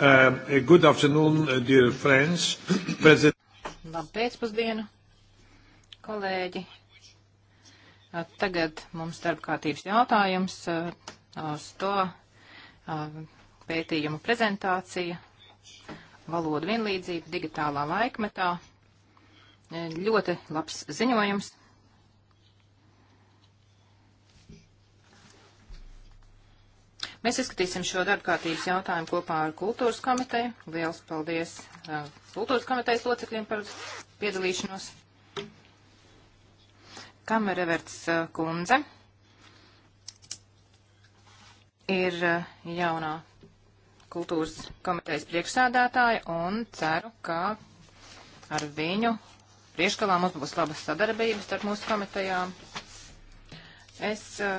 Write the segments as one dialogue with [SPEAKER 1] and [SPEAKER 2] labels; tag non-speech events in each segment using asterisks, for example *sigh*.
[SPEAKER 1] Uh, good afternoon, uh, dear friends. President... Labu pēcpusdienu, kolēģi. Uh, tagad mums starpkārtības jautājums uh, uz to pētījumu prezentācija valodu vienlīdzība digitālā laikmetā. Ļoti labs ziņojums. Mēs izskatīsim šo darbkārtības jautājumu kopā ar kultūras komiteju. Liels paldies uh, kultūras komitejas locekļiem par piedalīšanos. Kamereverts uh, kundze ir uh, jaunā kultūras komitejas priekšsādātāja un ceru, ka ar viņu priekškalā mums būs laba sadarbības starp mūsu komitejām. Es uh,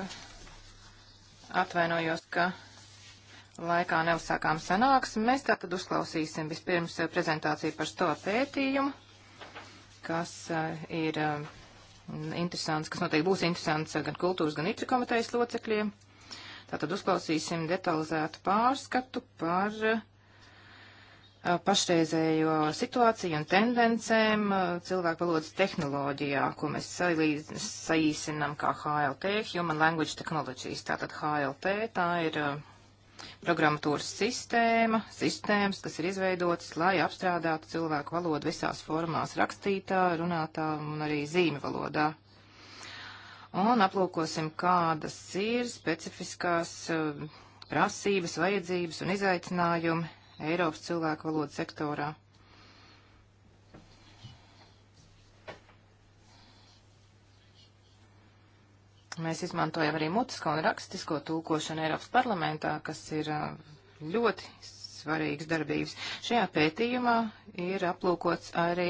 [SPEAKER 1] Atvainojos, ka laikā neuzsākām sanāksmi. Mēs tātad uzklausīsim vispirms eh, prezentāciju par to pētījumu, kas eh, ir eh, interesants, kas noteikti būs interesants gan kultūras, gan itri komitejas locekļiem. Tātad uzklausīsim detalizētu pārskatu par Uh, pašreizējo situāciju un tendencēm uh, cilvēku valodas tehnoloģijā, ko mēs saīsinam kā HLT, Human Language Technologies. Tātad HLT tā ir uh, programmatūras sistēma, sistēmas, kas ir izveidotas, lai apstrādātu cilvēku valodu visās formās - rakstītā, runātā un arī zīmju valodā. Un aplūkosim, kādas ir specifiskās prasības, vajadzības un izaicinājumi Eiropas cilvēku valodu sektorā. Mēs izmantojam arī mutisko un rakstisko tulkošanu Eiropas parlamentā, kas ir uh, ļoti svarīgs darbības. Šajā pētījumā ir aplūkots arī,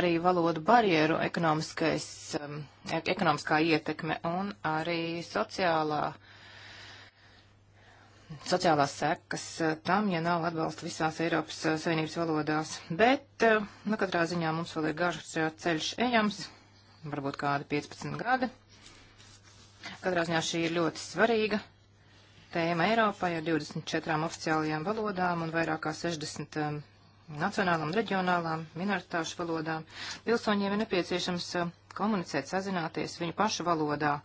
[SPEAKER 1] arī valodu barjeru ekonomiskais, um, e-, ekonomiskā ietekme un arī sociālā uh, sociālās sekas eh, tam, ja nav atbalsta visās Eiropas eh, Savienības valodās. Bet, eh, nu, katrā ziņā mums vēl ir garš ceļš ejams, varbūt kādi 15 gadi. Katrā ziņā šī ir ļoti svarīga tēma Eiropai ar 24 oficiālajām valodām un vairāk kā 60 um, nacionālām, reģionālām, minoritāšu valodām. Pilsoņiem ir nepieciešams komunicēt, sazināties viņu pašu valodā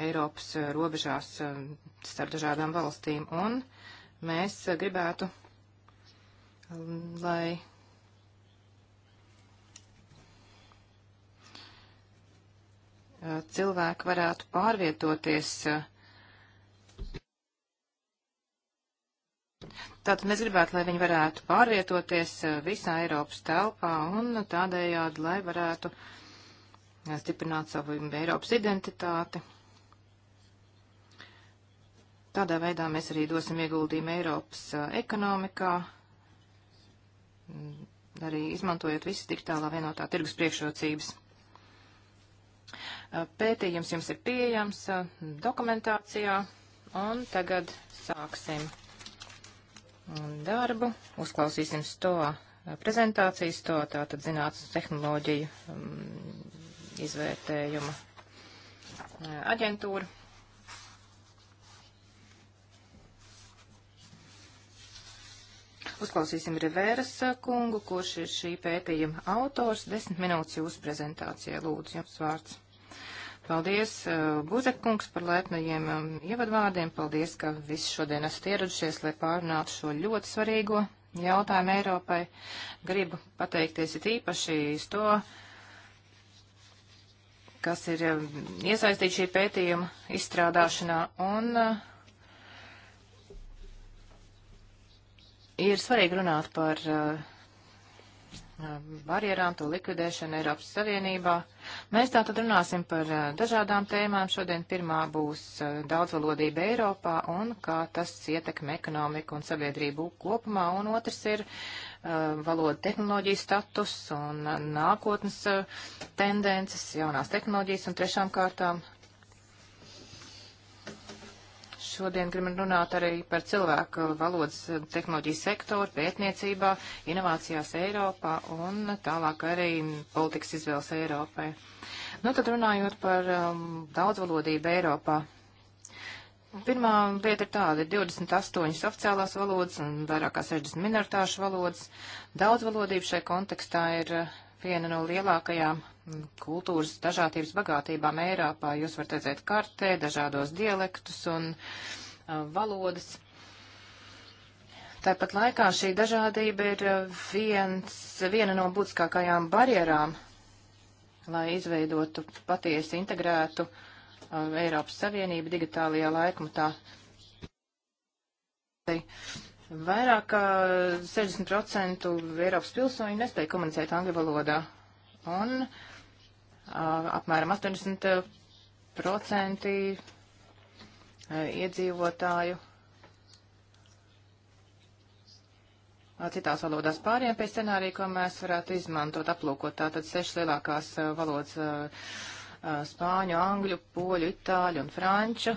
[SPEAKER 1] Eiropas eh, robežās eh, starp dažādām valstīm. Un mēs eh, gribētu, lai cilvēki varētu pārvietoties. Tātad mēs gribētu, lai viņi varētu pārvietoties visā Eiropas telpā un tādējādi, lai varētu stiprināt savu Eiropas identitāti Tādā veidā mēs arī dosim ieguldījumu Eiropas ekonomikā, arī izmantojot visas digitālā vienotā tirgus priekšrocības. Pētījums jums ir pieejams dokumentācijā, un tagad sāksim darbu. Uzklausīsim to prezentācijas, to tātad zinātnes tehnoloģiju izvērtējuma aģentūru. Uzklausīsim Rivēras kungu, kurš ir šī pētījuma autors. Desmit minūtes jūsu prezentācijai lūdzu jums vārds. Paldies, Buzekungs, par laipnajiem ievadvārdiem. Paldies, ka visi šodien esat ieradušies, lai pārunātu šo ļoti svarīgo jautājumu Eiropai. Gribu pateikties it īpaši uz to, kas ir iesaistīti šī pētījuma izstrādāšanā. Un, uh, Ir svarīgi runāt par uh, barjerām, to likvidēšanu Eiropas Savienībā. Mēs tātad runāsim par uh, dažādām tēmām. Šodien pirmā būs uh, daudzvalodība Eiropā un kā tas ietekmē ekonomiku un sabiedrību kopumā. Un otrs ir uh, valoda tehnoloģija status un uh, nākotnes uh, tendences, jaunās tehnoloģijas un trešām kārtām Šodien gribam runāt arī par cilvēku valodas eh, tehnoloģiju sektoru, pētniecībā, inovācijās Eiropā un tālāk arī politikas izvēles Eiropai. Nu, tad runājot par um, daudzvalodību Eiropā. Pirmā lieta ir tāda, ir 28 oficiālās valodas un vairāk kā 60 minoritāšu valodas. Daudzvalodība šai kontekstā ir uh, viena no lielākajām kultūras dažādības bagātībām Eiropā. Jūs varat redzēt kartē dažādos dialektus un uh, valodas. Tāpat laikā šī dažādība ir uh, viens, viena no būtiskākajām barjerām, lai izveidotu patiesi integrētu uh, Eiropas Savienību digitālajā laikmatā. Vairāk kā 60% Eiropas pilsoņu nespēja komunicēt angļu valodā, un a, apmēram 80% iedzīvotāju citās valodās pāriem pie scenārija, ko mēs varētu izmantot, aplūkot tātad sešas lielākās valodas - spāņu, angļu, poļu, itāļu un franču.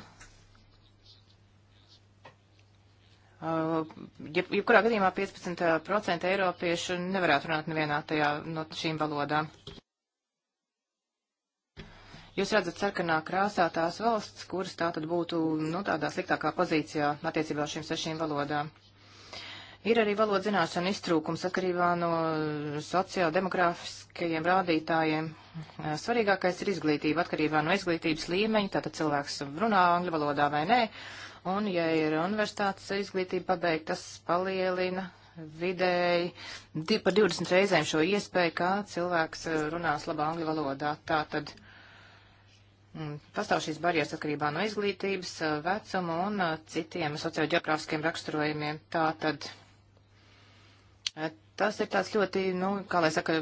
[SPEAKER 1] Uh, jebkurā gadījumā 15% uh, eiropiešu nevarētu runāt nevienā tajā no šīm valodām. Jūs redzat sarkanā krāsā tās valsts, kuras tā tad būtu, nu, tādā sliktākā pozīcijā attiecībā uz šīm sešīm valodām. Ir arī valodas zināšana iztrūkums atkarībā no sociāldemografiskajiem rādītājiem. Uh, svarīgākais ir izglītība atkarībā no izglītības līmeņa, tātad cilvēks runā angļu valodā vai nē. Un, ja ir universitātes izglītība pabeigta, tas palielina vidēji par 20 reizēm šo iespēju, kā cilvēks eh, runās labā angļu valodā. Tā tad mm, pastāv šīs barjeras atkarībā no izglītības, eh, vecuma un eh, citiem socioģeogrāfiskiem raksturojumiem. Tā tad tas ir tāds ļoti, nu, kā lai saka,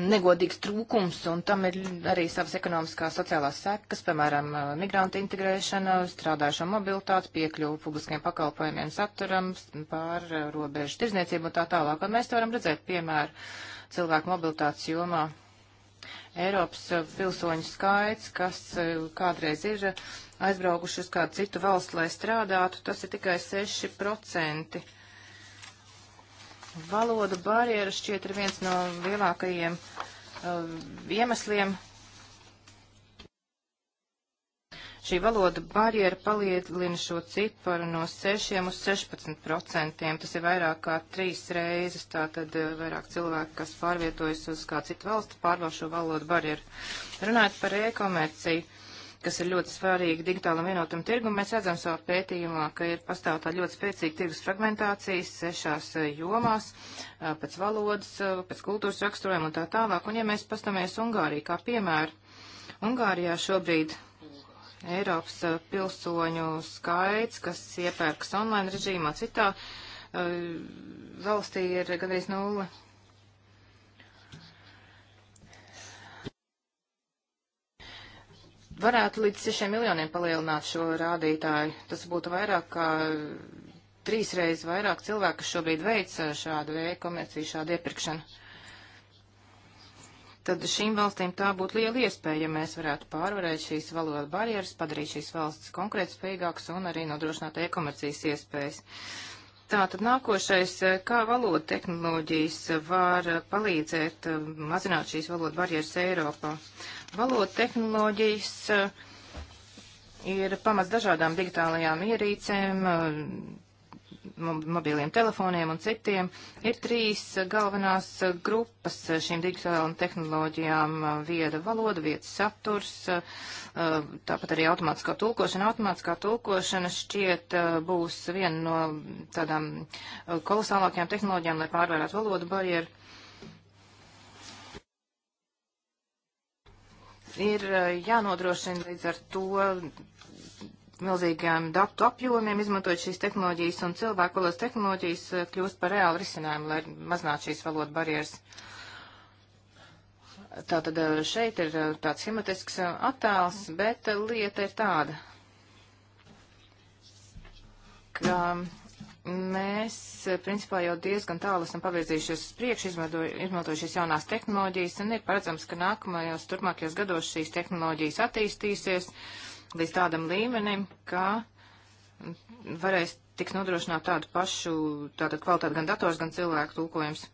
[SPEAKER 1] negodīgs trūkums, un tam ir arī savas ekonomiskās sociālās sekas, piemēram, uh, migrantu integrēšana, strādājušo mobilitāti, piekļuvu publiskiem pakalpojumiem saturam, pār uh, robežu tirzniecību un tā tālāk. Un mēs to varam redzēt, piemēram, cilvēku mobilitātes jomā. Eiropas uh, pilsoņu skaits, kas kādreiz ir aizbraukuši uz kādu citu valstu, lai strādātu, tas ir tikai 6%. Valodu barjeras šķiet ir viens no lielākajiem uh, iemesliem. Šī valoda barjera palielina šo ciparu no 6 uz 16 procentiem. Tas ir vairāk kā trīs reizes, tātad uh, vairāk cilvēku, kas pārvietojas uz kā citu valstu, pārvar šo valodu barjeru. Runājot par e-komerciju, kas ir ļoti svarīga digitālam vienotam tirgum, mēs redzam savā pētījumā, ka ir pastāv tā ļoti spēcīga tirgus fragmentācijas sešās eh, jomās, eh, pēc valodas, eh, pēc kultūras raksturojuma un tā tālāk. Un ja mēs pastāmies Ungāriju kā piemēru, Ungārijā šobrīd Eiropas pilsoņu skaits, kas iepērkas online režīmā citā valstī, ir gandrīz nulle. No varētu līdz 6 miljoniem palielināt šo rādītāju. Tas būtu vairāk kā trīs reizes vairāk cilvēku, kas šobrīd veic šādu e-komerciju, šādu iepirkšanu. Tad šīm valstīm tā būtu liela iespēja, ja mēs varētu pārvarēt šīs valodas barjeras, padarīt šīs valstis konkurētspējīgākas un arī nodrošināt e-komercijas iespējas. Tātad nākošais, kā valoda tehnoloģijas var palīdzēt mazināt šīs valodas barjeras Eiropā. Uh, Valoda tehnoloģijas eh, ir pamats dažādām digitālajām ierīcēm, eh, mobiliem telefoniem un citiem. Ir trīs galvenās grupas šīm digitālajām tehnoloģijām eh, - vieda valoda, vietas saturs, tāpat arī automātiskā tulkošana. Automātiskā tulkošana šķiet būs viena no tādām kolosālākajām tehnoloģijām, lai pārvarētu valodu barjeru. ir eh, jānodrošina līdz ar to milzīgiem datu apjomiem, izmantojot šīs tehnoloģijas un cilvēku valodas tehnoloģijas eh, kļūst par reālu risinājumu, lai mazinātu šīs valodu barjeras. Tātad eh, šeit ir tāds schematisks attēls, bet lieta ir tāda, ka mēs, eh, principā, jau diezgan tālu esam pavirzījušies uz priekšu, izmantojušies jaunās tehnoloģijas, un ir paredzams, ka nākamajos turpmākajos gados šīs tehnoloģijas attīstīsies līdz tādam līmenim, ka varēs tiks nodrošināt tādu pašu, tādu kvalitāti gan dators, gan cilvēku tūkojums.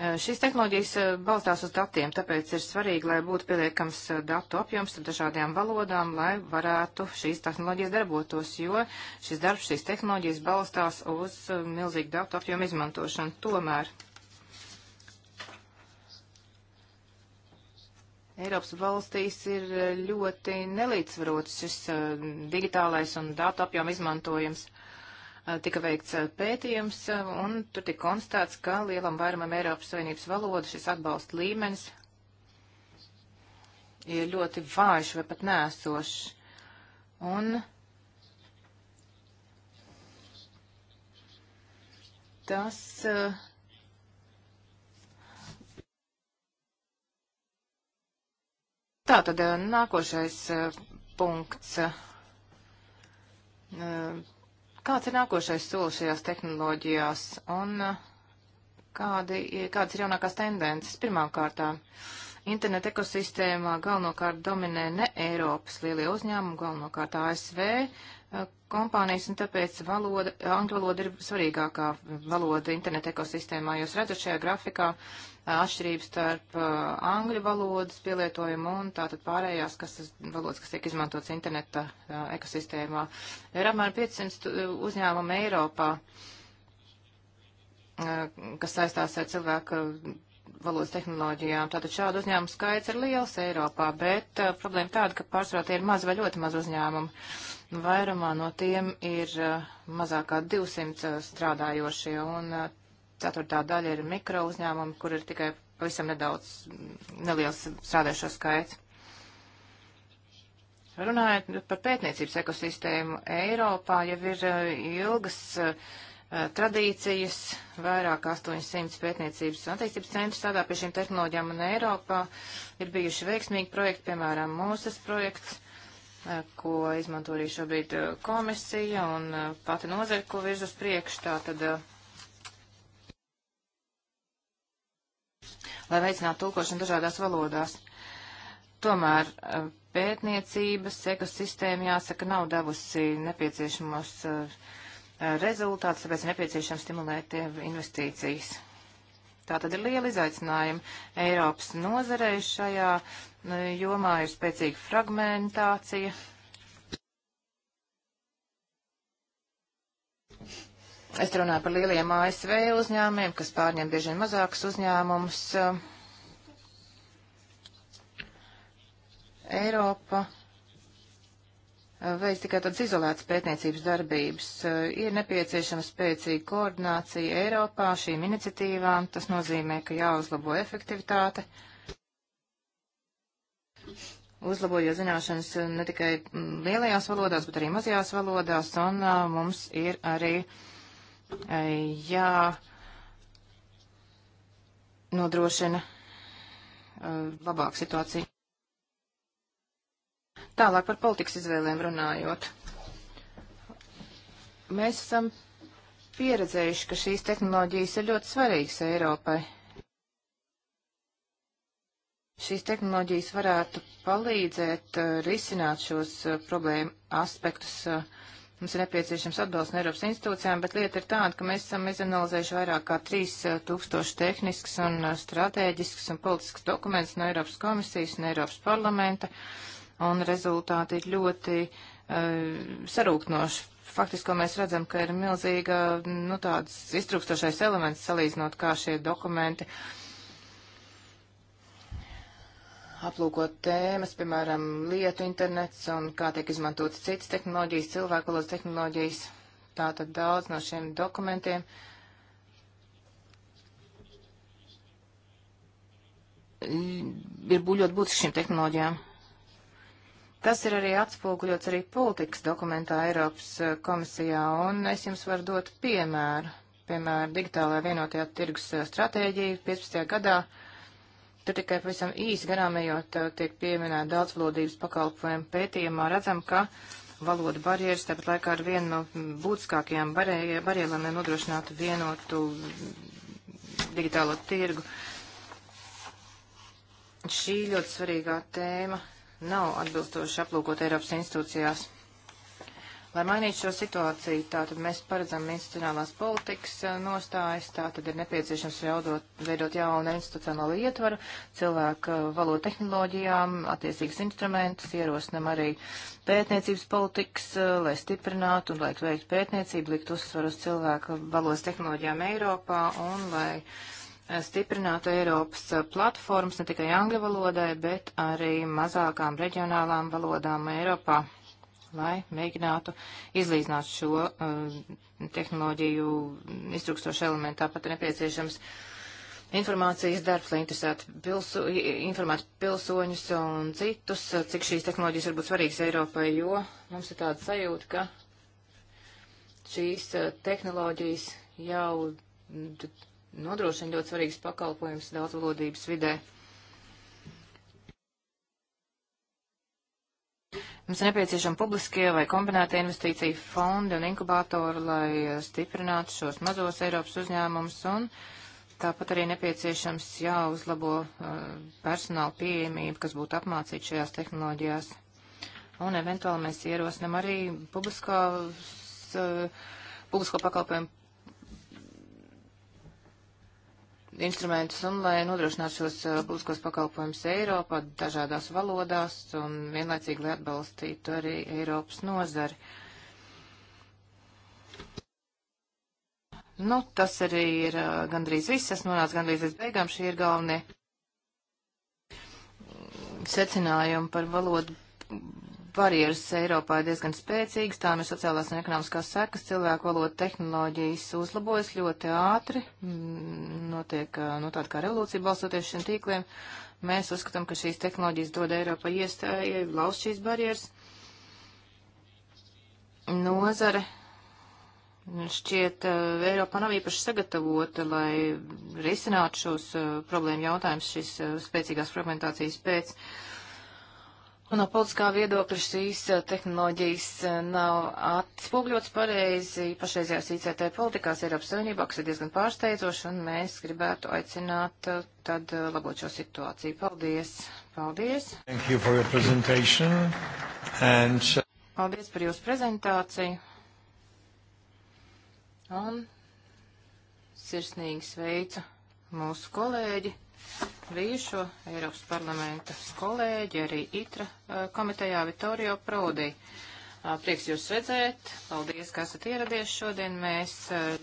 [SPEAKER 1] Eh, šīs tehnoloģijas eh, balstās uz datiem, tāpēc ir svarīgi, lai būtu pietiekams eh, datu apjoms ar dažādām valodām, lai varētu šīs tehnoloģijas darbotos, jo šis darbs, šīs tehnoloģijas balstās uz milzīgu datu apjomu izmantošanu. Tomēr Eiropas valstīs ir ļoti nelīdzsvarots šis digitālais un datu apjomu izmantojums. Eh, tika veikts eh, pētījums, eh, un tur tika konstatēts, ka lielam vairumam Eiropas Savienības valodu šis atbalsta līmenis ir ļoti vājš vai pat nēsošs. Un tas uh, Tā tad nākošais uh, punkts. Uh, Kāds ir nākošais solis šajās tehnoloģijās un uh, kādi, kādas ir jaunākās tendences pirmām kārtām? Uh, Internet ekosistēmā galvenokārt dominē ne Eiropas lielie uzņēmumi, galvenokārt ASV eh, kompānijas, un tāpēc valoda, angļu valoda ir svarīgākā valoda internet ekosistēmā. Jūs redzat šajā grafikā eh, atšķirības starp eh, angļu valodas pielietojumu un tātad pārējās kas, valodas, kas tiek izmantotas interneta ekosistēmā. Ir apmēram 500 uzņēmumu Eiropā, kas saistās ar cilvēku valodas tehnoloģijām. Tātad šādu uzņēmumu skaits ir liels Eiropā, bet uh, problēma tāda, ka pārsvarā tie ir maz vai ļoti maz uzņēmumi. Vairumā no tiem ir uh, mazākā 200 uh, strādājošie, un uh, ceturtā daļa ir mikro uzņēmumi, kur ir tikai pavisam nedaudz mm, neliels strādājošo skaits. Runājot par pētniecības ekosistēmu, Eiropā jau ir uh, ilgas uh, Eh, tradīcijas, vairāk 800 pētniecības un attīstības centri strādā pie šīm tehnoloģijām un Eiropā. Ir bijuši veiksmīgi projekti, piemēram, mūsas projekts, eh, ko izmanto arī šobrīd eh, komisija un pati nozara, ko virz uz priekšu. Tātad, lai veicinātu tulkošanu dažādās valodās. Tomēr pētniecības ekosistēma, jāsaka, nav devusi nepieciešamos uh, rezultātus, tāpēc nepieciešams stimulēt investīcijas. Tā tad ir liela izaicinājuma Eiropas nozarei šajā jomā ir spēcīga fragmentācija. Es runāju par lieliem ASV uzņēmumiem, kas pārņem bieži vien mazākus uzņēmumus. Eiropa veids tikai tāds izolēts pētniecības darbības. Ir nepieciešama spēcīga koordinācija Eiropā šīm iniciatīvām. Tas nozīmē, ka jāuzlabo efektivitāte. Uzlabojot zināšanas ne tikai lielajās valodās, bet arī mazajās valodās, un mums ir arī jā nodrošina labāku situāciju. Tālāk par politikas izvēlēm runājot. Mēs esam pieredzējuši, ka šīs tehnoloģijas ir ļoti svarīgas Eiropai. Šīs tehnoloģijas varētu palīdzēt uh, risināt šos uh, problēmu aspektus. Uh, mums ir nepieciešams atbalsts no Eiropas institūcijām, bet lieta ir tāda, ka mēs esam izanalizējuši vairāk kā 3000 uh, tehnisks un uh, strateģisks un politisks dokuments no Eiropas komisijas un Eiropas parlamenta. Uh, un rezultāti ir ļoti uh, eh, sarūknoši. Faktiski, mēs redzam, ka ir milzīga, nu, tāds iztrūkstošais elements salīdzinot, kā šie dokumenti aplūkot tēmas, piemēram, lietu internets un kā tiek izmantotas citas tehnoloģijas, cilvēkulos tehnoloģijas. Tātad daudz no šiem dokumentiem uh, ir ļoti būtisks šīm tehnoloģijām. Tas ir arī atspoguļots arī politikas dokumentā Eiropas eh, komisijā, un es jums varu dot piemēru. Piemēram, digitālajā vienotajā tirgus eh, stratēģija 15. gadā. Tur tikai pavisam īsi garām ejot eh, tiek pieminēta daudzvalodības pakalpojumu pētījumā redzam, ka valoda barjeras tāpat laikā ir viena no būtiskākajām barjerām, lai nodrošinātu vienotu digitālo tirgu. Šī ļoti svarīgā tēma nav atbilstoši aplūkot Eiropas institūcijās. Lai mainītu šo situāciju, tātad mēs paredzam institucionālās politikas eh, nostājas, tātad ir nepieciešams veidot, veidot jaunu institucionālu ietvaru, cilvēku eh, valodu tehnoloģijām, attiecīgas instrumentus, ierosinam arī pētniecības politikas, eh, lai stiprinātu un lai veiktu pētniecību, likt uzsvaru uz cilvēku valodas tehnoloģijām Eiropā un lai uh, stiprinātu Eiropas eh, platformas ne tikai angļu valodai, bet arī mazākām reģionālām valodām Eiropā, lai mēģinātu izlīdzināt šo uh, tehnoloģiju iztrukstošu elementu. Tāpat ir nepieciešams informācijas darbs, lai interesētu pilso, informētu pilsoņus un citus, eh, cik šīs tehnoloģijas var būt svarīgas Eiropai, jo mums ir tāda sajūta, ka šīs tehnoloģijas jau nodrošina ļoti svarīgas pakalpojumus daudzvalodības vidē. Mums ir nepieciešami publiskie vai kombinētie investīciju fondi un inkubātori, lai eh, stiprinātu šos mazos Eiropas uzņēmumus, un tāpat arī nepieciešams jāuzlabo uh, personāla pieejamība, kas būtu apmācīta šajās tehnoloģijās. Un eventuāli mēs ierosinam arī publiskās, uh, publisko pakalpojumu instrumentus un lai nodrošinātu šos uh, publiskos pakalpojumus Eiropā dažādās valodās un vienlaicīgi lai atbalstītu arī Eiropas nozari. Nu, tas arī ir uh, gandrīz viss, es nonācu gandrīz līdz beigām, šie ir galvenie secinājumi par valodu barjeras Eiropā ir diezgan spēcīgas, tām ir sociālās un ekonomiskās sekas, cilvēku valoda tehnoloģijas uzlabojas ļoti ātri, mm, notiek no nu, tāda kā revolūcija balstoties šiem tīkliem. Mēs uzskatām, ka šīs tehnoloģijas dod Eiropai iestājai, lauz šīs barjeras. Nozare nu, šķiet Eiropā nav īpaši sagatavota, lai risinātu šos problēmu jautājumus šīs spēcīgās fragmentācijas pēc. Uh, No politiskā viedokļa šīs eh, tehnoloģijas eh, nav atspūgļots pareizi pašreizējās ICT politikās Eiropas Savienībā, kas ir diezgan pārsteidzoši, un mēs gribētu aicināt eh, tad labot šo situāciju. Paldies! Paldies!
[SPEAKER 2] You and... Uh,
[SPEAKER 1] Paldies par jūsu prezentāciju! Un sirsnīgi sveicu mūsu kolēģi! bijušo Eiropas parlamenta kolēģi, arī ITRA komitejā Vittorio Prodi. Prieks jūs redzēt, paldies, ka esat ieradies šodien. Mēs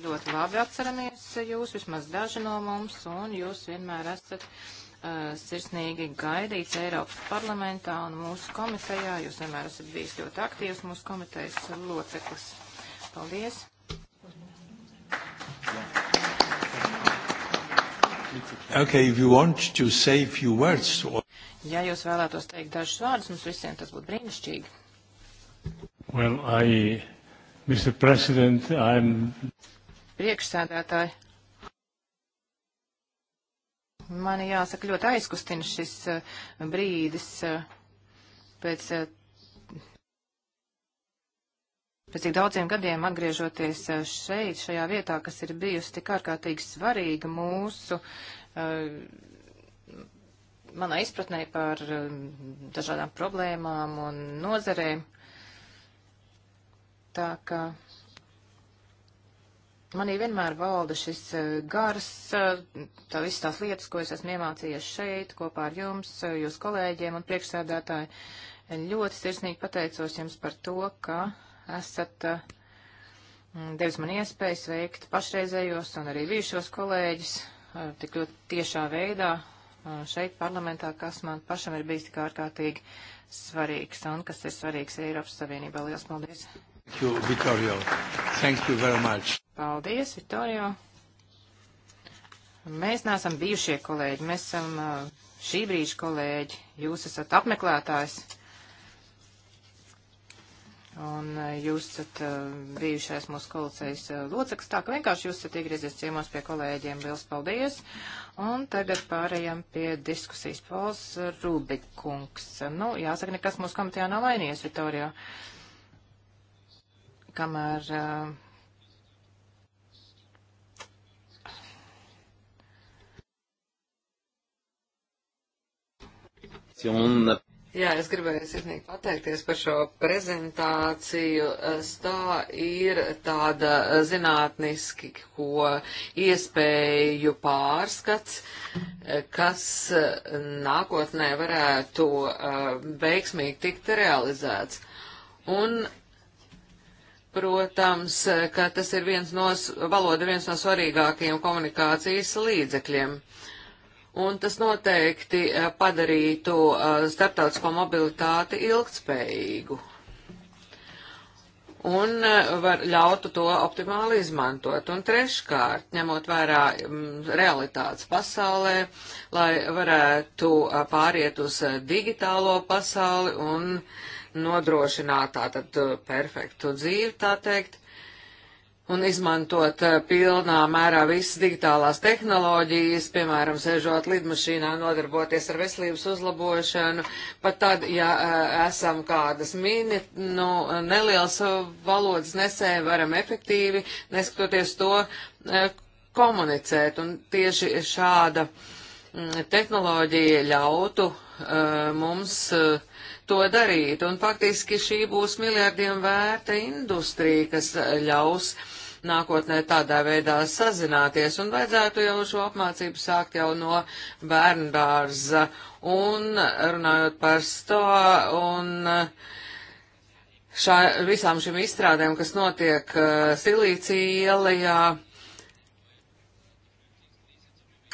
[SPEAKER 1] ļoti labi atceramies jūs, vismaz daži no mums, un jūs vienmēr esat uh, sirsnīgi gaidīts Eiropas parlamentā un mūsu komitejā. Jūs vienmēr esat bijis ļoti aktīvs mūsu komitejas loceklis. Paldies! Yeah.
[SPEAKER 2] Okay, if you want to say a few words. Or...
[SPEAKER 1] Ja jūs vēlētos teikt dažus vārdus, mums visiem tas būtu brīnišķīgi.
[SPEAKER 3] Well, I, Mr. President, I'm...
[SPEAKER 1] Priekšsēdētāji, man jāsaka ļoti aizkustina šis eh, brīdis eh, pēc eh, pēc cik daudziem gadiem atgriežoties eh, šeit, šajā vietā, kas ir bijusi tik ārkārtīgi svarīga mūsu, uh, manā izpratnē par uh, dažādām problēmām un nozerēm. Tā ka manī vienmēr valda šis gars, tā visas tās lietas, ko es esmu iemācījies šeit kopā ar jums, jūs kolēģiem un priekšsēdētāji. Ļoti sirsnīgi pateicos jums par to, ka esat eh, mm, devis man iespēju sveikt pašreizējos un arī bijušos kolēģis eh, tik ļoti tiešā veidā eh, šeit parlamentā, kas man pašam ir bijis tik ārkārtīgi svarīgs un kas ir svarīgs Eiropas Savienībā. Lielas paldies!
[SPEAKER 2] Thank you,
[SPEAKER 3] Vittorio. Thank you very much.
[SPEAKER 1] Paldies, Vittorio. Mēs neesam bijušie kolēģi, mēs esam šī brīža kolēģi. Jūs esat apmeklētājs. Un eh, jūs esat eh, bijušais mūsu kolicējas eh, loceklis, tā ka vienkārši jūs esat iegriezies ciemos pie kolēģiem. Liels paldies! Un tagad pārējām pie diskusijas pols Rubikungs. Nu, jāsaka, nekas mūsu komitejā nav vainījies, Vitorijā. Kamēr uh,
[SPEAKER 3] un Jā, es gribēju sirsnīgi pateikties par šo prezentāciju. Tā ir tāda zinātniski, ko iespēju pārskats, kas nākotnē varētu eh, veiksmīgi tikt realizēts. Un Protams, ka tas ir viens no, valoda viens no svarīgākajiem komunikācijas līdzekļiem. Uh, un tas noteikti eh, padarītu eh, starptautisko mobilitāti ilgtspējīgu un eh, var ļautu to optimāli izmantot. Un treškārt, ņemot vērā mm, realitātes pasaulē, lai varētu pāriet uz digitālo pasauli un nodrošināt tātad perfektu dzīvi, tā teikt, un izmantot eh, pilnā mērā visas digitālās tehnoloģijas, piemēram, sēžot lidmašīnā, nodarboties ar veselības uzlabošanu, pat tad, ja eh, esam kādas mini, nu, nelielas eh, valodas nesēji, varam efektīvi, neskatoties to, komunicēt, un tieši šāda mm, tehnoloģija ļautu mums to darīt, un faktiski šī būs miljardiem vērta industrija, kas ļaus uh, nākotnē tādā veidā sazināties un vajadzētu jau šo apmācību sākt jau no bērndārza. Un runājot par to un uh, šā, visām šīm izstrādēm, kas notiek uh, Silīcija ielajā,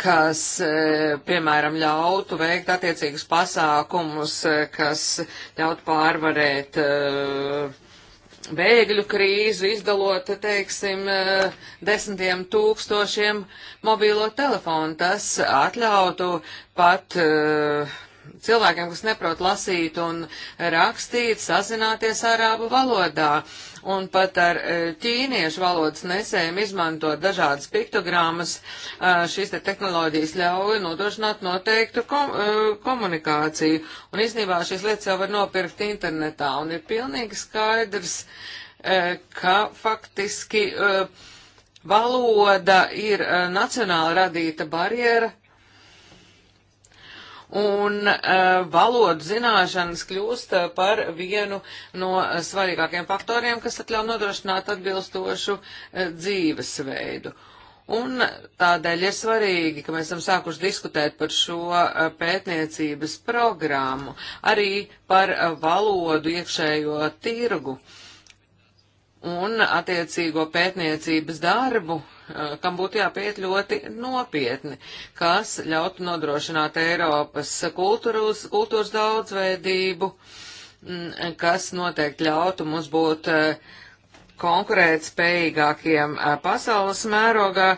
[SPEAKER 3] kas, uh, piemēram, ļautu veikt attiecīgus pasākumus, uh, kas ļautu pārvarēt uh, bēgļu krīzi, izdalot, teiksim, eh, desmitiem tūkstošiem mobīlo telefonu. Tas atļautu pat uh, cilvēkiem, kas neprot lasīt un rakstīt, sazināties arābu valodā. Un pat ar e, ķīniešu valodas nesējiem izmantot dažādas piktogrammas, e, šīs te tehnoloģijas ļauj nodrošināt noteiktu kom e, komunikāciju. Un īstenībā šīs lietas jau var nopirkt internetā. Un ir pilnīgi skaidrs, ka faktiski valoda ir nacionāli radīta barjera un uh, eh, valodu zināšanas kļūst eh, par vienu no svarīgākiem faktoriem, kas atļauj nodrošināt atbilstošu uh, dzīvesveidu. Un tādēļ ir svarīgi, ka mēs esam sākuši diskutēt par šo uh, pētniecības programmu, arī par uh, valodu iekšējo tirgu un attiecīgo pētniecības darbu, kam eh, būtu jāpiet ļoti nopietni, kas ļautu nodrošināt Eiropas kultūras, kultūras daudzveidību, mm, kas noteikti ļautu mums būt eh, konkurēt spējīgākiem eh, pasaules mērogā.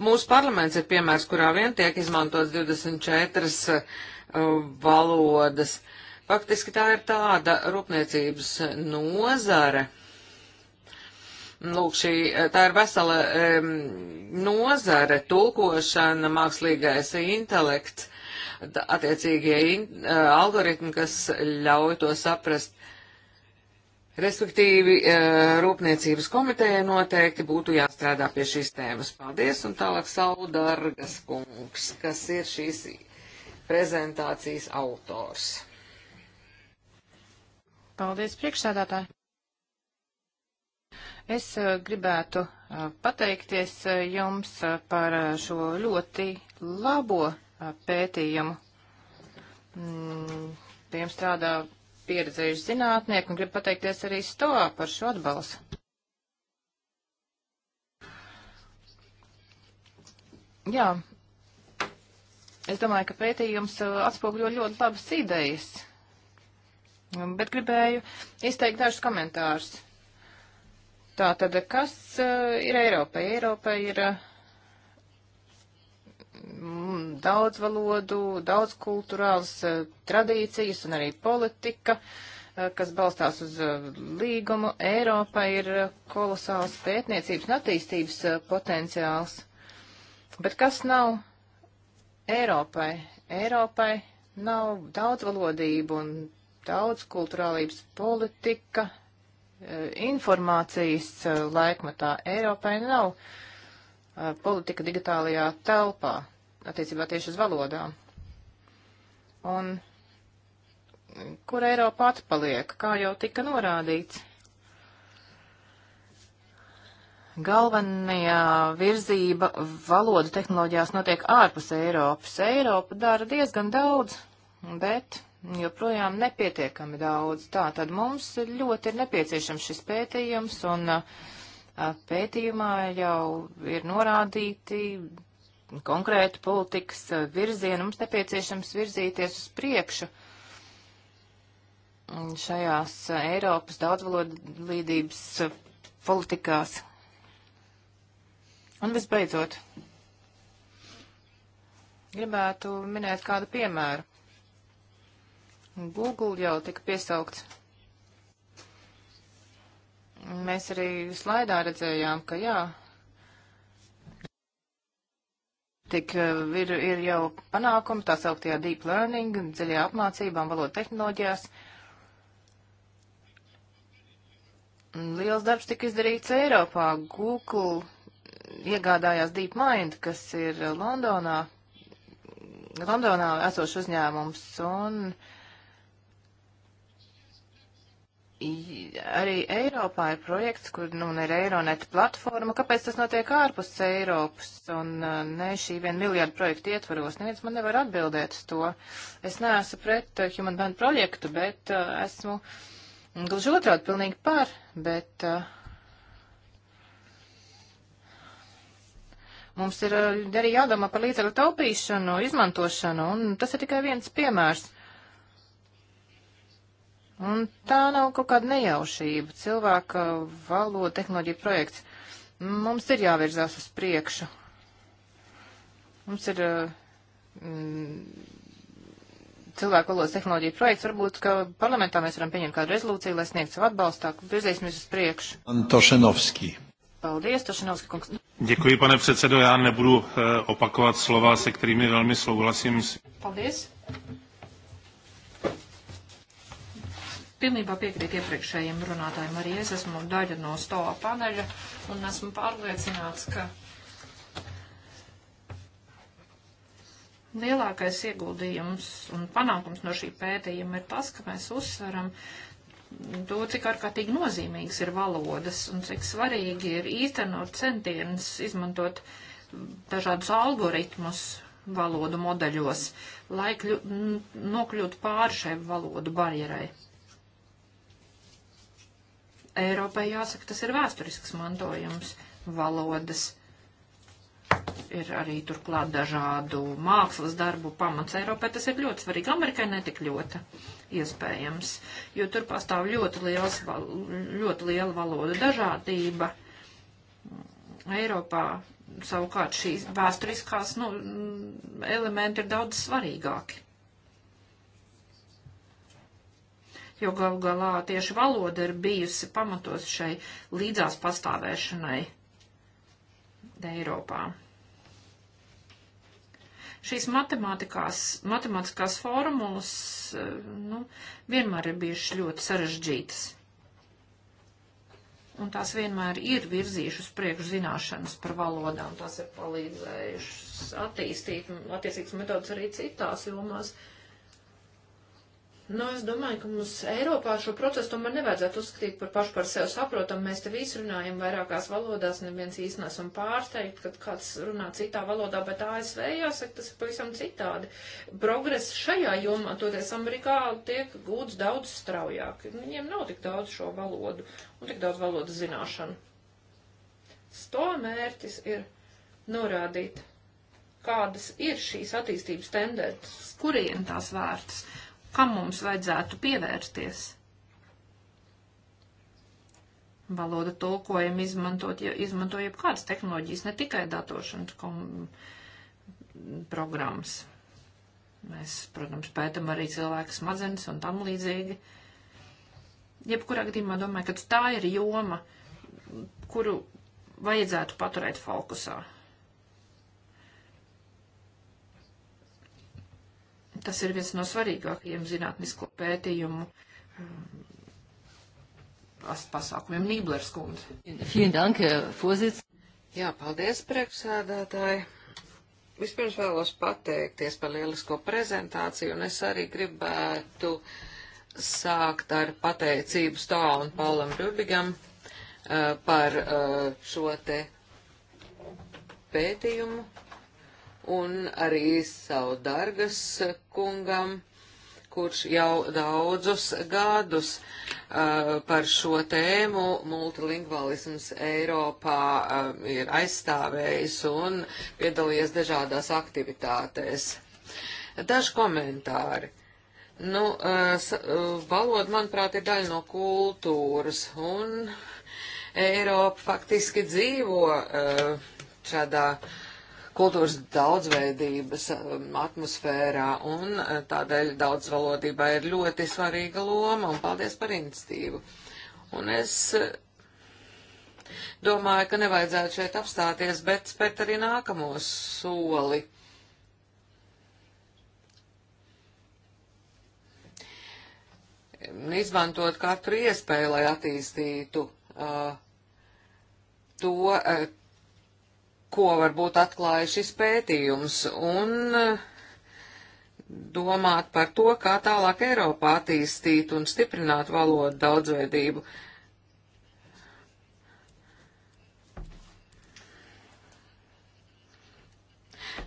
[SPEAKER 3] Mūsu parlaments ir piemērs, kurā vien tiek izmantots 24 valodas. Faktiski tā ir tāda rūpniecības nozare Lūk, šī, tā ir vesela um, nozare, tulkošana, mākslīgais intelekts, attiecīgie in, uh, algoritmi, kas ļauj to saprast. Respektīvi, uh, Rūpniecības komiteja noteikti būtu jāstrādā pie šīs tēmas. Paldies, un tālāk Saudargas kungs, kas ir šīs prezentācijas autors.
[SPEAKER 1] Paldies, priekšsēdētāji. Es eh, gribētu eh, pateikties eh, jums par šo ļoti labo pētījumu. Mm, pie jums strādā pieredzējuši zinātnieki un gribu pateikties arī STOA par šo atbalstu. Jā, es domāju, ka pētījums atspoguļo ļoti labas idejas, mm, bet gribēju izteikt dažus komentārus. Tā tad, kas uh, ir Eiropa? Eiropa ir uh, daudz valodu, daudz kulturāls uh, eh, tradīcijas un arī politika, uh, kas balstās uz uh, līgumu. Eiropa ir uh, kolosāls pētniecības un attīstības uh, potenciāls. Bet kas nav Eiropai? Eiropai nav daudz valodību un daudz kulturālības politika, informācijas e, laikmatā Eiropai nav e, politika digitālajā telpā attiecībā tieši uz valodām. Un kur Eiropa atpaliek, kā jau tika norādīts? Galvenajā virzība valodu tehnoloģijās notiek ārpus Eiropas. Eiropa dara diezgan daudz, bet joprojām nepietiekami daudz. Tā tad mums ļoti ir nepieciešams šis pētījums, un pētījumā jau ir norādīti konkrēti politikas virzieni. Mums nepieciešams virzīties uz priekšu šajās Eiropas daudzvalodlīdības politikās. Un visbeidzot, gribētu minēt kādu piemēru. Google jau tika piesaukts. Mēs arī slaidā redzējām, ka jā, tik eh, ir, ir jau panākumi tā sauktajā deep learning, dziļajā apmācībām, valodu tehnoloģijās. Liels darbs tika izdarīts Eiropā. Google iegādājās DeepMind, kas ir Londonā, Londonā esošs uzņēmums, un uh, arī Eiropā ir projekts, kur nu, ir Eironet platforma. Kāpēc tas notiek ārpus Eiropas un uh, ne šī vien miljardu projektu ietvaros? Neviens man nevar atbildēt uz to. Es neesmu pret uh, Human Band projektu, bet uh, esmu gluži otrādi pilnīgi par, bet uh, mums ir uh, arī jādomā par līdzekļu taupīšanu, izmantošanu, un tas ir tikai viens piemērs. Un tā nav kaut kāda nejaušība. Cilvēka valoda tehnoloģija projekts. Mums ir jāvirzās uz priekšu. Mums ir mm, cilvēku valodas tehnoloģija projekts. Varbūt, ka parlamentā mēs varam pieņemt kādu rezolūciju, lai sniegtu savu atbalstu. Virzēsimies uz priekšu.
[SPEAKER 2] Antošenovski.
[SPEAKER 1] Paldies, Tošenovski kungs.
[SPEAKER 3] Děkuji, pane předsedo. Já nebudu eh, opakovat slova, se kterými velmi souhlasím.
[SPEAKER 1] Paldies.
[SPEAKER 2] Pilnībā piekrītu iepriekšējiem runātājiem. Arī es esmu daļa no stāva paneļa un esmu pārliecināts, ka lielākais ieguldījums un panākums no šī pētījuma ir tas, ka mēs uzsveram to, cik ārkārtīgi nozīmīgs ir valodas un cik svarīgi ir īstenot centienus izmantot dažādus algoritmus valodu modeļos, lai kļu, nokļūtu pāri šai valodu barjerai. Eiropai jāsaka, tas ir vēsturisks mantojums valodas. Ir arī turklāt dažādu mākslas darbu pamats Eiropai. Tas ir ļoti svarīgi. Amerikai netik ļoti iespējams, jo tur pastāv ļoti, liels, ļoti liela valoda dažādība. Eiropā savukārt šīs vēsturiskās nu, elementi ir daudz svarīgāki. jo gal galā tieši valoda ir bijusi pamatos šai līdzās pastāvēšanai Eiropā. Šīs matemātiskās formulas e, nu, vienmēr ir bijušas ļoti sarežģītas un tās vienmēr ir virzījušas priekš zināšanas par valodām, tās ir palīdzējušas attīstīt attiecīgas metodas arī citās jomās. Uh, Nu, es domāju, ka mums Eiropā šo procesu tomēr nevajadzētu uzskatīt par pašu par sevi saprotamu. Mēs te visi runājam vairākās valodās, neviens īsti nesam pārsteigti, kad kāds runā citā valodā, bet ASV jāsaka, tas ir pavisam citādi. Progress šajā jomā, toties Amerikā, tiek gūts daudz straujāk. Viņiem nav tik daudz šo valodu un tik daudz valodas zināšanu. Sto mērķis ir norādīt, kādas ir šīs attīstības tendences, kurien tās vērtas kam mums vajadzētu pievērsties. Valoda tulkojam izmantot, izmanto jebkādas tehnoloģijas, ne tikai datošanas kom, programmas. Mēs, protams, pētam arī cilvēku smadzenes un tam līdzīgi. Jebkurā gadījumā domāju, ka tā ir joma, kuru vajadzētu paturēt fokusā. Tas ir viens no svarīgākajiem zinātnisko pētījumu um, pasākumiem Nīblers kundze.
[SPEAKER 3] Vielen dank, Fozits. Jā, paldies, priekšsēdētāji. Vispirms vēlos pateikties par lielisko prezentāciju, un es arī gribētu sākt ar pateicību Stāvu un Paulam Rubigam uh, par uh, šo te pētījumu un arī savu dargas kungam, kurš jau daudzus gadus uh, par šo tēmu multilingvālisms Eiropā uh, ir aizstāvējis un piedalījies dažādās aktivitātēs. Daži komentāri. Nu, uh, uh valoda, manuprāt, ir daļa no kultūras, un Eiropa faktiski dzīvo uh, šādā uh, kultūras daudzveidības um, atmosfērā, un uh, tādēļ daudzvalodībā ir ļoti svarīga loma, un paldies par iniciatīvu. Un es uh, domāju, ka nevajadzētu šeit apstāties, bet spērt arī nākamo soli. Izmantot katru iespēju, lai attīstītu uh, to, uh, ko varbūt atklāja šis pētījums, un domāt par to, kā tālāk Eiropā attīstīt un stiprināt valodu daudzveidību.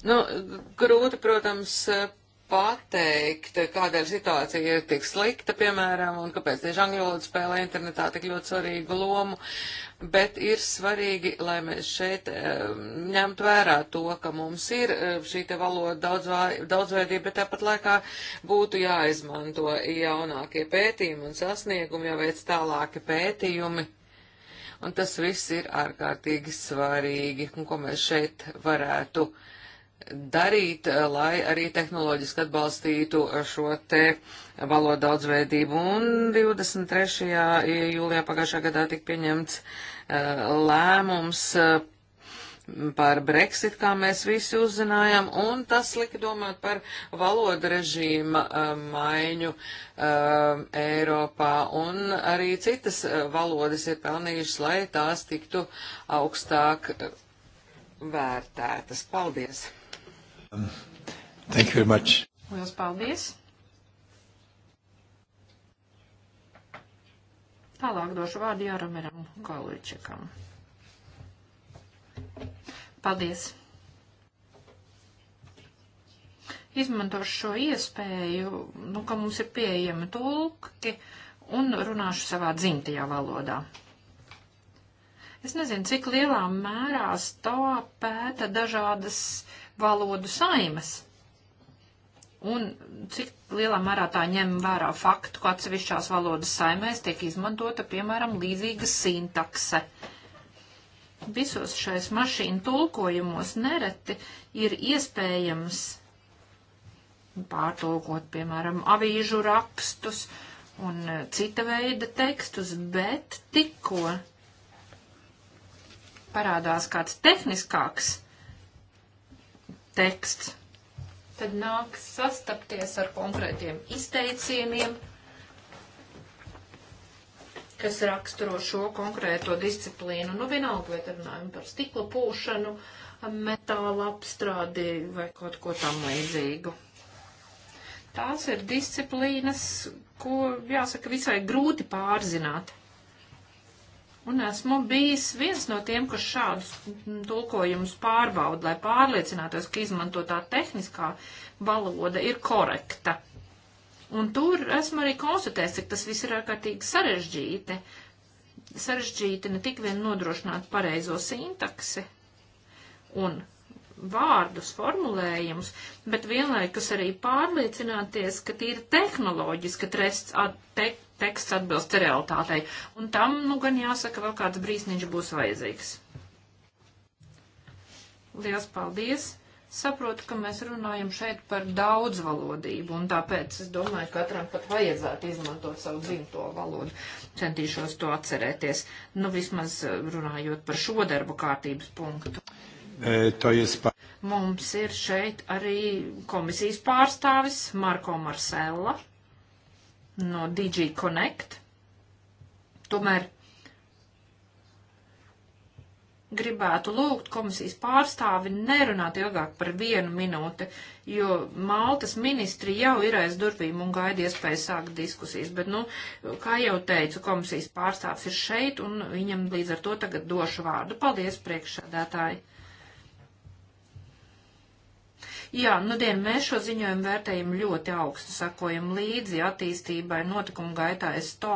[SPEAKER 3] Nu, grūti, protams, pateikt, kādēļ situācija ir tik slikta, piemēram, un kāpēc tieši angļu valoda spēlē internetā tik ļoti svarīgu lomu bet ir svarīgi, lai mēs šeit ņemtu vērā to, ka mums ir šī te valoda daudzvā, daudzveidība, bet tāpat laikā būtu jāizmanto jaunākie pētījumi un sasniegumi, jāveic tālāki pētījumi. Un tas viss ir ārkārtīgi svarīgi, un ko mēs šeit varētu uh, darīt, eh, lai arī tehnoloģiski atbalstītu šo te valodu daudzveidību. Un 23. jūlijā pagājušā gadā tika pieņemts eh, lēmums eh, par Brexit, kā mēs visi uzzinājām, un tas lika domāt par valodu režīma maiņu um, Eiropā, un arī citas valodas ir pelnījušas, lai tās tiktu augstāk vērtētas. Paldies!
[SPEAKER 2] Um, thank you very much.
[SPEAKER 3] Lielas paldies.
[SPEAKER 2] Tālāk došu vārdu Jārameram Goličekam. Paldies! Izmantošu šo iespēju, nu, ka mums ir pieejami tulki un runāšu savā dzimtajā valodā. Es nezinu, cik lielā mērā stāv pēta dažādas valodu saimas. Un cik lielā mērā tā ņem vērā faktu, ka atsevišķās valodas saimēs tiek izmantota, piemēram, līdzīga sintakse. Visos šais mašīnu tulkojumos nereti ir iespējams pārtulkot, piemēram, avīžu rakstus un e, cita veida tekstus, bet tikko parādās kāds tehniskāks teksts, tad nāks sastapties ar konkrētiem izteicieniem, kas raksturo šo konkrēto disciplīnu. Nu, vienalga, vai runājam par stikla pūšanu, metāla apstrādi vai kaut ko tam līdzīgu. Tās ir disciplīnas, ko, jāsaka, visai grūti pārzināt. Un esmu bijis viens no tiem, kas šādus tulkojumus pārbauda, lai pārliecinātos, ka izmantotā tehniskā valoda ir korekta. Un tur esmu arī konstatējis, ka tas viss ir ārkārtīgi sarežģīti. Sarežģīti ne tik vien nodrošināt pareizo sintaksi un vārdus, formulējumus, bet vienlaikus arī pārliecināties, ka tīri tehnoloģiski trests, te, teksts atbilst realitātei. Un tam, nu, gan jāsaka, vēl kāds brīsniņš būs vajadzīgs. Lielas paldies! Saprotu, ka mēs runājam šeit par daudzvalodību, un tāpēc es domāju, ka katram pat vajadzētu izmantot savu dzimto valodu. Centīšos to atcerēties, nu vismaz eh, runājot par šo darbu kārtības punktu. E, pa... Mums ir šeit arī komisijas pārstāvis Marko Marsella no DG Connect. Tomēr gribētu lūgt komisijas pārstāvi nerunāt ilgāk par vienu minūti, jo Maltas ministri jau ir aiz durvīm un gaida iespēju sākt diskusijas, bet, nu, kā jau teicu, komisijas pārstāvs ir šeit un viņam līdz ar to tagad došu vārdu. Paldies, priekšsādātāji! Jā, nu dien, mēs šo ziņojumu vērtējam ļoti augstu, sakojam līdzi attīstībai notikumu gaitā. Es to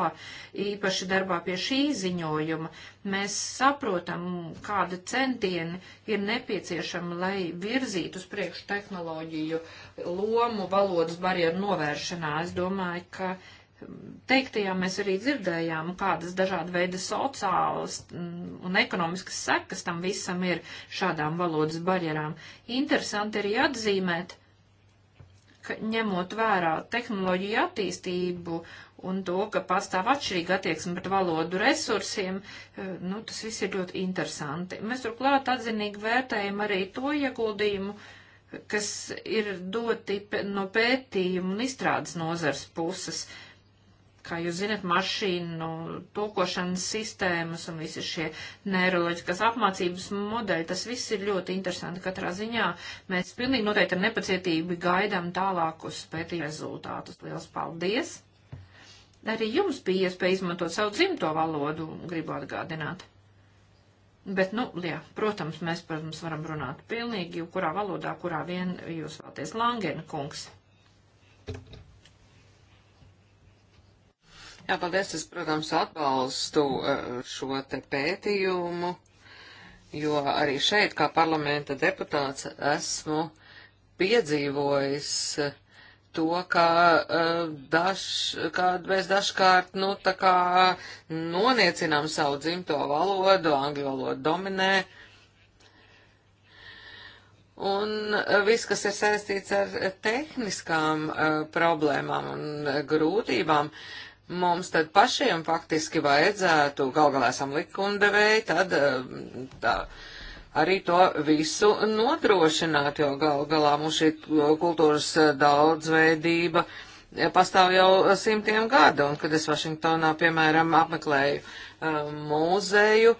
[SPEAKER 2] īpaši darbā pie šī ziņojuma. Mēs saprotam, kāda centieni ir nepieciešama, lai virzītu uz priekšu tehnoloģiju lomu valodas barjeru novēršanā. Es domāju, ka teiktajā mēs arī dzirdējām, kādas dažāda veida sociālas mm, un ekonomiskas sekas tam visam ir šādām valodas barjerām. Interesanti arī atzīmēt, ka ņemot vērā tehnoloģiju attīstību un to, ka pastāv atšķirīga attieksme pret valodu resursiem, eh, nu, tas viss ir ļoti interesanti. Mēs turklāt atzinīgi vērtējam arī to ieguldījumu, kas ir doti no pētījumu un izstrādes nozars puses. Uh, kā jūs zinat, mašīnu tulkošanas sistēmas un visi šie neiroloģiskās apmācības modeļi, tas viss ir ļoti interesanti katrā ziņā. Mēs pilnīgi noteikti ar nepacietību gaidām tālākus pētījumu rezultātus. Liels paldies! Arī jums bija iespēja izmantot savu dzimto valodu, gribu atgādināt. Bet, nu, jā, protams, mēs, protams, varam runāt pilnīgi, kurā valodā, kurā vien jūs vēlaties, Langena kungs. Thank you.
[SPEAKER 3] Jā, paldies. Es, protams, atbalstu uh, šo te pētījumu, jo arī šeit, kā parlamenta deputāts, esmu piedzīvojis uh, to, ka, uh, daž, ka mēs dažkārt, nu, tā kā noniecinām savu dzimto valodu, angļu valodu dominē, Un viss, kas ir saistīts ar tehniskām uh, problēmām un grūtībām, mums tad pašiem faktiski vajadzētu, gal galā esam likumdevēji, tad eh, tā, arī to visu nodrošināt, jo gal galā mums šī kultūras eh, daudzveidība eh, pastāv jau simtiem gadu, un kad es Vašingtonā, piemēram, apmeklēju uh, mūzeju,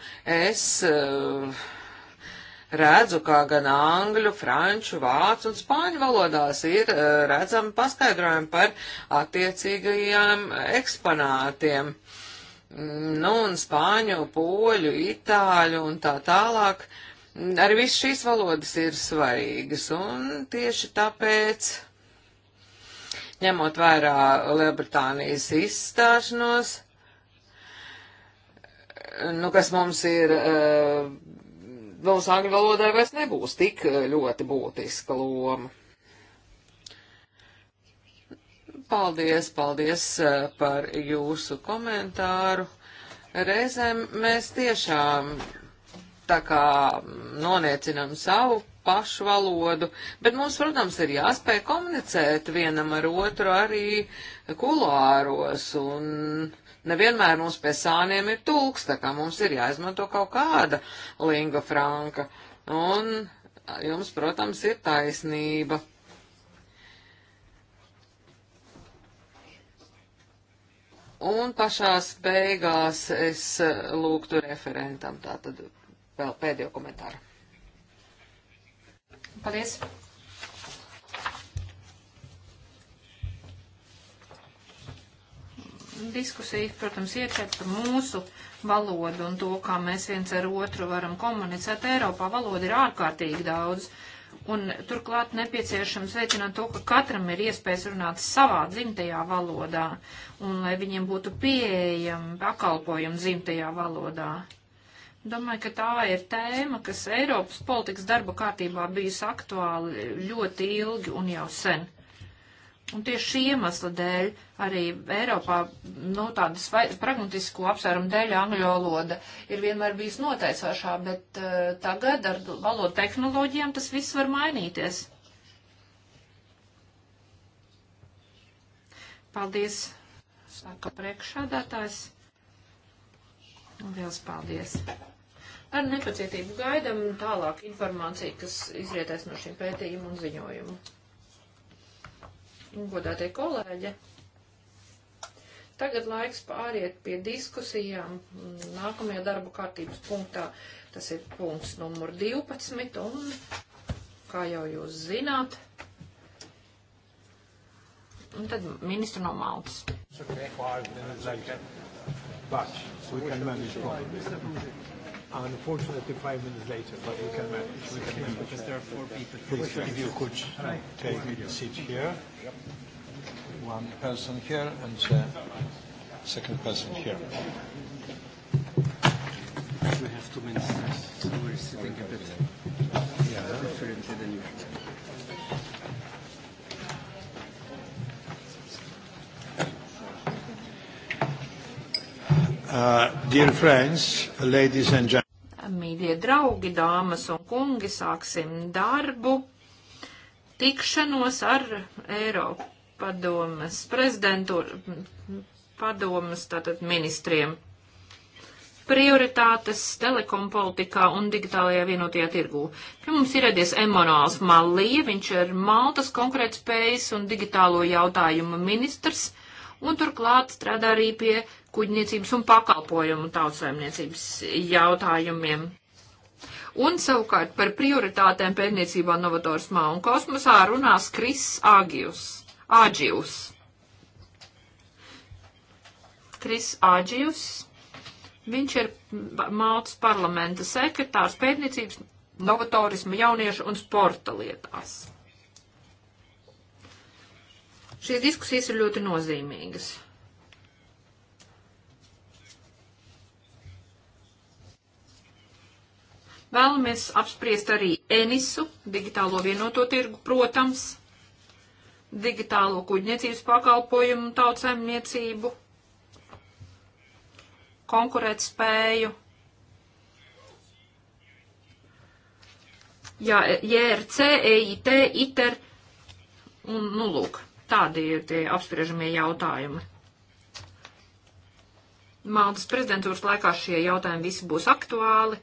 [SPEAKER 3] es uh, redzu, kā gan angļu, franču, vācu un spāņu valodās ir eh, redzami paskaidrojumi par attiecīgajiem eksponātiem. Mm, nu, un spāņu, poļu, itāļu un tā tālāk. Arī viss šīs valodas ir svarīgas, un tieši tāpēc, ņemot vērā Lielbritānijas izstāšanos, nu, kas mums ir uh, mums angļu valodai vairs nebūs tik eh, ļoti būtiska loma. Paldies, paldies eh, par jūsu komentāru. Reizēm mēs tiešām tā kā noniecinam savu pašu valodu, bet mums, protams, ir jāspēj komunicēt vienam ar otru arī kulāros un nevienmēr mums pie sāniem ir tulks, tā kā mums ir jāizmanto kaut kāda linga franka. Un jums, protams, ir taisnība. Un pašās beigās es eh, lūgtu referentam tātad vēl pēdējo komentāru.
[SPEAKER 2] Paldies! diskusija, protams, ietver par mūsu valodu un to, kā mēs viens ar otru varam komunicēt. Eiropā valoda ir ārkārtīgi daudz. Un turklāt nepieciešams veicināt to, ka katram ir iespējas runāt savā dzimtajā valodā un lai viņiem būtu pieejami pakalpojumi dzimtajā valodā. Domāju, ka tā ir tēma, kas Eiropas politikas darba kārtībā bijusi aktuāli ļoti ilgi un jau sen. Un tieši šī iemesla dēļ arī Eiropā, nu, tādas pragmatisko apsvērumu dēļ angļu valoda ir vienmēr bijis noteicošā, bet uh, tagad ar valodu tehnoloģijām tas viss var mainīties. Paldies, saka priekšādātājs. Un liels paldies. Ar nepacietību gaidam tālāk informāciju, kas izrietēs no šīm pētījumu un ziņojumu godātie kolēģi. Tagad laiks pāriet pie diskusijām nākamajā darba kārtības punktā. Tas ir punkts numur 12 un, kā jau jūs zināt, un tad ministru no Maltas. Okay. Five minutes later, but we can manage problems. Unfortunately, five minutes later, but we can manage. Uh, we can manage. Because there are four people. Please, if you could take a seat here. One person here and the second person here. We have two ministers, so we're sitting a bit yeah. differently than usual. Uh, dear friends, ladies and gentlemen, mīļie draugi, dāmas un kungi, sāksim darbu tikšanos ar Eiropa padomas prezidentūru, padomas tātad ministriem. Prioritātes telekom politikā un digitālajā vienotajā tirgū. Pie mums ir iedies Emanuāls Mallī, viņš ir Maltas konkrētspējas un digitālo jautājumu ministrs un turklāt strādā arī pie kuģniecības un pakalpojumu tautsēmniecības jautājumiem. Un savukārt par prioritātēm pētniecībā novatorismā un kosmosā runās Kris Agijus. Āģijus. Kris Āģijus. Viņš ir Maltas parlamenta sekretārs pētniecības novatorisma jauniešu un sporta lietās. Šīs diskusijas ir ļoti nozīmīgas. Vēlamies apspriest arī Enisu, digitālo vienoto tirgu, protams, digitālo kuģniecības pakalpojumu tautsēmniecību, konkurēt spēju. Jā, JRC, EIT, ITER un, nu, lūk, tādi ir tie apspriežamie jautājumi. Maltas prezidentūras laikā šie jautājumi visi būs aktuāli.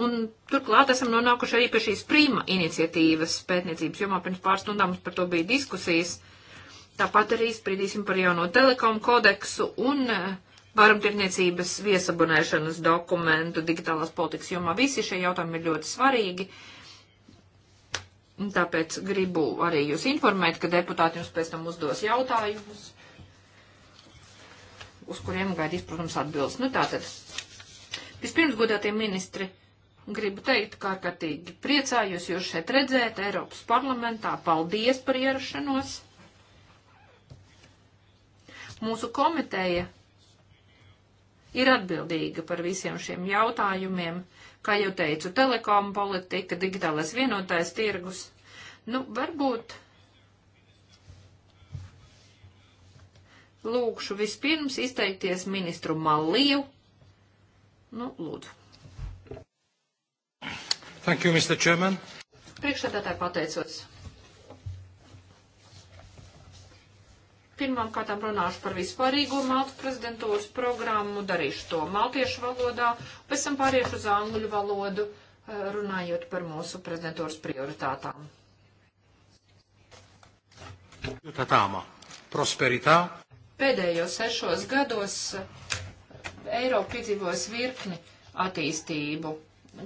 [SPEAKER 2] Un turklāt esam nonākuši arī pie šīs prima iniciatīvas pētniecības jomā. Pirms pāris stundām mums par to bija diskusijas. Tāpat arī spriedīsim par jauno telekomu kodeksu un eh, varamtirniecības viesabunēšanas dokumentu digitālās politikas jomā. Visi šie jautājumi ir ļoti svarīgi. Tāpēc gribu arī jūs informēt, ka deputāti jums pēc tam uzdos jautājumus, uz kuriem gaidīs, protams, atbildes. Nu tātad, vispirms godātie ministri gribu teikt, kā katīgi priecājos jūs šeit redzēt Eiropas parlamentā. Paldies par ierašanos. Mūsu komiteja ir atbildīga par visiem šiem jautājumiem, kā jau teicu, telekomu politika, digitālais vienotais tirgus. Nu, varbūt lūkšu vispirms izteikties ministru Maliju. Nu, lūdzu.
[SPEAKER 1] Thank you, Mr. Chairman.
[SPEAKER 2] Priekšsēdētāji pateicos. Pirmām kārtām runāšu par vispārīgo Maltu prezidentūras programmu, darīšu to maltiešu valodā, pēc tam pāriešu uz angļu valodu, eh, runājot par mūsu prezidentūras prioritātām. Prioritātāma prosperitā. Pēdējos sešos gados eh, Eiropa piedzīvos virkni attīstību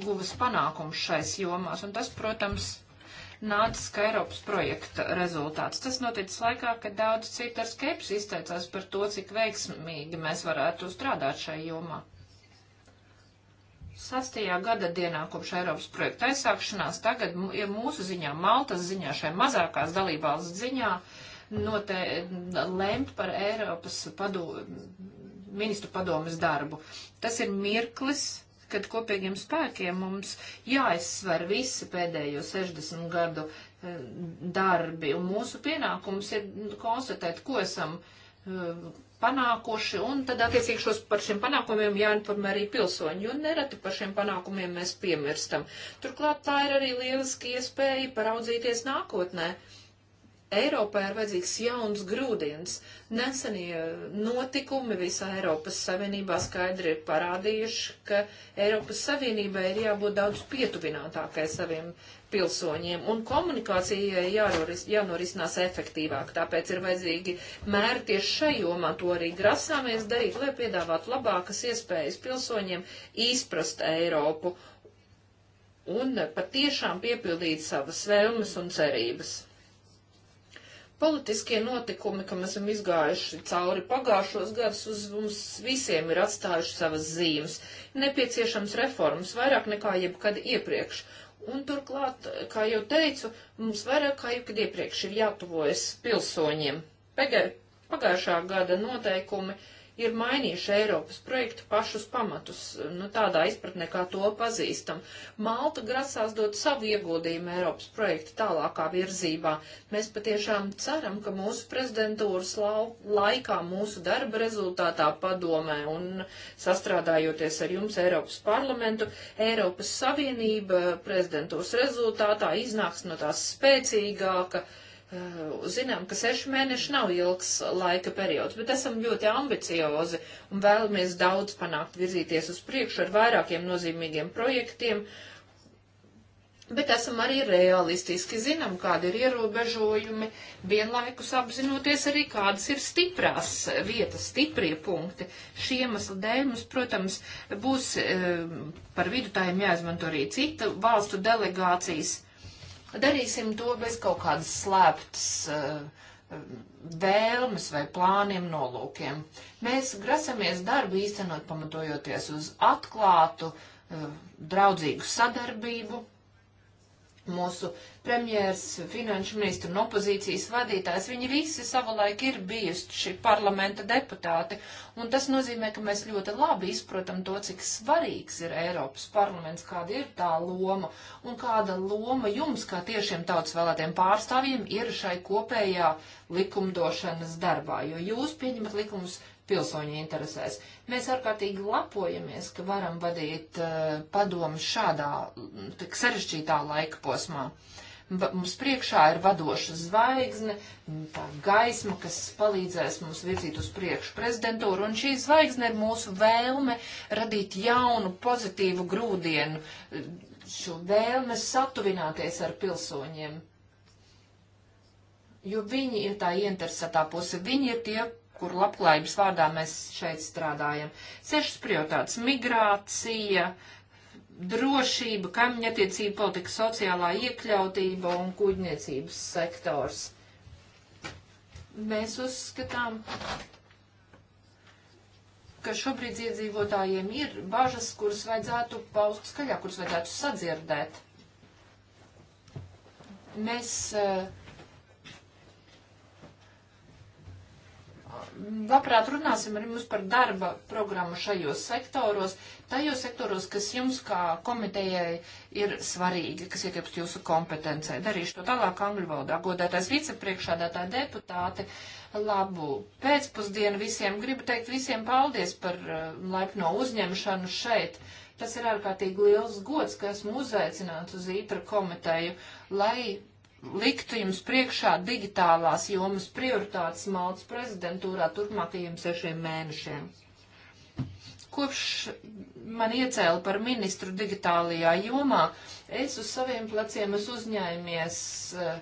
[SPEAKER 2] guvis panākumus šais jomās, un tas, protams, nācis kā Eiropas projekta rezultāts. Tas noticis laikā, kad daudz citu ar skepsi izteicās par to, cik veiksmīgi mēs varētu strādāt šai jomā. Sastajā gada dienā kopš Eiropas projekta aizsākšanās, tagad ja mūsu ziņā, Maltas ziņā, šai mazākās dalībvalsts ziņā, note, lemt par Eiropas padu, ministru padomas darbu. Tas ir mirklis, kad kopīgiem spēkiem mums jāizsver visi pēdējo 60 gadu eh, darbi, un mūsu pienākums ir nu, konstatēt, ko esam eh, panākuši, un tad attiecīgi šos par šiem panākumiem jāinformē arī pilsoņi, jo nereti par šiem panākumiem mēs piemirstam. Turklāt tā ir arī lieliski iespēja paraudzīties nākotnē. Uh, Eiropai ir vajadzīgs jauns grūdienis. Nesenie notikumi visā Eiropas Savienībā skaidri ir parādījuši, ka Eiropas Savienībai ir jābūt daudz pietuvinātākai saviem pilsoņiem, un komunikācija jānoris, jānorisinās efektīvāk. Tāpēc ir vajadzīgi mēri tieši šai jomā. To arī grasāmies darīt, lai piedāvātu labākas iespējas pilsoņiem izprast Eiropu un patiešām piepildīt savas vēlmes un cerības. Politiskie notikumi, kam esam izgājuši cauri pagājušos gadus, uz mums visiem ir atstājuši savas zīmes. Nepieciešams reformas vairāk nekā jebkad iepriekš. Un turklāt, kā jau teicu, mums vairāk kā jebkad iepriekš ir jātuvojas pilsoņiem. Pagājušā gada noteikumi uh, ir mainījuši Eiropas projektu pašus pamatus, nu tādā izpratnē, kā to pazīstam. Malta grasās dot savu ieguldījumu Eiropas projektu tālākā virzībā. Mēs patiešām ceram, ka mūsu prezidentūras laikā, mūsu darba rezultātā padomē un sastrādājoties ar jums Eiropas parlamentu, Eiropas Savienība prezidentūras rezultātā iznāks no tās spēcīgāka, uh, Eh, zinām, ka seši mēneši nav ilgs laika periods, bet esam ļoti ambiciozi un vēlamies daudz panākt, virzīties uz priekšu ar vairākiem nozīmīgiem projektiem, bet esam arī realistiski, zinām, kādi ir ierobežojumi, vienlaikus apzinoties arī, kādas ir stiprās vietas, stiprie punkti. Šī iemesla dēļ mums, protams, būs e, par vidutājiem jāizmanto arī citu valstu delegācijas darīsim to bez kaut kādas slēptas uh, vēlmes vai plāniem nolūkiem. Mēs grasamies darbu īstenot pamatojoties uz atklātu, uh, draudzīgu sadarbību. Mūsu premjērs, finanšu ministru un opozīcijas vadītājs, viņi visi savulaik ir bijuši parlamenta deputāti, un tas nozīmē, ka mēs ļoti labi izprotam to, cik svarīgs ir Eiropas parlaments, kāda ir tā loma, un kāda loma jums, kā tiešiem tautas vēlētiem pārstāvjiem, ir šai kopējā likumdošanas darbā, jo jūs pieņemat likumus pilsoņu interesēs. Mēs ārkārtīgi lepojamies, ka varam vadīt uh, padomu šādā tik sarežģītā laika posmā. Uh, mums priekšā ir vadoša zvaigzne, tā gaisma, kas palīdzēs mums virzīt uz priekšu prezidentūru, un šī zvaigzne ir mūsu vēlme radīt jaunu, pozitīvu grūdienu, šo vēlme satuvināties ar pilsoņiem. Jo viņi ir tā ieinteresētā puse, viņi ir tie, kur labklājības vārdā mēs šeit strādājam. Sešas prioritātes - migrācija, uh, drošība, kaimiņattiecība politika, sociālā iekļautība un kuģniecības sektors. Mēs uzskatām, ka šobrīd iedzīvotājiem ir bažas, kuras vajadzētu paust skaļāk, kuras vajadzētu sadzirdēt. Mēs uh, labprāt runāsim ar jums par darba programmu šajos sektoros, tajos sektoros, kas jums kā komitejai ir svarīgi, kas ietilpst jūsu kompetencē. Darīšu to tālāk angļu valodā. Godētais vicepriekšādātāja deputāte, labu pēcpusdienu visiem. Gribu teikt visiem paldies par uh, laipno uzņemšanu šeit. Tas ir ārkārtīgi liels gods, ka esmu uzaicināts uz īpra komiteju, lai liktu jums priekšā digitālās jomas prioritātes Maltas prezidentūrā turpmākajiem sešiem mēnešiem. Kopš man iecēla par ministru digitālajā jomā, es uz saviem pleciem esmu uzņēmies uh,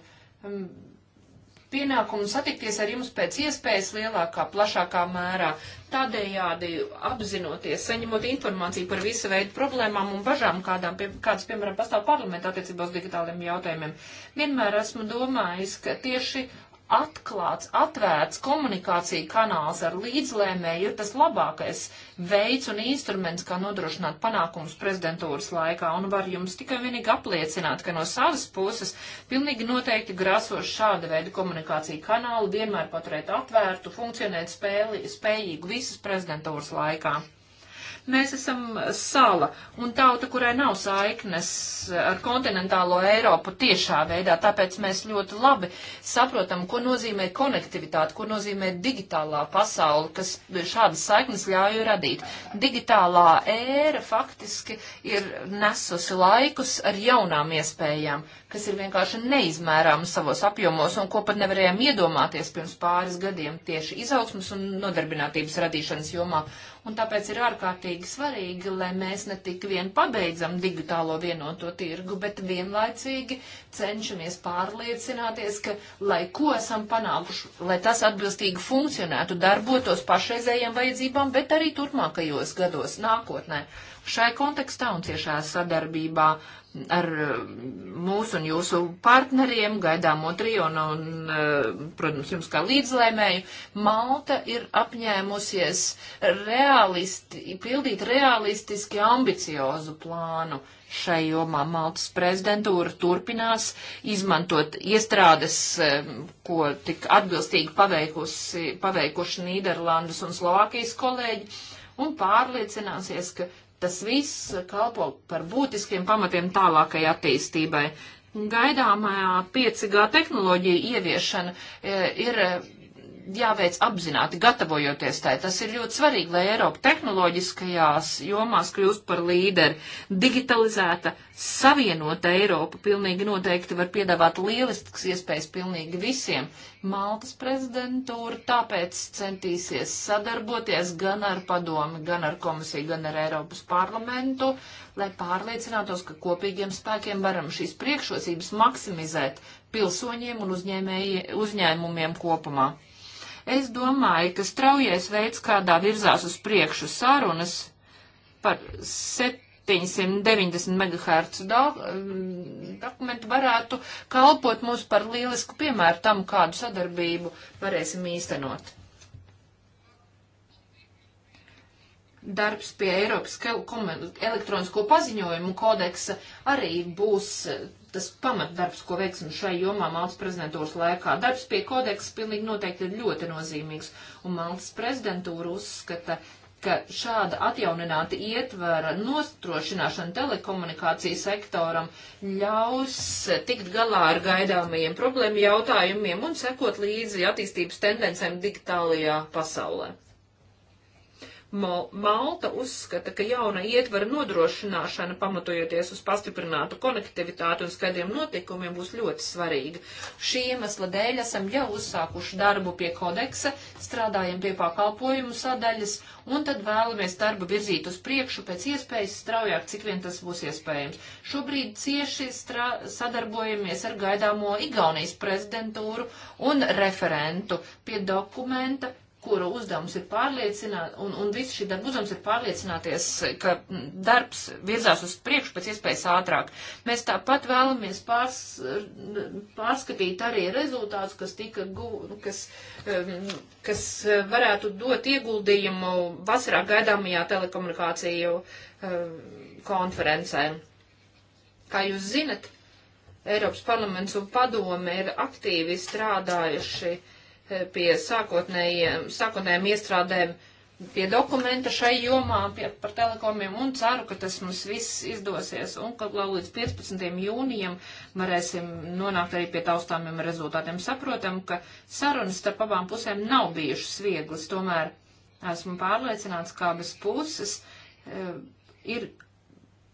[SPEAKER 2] pienākumu satikties ar jums pēc iespējas lielākā, plašākā mērā, tādējādi apzinoties, saņemot informāciju par visu veidu problēmām un bažām, kādām, pie, kādas, piemēram, pastāv parlamentā attiecībā uz digitāliem jautājumiem. Vienmēr esmu domājis, ka tieši atklāts, atvērts komunikācija kanāls ar līdzlēmēju ir tas labākais veids un instruments, kā nodrošināt panākumus prezidentūras laikā, un var jums tikai vienīgi apliecināt, ka no savas puses pilnīgi noteikti grasos šāda veida komunikācija kanālu vienmēr paturēt atvērtu, funkcionēt spēli, spējīgu visas prezidentūras laikā. Mēs esam sala un tauta, kurai nav saiknes ar kontinentālo Eiropu tiešā veidā, tāpēc mēs ļoti labi saprotam, ko nozīmē konektivitāte, ko nozīmē digitālā pasaule, kas šādas saiknes ļauj radīt. Digitālā ēra faktiski ir nesusi laikus ar jaunām iespējām, kas ir vienkārši neizmērāmas savos apjomos un ko pat nevarējām iedomāties pirms pāris gadiem tieši izaugsmas un nodarbinātības radīšanas jomā un tāpēc ir ārkārtīgi svarīgi, lai mēs ne tik vien pabeidzam digitālo vienoto tirgu, bet vienlaicīgi cenšamies pārliecināties, ka, lai ko esam panākuši, lai tas atbilstīgi funkcionētu, darbotos pašreizējiem vajadzībām, bet arī turpmākajos gados nākotnē šai kontekstā un ciešā sadarbībā ar mm, mūsu un jūsu partneriem, gaidāmo trio nu, un, un, mm, protams, jums kā līdzlēmēju, Malta ir apņēmusies realisti, pildīt realistiski ambiciozu plānu šai jomā. Maltas prezidentūra turpinās izmantot iestrādes, mm, ko tik atbilstīgi paveikusi, paveikuši Nīderlandes un Slovākijas kolēģi un pārliecināsies, ka Tas viss kalpo par būtiskiem pamatiem tālākai attīstībai. Gaidāmā 5G tehnoloģija ieviešana e, ir jāveic apzināti, gatavojoties tai. Tas ir ļoti svarīgi, lai Eiropa tehnoloģiskajās jomās kļūst par līderi. Digitalizēta, savienota Eiropa pilnīgi noteikti var piedāvāt lielisks iespējas pilnīgi visiem. Maltas prezidentūra tāpēc centīsies sadarboties gan ar padomi, gan ar komisiju, gan ar Eiropas parlamentu, lai pārliecinātos, ka kopīgiem spēkiem varam šīs priekšrocības maksimizēt pilsoņiem un uzņēmējiem, uzņēmumiem kopumā. Es domāju, ka straujais veids, kādā virzās uz priekšu sarunas par 790 MHz mm, dokumentu varētu kalpot mums par lielisku piemēru tam, kādu sadarbību varēsim īstenot. darbs pie Eiropas elektronisko paziņojumu kodeksa arī būs tas pamatdarbs, ko veiksim šai jomā Maltas prezidentūras laikā. Darbs pie kodeksa pilnīgi noteikti ir ļoti nozīmīgs, un Maltas prezidentūra uzskata, ka šāda atjaunināta ietvara nostrošināšana telekomunikāciju sektoram ļaus tikt galā ar gaidāmajiem problēmu jautājumiem un sekot līdzi attīstības tendencēm digitālajā pasaulē. Malta uzskata, ka jauna ietvara nodrošināšana, pamatojoties uz pastiprinātu konektivitāti un skaidriem notikumiem, būs ļoti svarīga. Šī iemesla dēļ esam jau uzsākuši darbu pie kodeksa, strādājam pie pakalpojumu sadaļas un tad vēlamies darbu virzīt uz priekšu pēc iespējas straujāk, cik vien tas būs iespējams. Šobrīd cieši sadarbojamies ar gaidāmo Igaunijas prezidentūru un referentu pie dokumenta kuru uzdevums ir pārliecināt, un, un visu šī darba uzdevums ir pārliecināties, ka darbs virzās uz priekšu pēc iespējas ātrāk. Mēs tāpat vēlamies pārs, pārskatīt arī rezultātus, kas tika, gu, kas, eh, kas varētu dot ieguldījumu vasarā gaidāmajā telekomunikāciju eh, konferencē. Kā jūs zinat, Eiropas parlaments un padome ir aktīvi strādājuši uh, pie sākotnējiem, sākotnējiem iestrādēm pie dokumenta šai jomā pie, par telekomiem un ceru, ka tas mums viss izdosies un ka līdz 15. jūnijam varēsim nonākt arī pie taustāmiem rezultātiem. Saprotam, ka sarunas starp abām pusēm nav bijušas vieglas, tomēr esmu pārliecināts, ka abas puses e, ir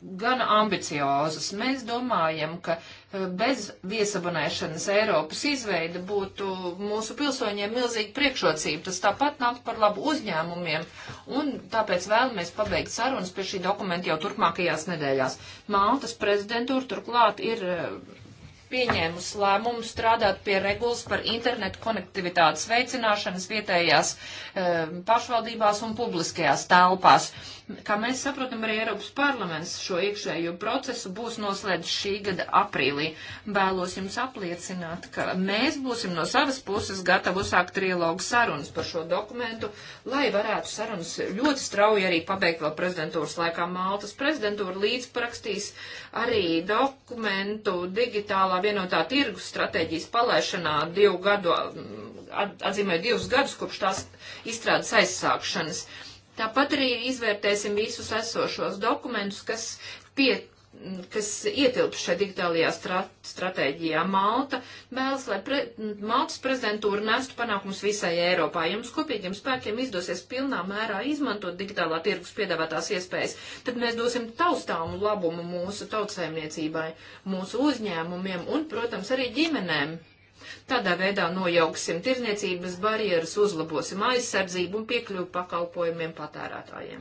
[SPEAKER 2] gan ambiciozas. Mēs domājam, ka eh, bez viesabonēšanas Eiropas izveida būtu mūsu pilsoņiem milzīga priekšrocība. Tas tāpat nāk par labu uzņēmumiem, un tāpēc vēlamies pabeigt sarunas pie šī dokumenta jau turpmākajās nedēļās. Maltas prezidentūra turklāt ir eh, pieņēmusi lēmumu strādāt pie regulas par internetu konektivitātes veicināšanas vietējās e, pašvaldībās un publiskajās telpās. E, Kā mēs saprotam, arī Eiropas parlaments šo iekšējo procesu būs noslēdzis šī gada aprīlī. Vēlos jums apliecināt, ka mēs būsim no savas puses gatavi uzsākt trilogu sarunas par šo dokumentu, lai varētu sarunas ļoti strauji arī pabeigt vēl prezidentūras laikā. Maltas prezidentūra līdzparakstīs arī dokumentu digitālā vienotā tirgus stratēģijas palaišanā divu gadu, mm, atzīmē divus gadus kopš tās izstrādes aizsākšanas. Uh, Tāpat arī izvērtēsim visus esošos dokumentus, kas, pie, kas ietilpst šajā digitālajā strat, stratēģijā. Malta vēlas, lai pre, Maltas prezidentūra nestu panākums visai Eiropā. Jums kopīgiem spēkiem izdosies pilnā mērā izmantot digitālā tirgus piedāvātās iespējas, tad mēs dosim taustāmu labumu mūsu tautsēmniecībai, mūsu uzņēmumiem un, protams, arī ģimenēm Tādā veidā nojauksim tirniecības barjeras, uzlabosim aizsardzību un piekļuvu pakalpojumiem patērētājiem.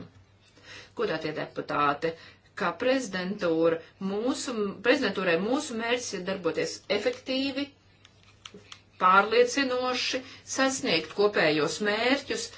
[SPEAKER 2] Godātie deputāti, kā prezidentūra, mūsu, prezidentūrai mūsu mērķis ir darboties efektīvi, pārliecinoši, sasniegt kopējos mērķus,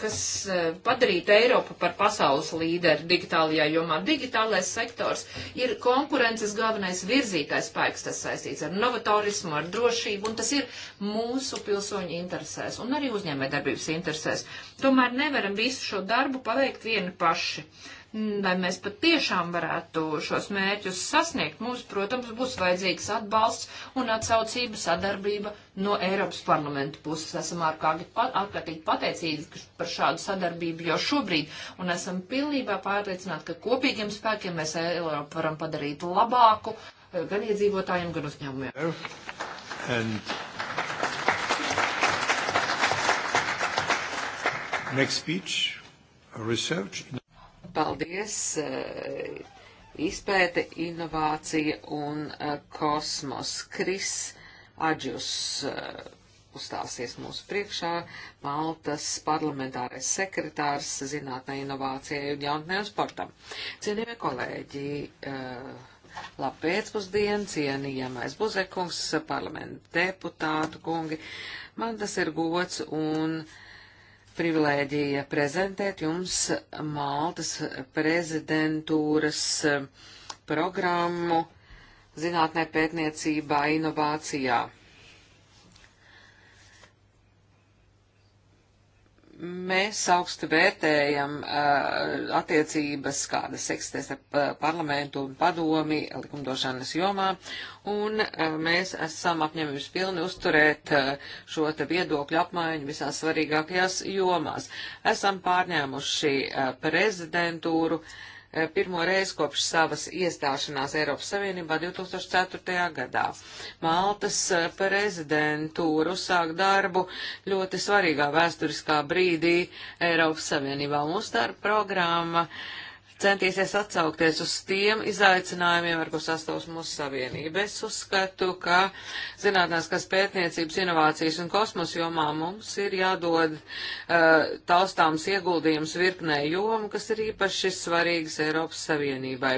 [SPEAKER 2] kas eh, padarītu Eiropu par pasaules līderi digitālajā jomā. Digitālais sektors ir konkurences galvenais virzītājs spēks, tas saistīts ar novatorismu, ar drošību, un tas ir mūsu pilsoņu interesēs un arī uzņēmē darbības interesēs. Tomēr nevaram visu šo darbu paveikt vieni paši. Uh, Vai mēs patiešām varētu šos mērķus sasniegt, mums, protams, būs vajadzīgs atbalsts un atsaucība sadarbība no Eiropas parlamenta puses. Esam ārkārtīgi pateicīgi par šādu sadarbību jau šobrīd un esam pilnībā pārliecināti, ka kopīgiem spēkiem mēs Eiropu varam padarīt labāku eh, gan iedzīvotājiem, gan uzņēmumiem.
[SPEAKER 3] And...
[SPEAKER 1] Next speech, research.
[SPEAKER 3] Paldies! Eh, izpēte, inovācija un eh, kosmos. Kris Aģus eh, uzstāsies mūsu priekšā Maltas parlamentārais sekretārs zinātnē, inovācijai un jaunatnē un sportam. Cienījamie kolēģi, labi pēcpusdien, cienījamais buzekungs, parlamenta deputātu kungi, man tas ir gods un. Uh, privilēģija prezentēt jums Maltas prezidentūras eh, programmu zinātnē pētniecībā, inovācijā. Mēs augstu vērtējam uh, attiecības, kādas eksistē starp eh, parlamentu un padomi likumdošanas jomā, un uh, mēs esam apņemības pilni uzturēt uh, šo te viedokļu apmaiņu visās svarīgākajās jomās. Esam pārņēmuši prezidentūru. Uh, Eh, pirmo reizi kopš savas iestāšanās Eiropas Savienībā 2004. gadā. Maltas eh, prezidentūra uzsāk darbu ļoti svarīgā vēsturiskā brīdī Eiropas Savienībā. Mūsu darba programma uh, centīsies atsaukties uz tiem izaicinājumiem, ar ko sastāvs mūsu savienība. Es uzskatu, ka zinātnēskās pētniecības, inovācijas un kosmos jomā mums ir jādod uh, taustāms ieguldījums virknē jomu, kas ir īpaši svarīgas Eiropas Savienībai.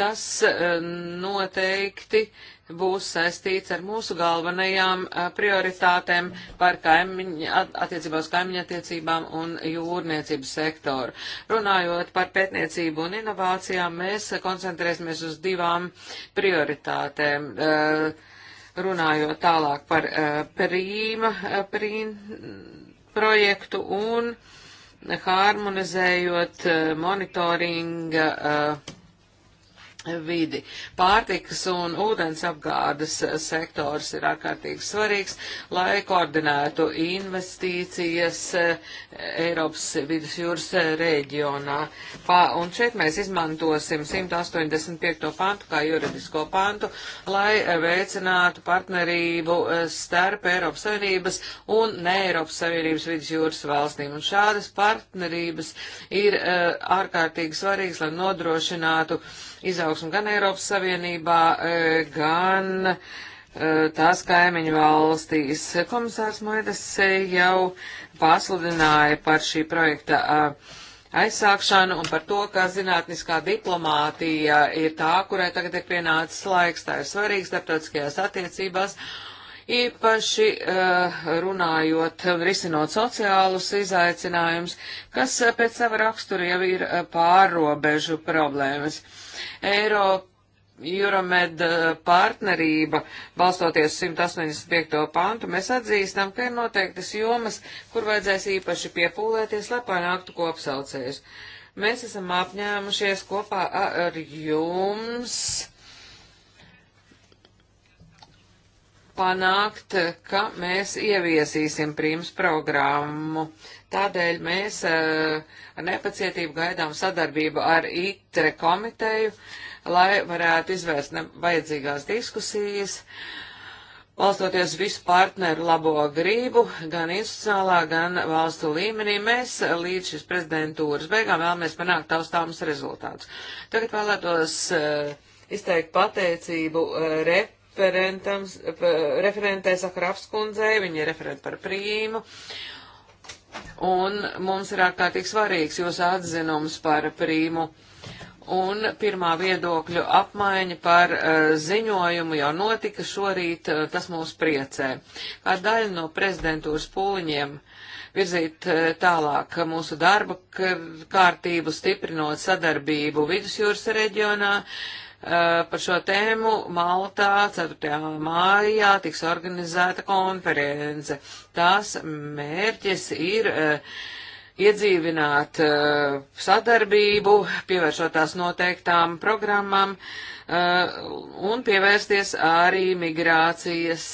[SPEAKER 3] Tas uh, noteikti uh, būs saistīts ar mūsu galvenajām prioritātēm par kaimiņa, attiecībā uz kaimiņa attiecībām un jūrniecības sektoru. Runājot par pētniecību un inovācijām, mēs koncentrēsimies uz divām prioritātēm. Runājot tālāk par prīma, prīma projektu un harmonizējot monitoringa uh, vidi. Pārtikas un ūdens apgādes eh, sektors ir ārkārtīgi svarīgs, lai koordinētu investīcijas eh, Eiropas vidus jūras eh, reģionā. Un šeit mēs izmantosim 185. pantu kā juridisko pantu, lai veicinātu partnerību starp Eiropas Savienības un ne Eiropas Savienības vidus jūras valstīm. Un šādas partnerības ir ārkārtīgi svarīgas, lai nodrošinātu uh, izaugsmu gan Eiropas Savienībā, e, gan e, tās kaimiņu valstīs. Komisārs Moedas jau pasludināja par šī projekta e, aizsākšanu un par to, ka zinātniskā diplomātija ir tā, kurai tagad ir pienācis laiks, tā ir svarīga starptautiskajās attiecībās īpaši uh, runājot, risinot sociālus izaicinājumus, kas pēc sava rakstura jau ir pārrobežu problēmas. Eiropa. Euromed eh, partnerība, balstoties 185. pantu, mēs atzīstam, ka ir noteiktas jomas, kur vajadzēs īpaši piepūlēties, lai panāktu kopsaucējus. Mēs esam apņēmušies kopā ar jums panākt, ka mēs ieviesīsim prīms programmu. Uh, Tādēļ mēs eh, ar nepacietību gaidām sadarbību ar ITRE komiteju, lai varētu izvērst vajadzīgās diskusijas, balstoties visu partneru labo grību, gan institucionālā, gan valstu līmenī. Mēs līdz šis prezidentūras beigām vēlamies panākt taustāmas rezultātus. Tagad vēlētos eh, izteikt pateicību eh, rep referentē Sakarapskundzei, viņa ir referenta par prīmu, Un mums ir ārkārtīgi svarīgs jūsu atzinums par prīmu. Un pirmā viedokļu apmaiņa par uh, ziņojumu jau notika šorīt, uh, tas mūs priecē. Kā daļa no prezidentūras pūliņiem virzīt uh, tālāk mūsu darba kārtību, stiprinot sadarbību vidusjūras reģionā, uh, Eh, par šo tēmu Maltā 4. mājā tiks organizēta konference. Tās mērķis ir eh, iedzīvināt eh, sadarbību, pievēršotās noteiktām programmām un pievērsties arī migrācijas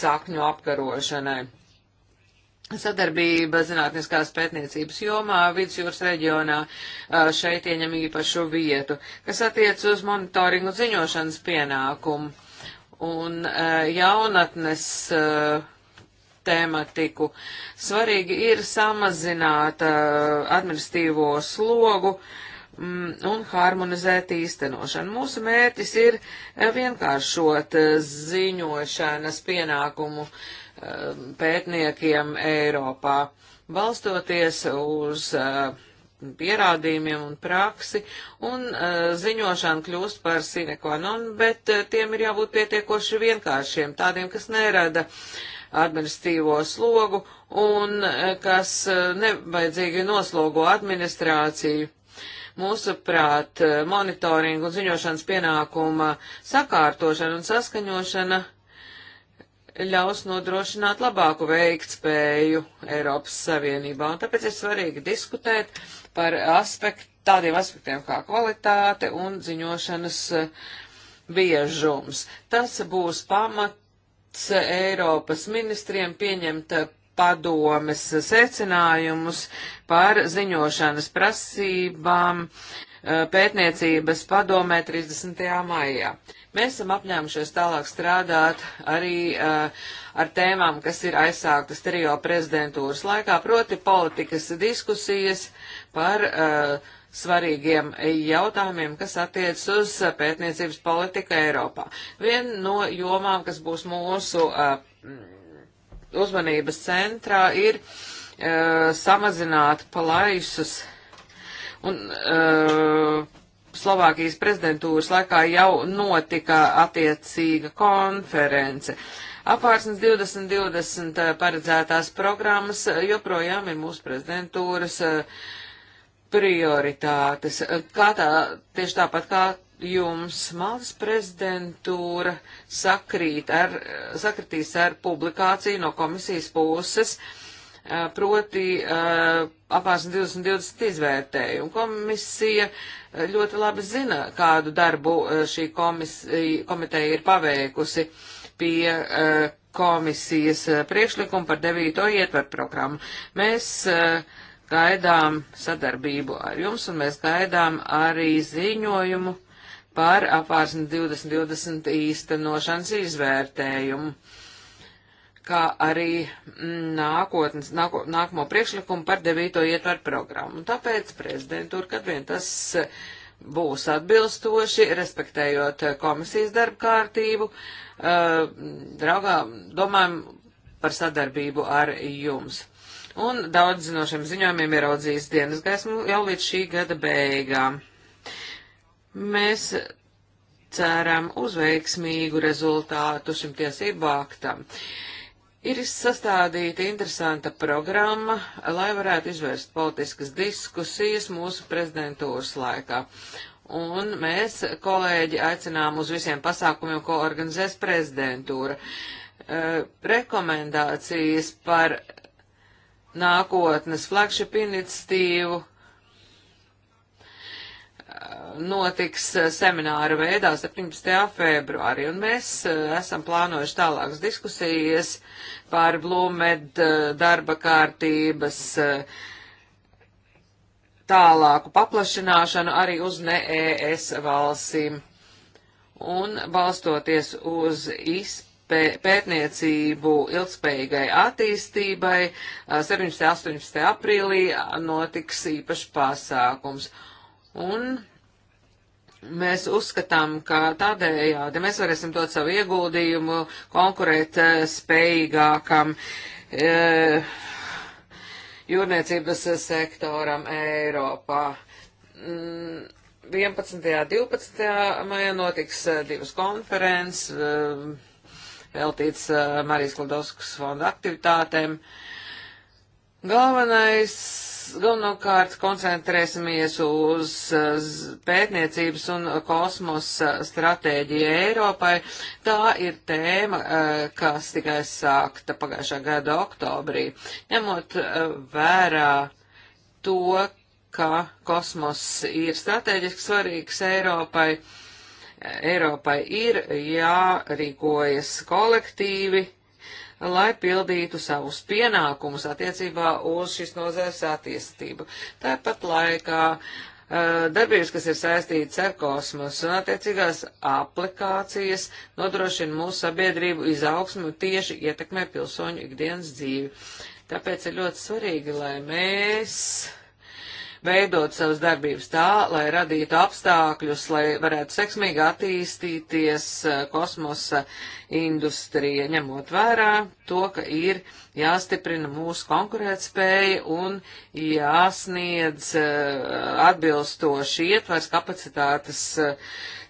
[SPEAKER 3] sakņu apkarošanai. Sadarbība zinātniskās pētniecības jomā vidusjūras reģionā šeit ieņem īpašu vietu, kas attiec uz monitoringu ziņošanas pienākumu un jaunatnes tematiku. Svarīgi ir samazināt administīvo slogu mm, un harmonizēt īstenošanu. Mūsu mērķis ir vienkāršot ziņošanas pienākumu uh, Um, pētniekiem Eiropā, balstoties uz uh, pierādījumiem un praksi, un uh, ziņošana kļūst par sinekvanon, bet uh, tiem ir jābūt pietiekoši vienkāršiem, tādiem, kas nerada administīvo slogu un kas nevajadzīgi noslogo administrāciju mūsuprāt, monitoringa un ziņošanas pienākuma sakārtošana un saskaņošana ļaus nodrošināt labāku veiktspēju Eiropas Savienībā. Un tāpēc ir svarīgi diskutēt par aspekt, tādiem aspektiem kā kvalitāte un ziņošanas eh, biežums. Tas būs pamats Eiropas ministriem pieņemt eh, padomes secinājumus par ziņošanas prasībām eh, pētniecības padomē 30. maijā. Mēs esam apņēmušies tālāk strādāt arī uh, ar tēmām, kas ir aizsāktas trio prezidentūras laikā, proti politikas diskusijas par uh, svarīgiem jautājumiem, kas attiecas uz pētniecības politiku Eiropā. Viena no jomām, kas būs mūsu uh, uzmanības centrā, ir uh, samazināt palaisus un uh, Slovākijas prezidentūras laikā jau notika attiecīga konference. Apvārsnes 2020 eh, paredzētās programmas eh, joprojām ir mūsu prezidentūras eh, prioritātes. Kā tā, tieši tāpat kā jums Maltas prezidentūra sakrīt ar, sakritīs ar publikāciju no komisijas puses. Uh, Eh, proti eh, apmēram 2020 izvērtējumu. Komisija eh, ļoti labi zina, kādu darbu šī komisija, komiteja ir paveikusi pie komisijas priekšlikuma par devīto ietveru programmu. Mēs gaidām sadarbību ar jums un mēs gaidām arī ziņojumu par apvārsni 2020 īstenošanas izvērtējumu kā arī mm, nākotnes, nāko, nākamo priekšlikumu par devīto ietvaru programmu. Tāpēc prezidentūra, kad vien tas eh, būs atbilstoši, respektējot eh, komisijas darba kārtību, draugā, eh, domājam par sadarbību ar jums. Un daudz no šiem ziņojumiem ir audzījis dienas gaismu jau līdz šī gada beigām. Mēs ceram uz veiksmīgu rezultātu šim tiesību aktam. Uh, Ir sastādīta interesanta programma, lai varētu izvērst politiskas diskusijas mūsu prezidentūras laikā. Un mēs, kolēģi, aicinām uz visiem pasākumiem, ko organizēs prezidentūra. Uh, rekomendācijas par nākotnes flagship iniciatīvu notiks eh, semināra veidā 17. februārī, un mēs eh, esam plānojuši tālākas diskusijas par Blūmed eh, darba kārtības tālāku paplašināšanu arī uz ne ES valstīm. Un balstoties uz izpētību, pētniecību ilgspējīgai attīstībai. 17. un 18. aprīlī notiks īpašs pasākums. Un Mēs uzskatām, ka tādējādi mēs varēsim dot savu ieguldījumu, konkurēt eh, spējīgākam e, jūrniecības sektoram Eiropā. 11. un 12. maijā notiks eh, divas konferences veltīts Marijas Klodovskas fonda aktivitātēm. Galvenais galvenokārt koncentrēsimies uz eh, pētniecības un kosmosa stratēģiju Eiropai. Tā ir tēma, eh, kas tikai sākta pagājušā gada oktobrī, ņemot eh, vērā to, ka kosmos ir strateģiski svarīgs Eiropai. Eiropai ir jārīkojas kolektīvi, lai pildītu savus pienākumus attiecībā uz šīs nozares attīstību. Tāpat laikā eh, darbības, kas ir saistītas ar kosmosu un attiecīgās aplikācijas, nodrošina mūsu sabiedrību izaugsmu un tieši ietekmē pilsoņu ikdienas dzīvi. Tāpēc ir ļoti svarīgi, lai mēs veidot savas darbības tā, lai radītu apstākļus, lai varētu seksmīgi attīstīties eh, kosmosa industrija, ņemot vērā to, ka ir jāstiprina mūsu konkurētspēja un jāsniedz eh, atbilstoši ietvars kapacitātes eh,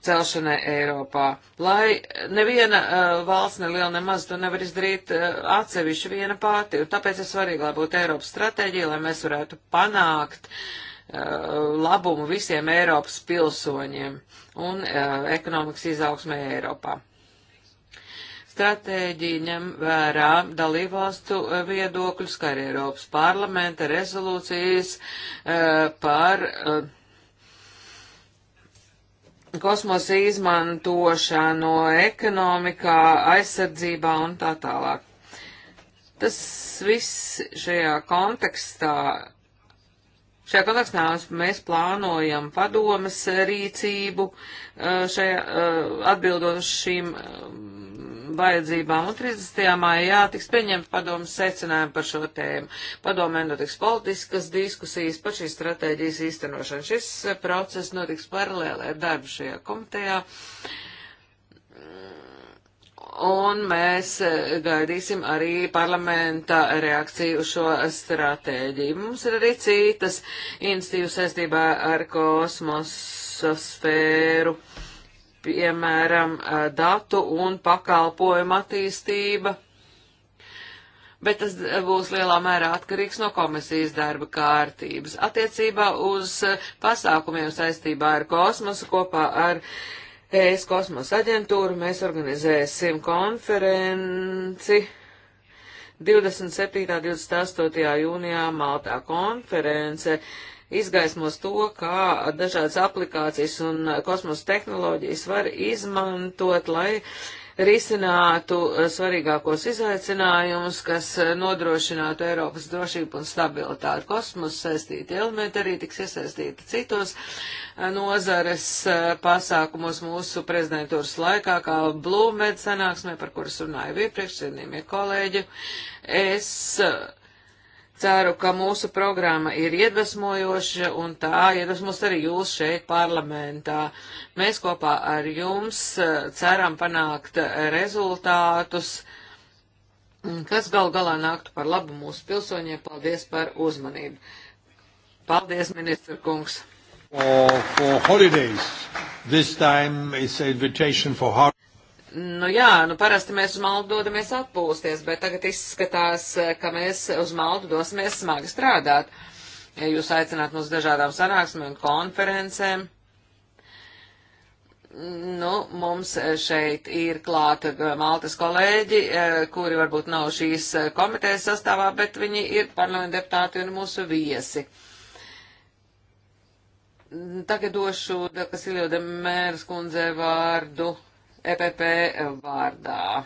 [SPEAKER 3] celšanai Eiropā. Lai neviena eh, valsts, ne liela, ne maz, to nevar izdarīt atsevišķi viena pati, un tāpēc ir svarīgi, lai būtu Eiropas stratēģija, lai mēs varētu panākt labumu visiem Eiropas pilsoņiem un ekonomikas izaugsmē Eiropā. Stratēģija ņem vērā dalībvalstu e, viedokļus, kā arī Eiropas parlamenta rezolūcijas e, par e, kosmosa izmantošanu ekonomikā, aizsardzībā un tā tālāk. Tas viss šajā kontekstā, šajā kontekstā mēs plānojam padomas rīcību šajā, atbildot uz šīm vajadzībām, un 30. maijā tiks pieņemt padomu secinājumu par šo tēmu. Padomē notiks politiskas diskusijas par šīs stratēģijas īstenošanu. Šis eh, process notiks paralēli ar darbu šajā komitejā. Un mēs eh, gaidīsim arī parlamenta reakciju uz šo stratēģiju. Mums ir arī citas institīvas saistībā ar kosmosa sfēru. Uh, piemēram, datu un pakalpojumu attīstība, bet tas būs lielā mērā atkarīgs no komisijas darba kārtības. Attiecībā uz pasākumiem saistībā ar kosmosu kopā ar ES kosmosa aģentūru mēs organizēsim konferenci 27. un 28. jūnijā Maltā konference izgaismos to, kā dažādas aplikācijas un kosmosa tehnoloģijas var izmantot, lai risinātu svarīgākos izaicinājumus, kas nodrošinātu Eiropas drošību un stabilitāti. Kosmos saistīti elementi arī tiks iesaistīti citos eh, nozares eh, pasākumos mūsu prezidentūras laikā, kā Blūmed sanāksmē, par kuras runāju iepriekš, cienījamie kolēģi. Es eh, Ceru, ka mūsu programma ir iedvesmojoša un tā iedvesmos arī jūs šeit parlamentā. Mēs kopā ar jums e, ceram panākt rezultātus, kas gal galā nāktu par labu mūsu pilsoņiem. Paldies par uzmanību. Paldies, ministra kungs. For, for holidays.
[SPEAKER 1] This time it's an invitation for holidays.
[SPEAKER 3] Nu jā, nu parasti mēs uz maldu dodamies atpūsties, bet tagad izskatās, ka mēs uz maldu dosimies smagi strādāt. Ja jūs aicināt mums dažādām sanāksmēm un konferencēm, nu, mums šeit ir klāta Maltas kolēģi, kuri varbūt nav šīs komitejas sastāvā, bet viņi ir parlamenta deputāti un mūsu viesi. Tagad došu Kasiljo Demēras kundzei vārdu. EPP vārdā.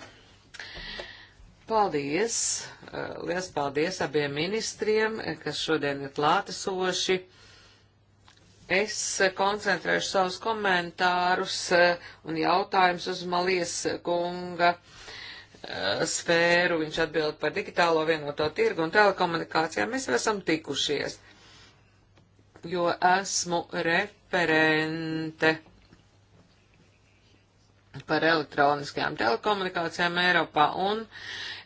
[SPEAKER 3] Paldies! Lielas paldies abiem ministriem, kas šodien ir klātesoši. Es koncentrēšu savus komentārus un jautājumus uz Malies kunga sfēru. Viņš atbild par digitālo vienoto tirgu un telekomunikācijām. Mēs jau esam tikušies, jo esmu referente par elektroniskajām telekomunikācijām Eiropā, un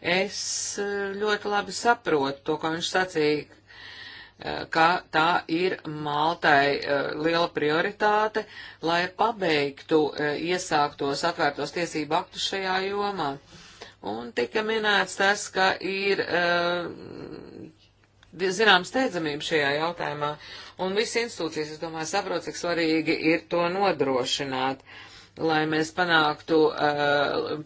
[SPEAKER 3] es e, ļoti labi saprotu to, ko viņš sacīja, e, ka tā ir Maltai e, liela prioritāte, lai pabeigtu iesāktos atvērtos tiesību aktus šajā jomā. Un tika minēts tas, ka ir zinām steidzamība šajā jautājumā, un visas institūcijas, es domāju, saprot, cik svarīgi ir to nodrošināt. Uh, lai mēs panāktu, uh,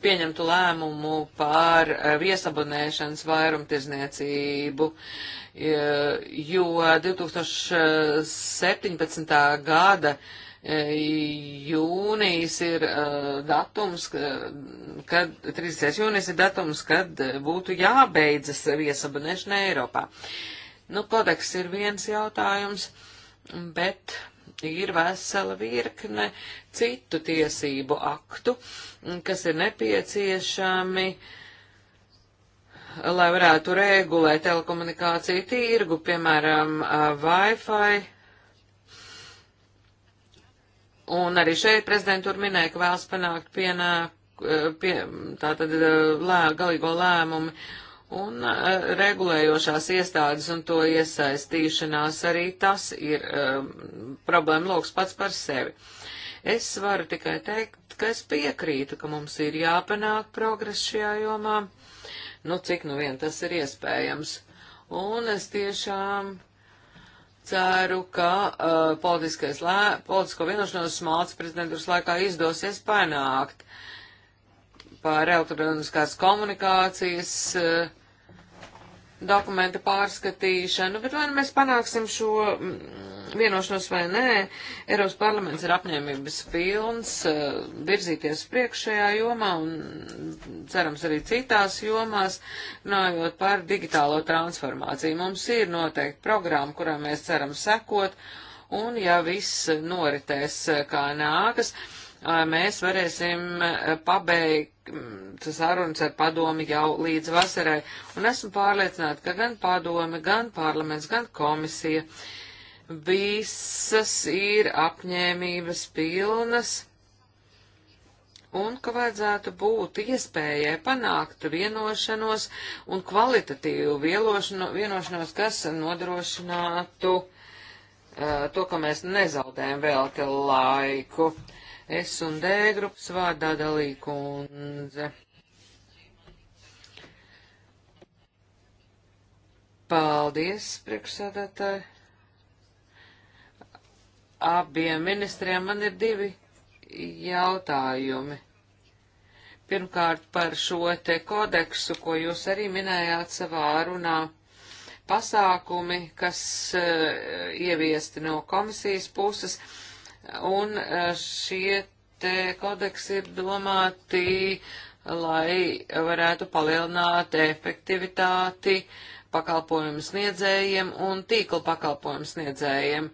[SPEAKER 3] pieņemtu lēmumu pār eh, viesabonēšanas vairumtirzniecību, uh, eh, jo 2017. gada jūnijas ir datums, kad, 30. jūnijas ir datums, kad būtu jābeidzas viesabonēšana Eiropā. Nu, kodeks ir viens jautājums, bet ir vesela virkne citu tiesību aktu, mm, kas ir nepieciešami, lai varētu regulēt telekomunikāciju tirgu, piemēram, Wi-Fi. Un arī šeit prezidentūra minēja, ka vēlas panākt pienāk, pie, tātad lē, galīgo lēmumu Un uh, regulējošās iestādes un to iesaistīšanās arī tas ir um, problēma loks pats par sevi. Es varu tikai teikt, ka es piekrītu, ka mums ir jāpanāk progress šajā jomā, nu cik nu vien tas ir iespējams. Un es tiešām ceru, ka uh, lē, politisko vienošanos Maltas prezidentūras laikā izdosies panākt. Uh, par elektroniskās komunikācijas uh, dokumenta pārskatīšanu, bet vai nu mēs panāksim šo mm, vienošanos vai nē, Eiropas parlaments ir apņēmības pilns eh, virzīties priekšējā jomā un cerams arī citās jomās, nājot par digitālo transformāciju. Mums ir noteikti programma, kurā mēs ceram sekot, un ja viss noritēs eh, kā nākas, eh, mēs varēsim pabeigt Mm, sarunas ar padomi jau līdz vasarai, un esmu pārliecināta, ka gan padomi, gan parlaments, gan komisija visas ir apņēmības pilnas, un ka vajadzētu būt iespējai panākt vienošanos un kvalitatīvu vienošanos, kas nodrošinātu uh, to, ka mēs nezaudējam vēl te laiku. Uh, S un D grupas vārdā dalīkundze. Paldies, priekšsēdētāji. Abiem ministriem man ir divi jautājumi. Pirmkārt, par šo te kodeksu, ko jūs arī minējāt savā runā pasākumi, kas uh, ieviesti no komisijas puses, Un e, šie te kodeksi ir domāti, lai varētu palielināt efektivitāti pakalpojumu sniedzējiem un tīkla pakalpojumu sniedzējiem.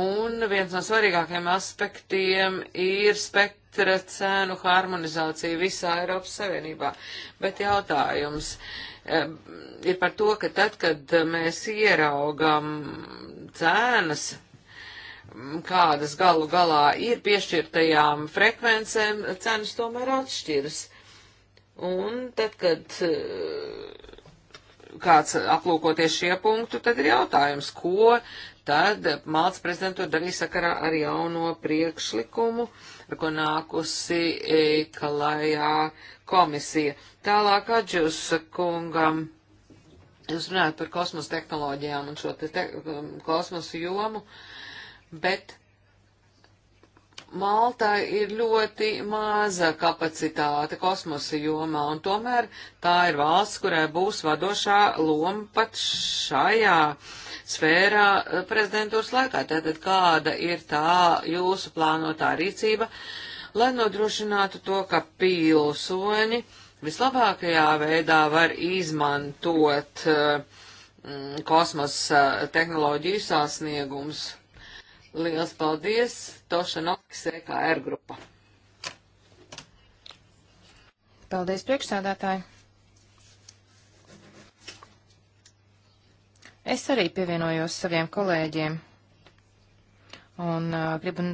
[SPEAKER 3] Un viens no svarīgākajiem aspektiem ir spektra cēnu harmonizācija visā Eiropas Savienībā. Bet jautājums. Uh, ir par to, ka tad, kad mēs ieraugam cēnas, kādas galu galā ir piešķirtajām frekvencēm, cenas tomēr atšķiras. Un tad, kad e, kāds aplūkoties šie punktu, tad ir jautājums, ko tad Maltas prezidentūra darīja sakarā ar jauno priekšlikumu, ar ko nākusi e, klajā komisija. Tālāk atģus kungam. Jūs runājat par kosmosa tehnoloģijām un šo te, te um, kosmosu jomu, bet Maltā ir ļoti maza kapacitāte kosmosa jomā, un tomēr tā ir valsts, kurai būs vadošā loma pat šajā sfērā uh, prezidentūras laikā. Tātad kāda ir tā jūsu plānotā rīcība, lai nodrošinātu to, ka pilsoņi. Uh, vislabākajā veidā var izmantot eh, mm, kosmosa eh, tehnoloģiju sasniegums. Liels paldies, Toša Noks, EKR grupa.
[SPEAKER 1] Paldies, priekšsādātāji. Es arī pievienojos saviem kolēģiem un uh, gribu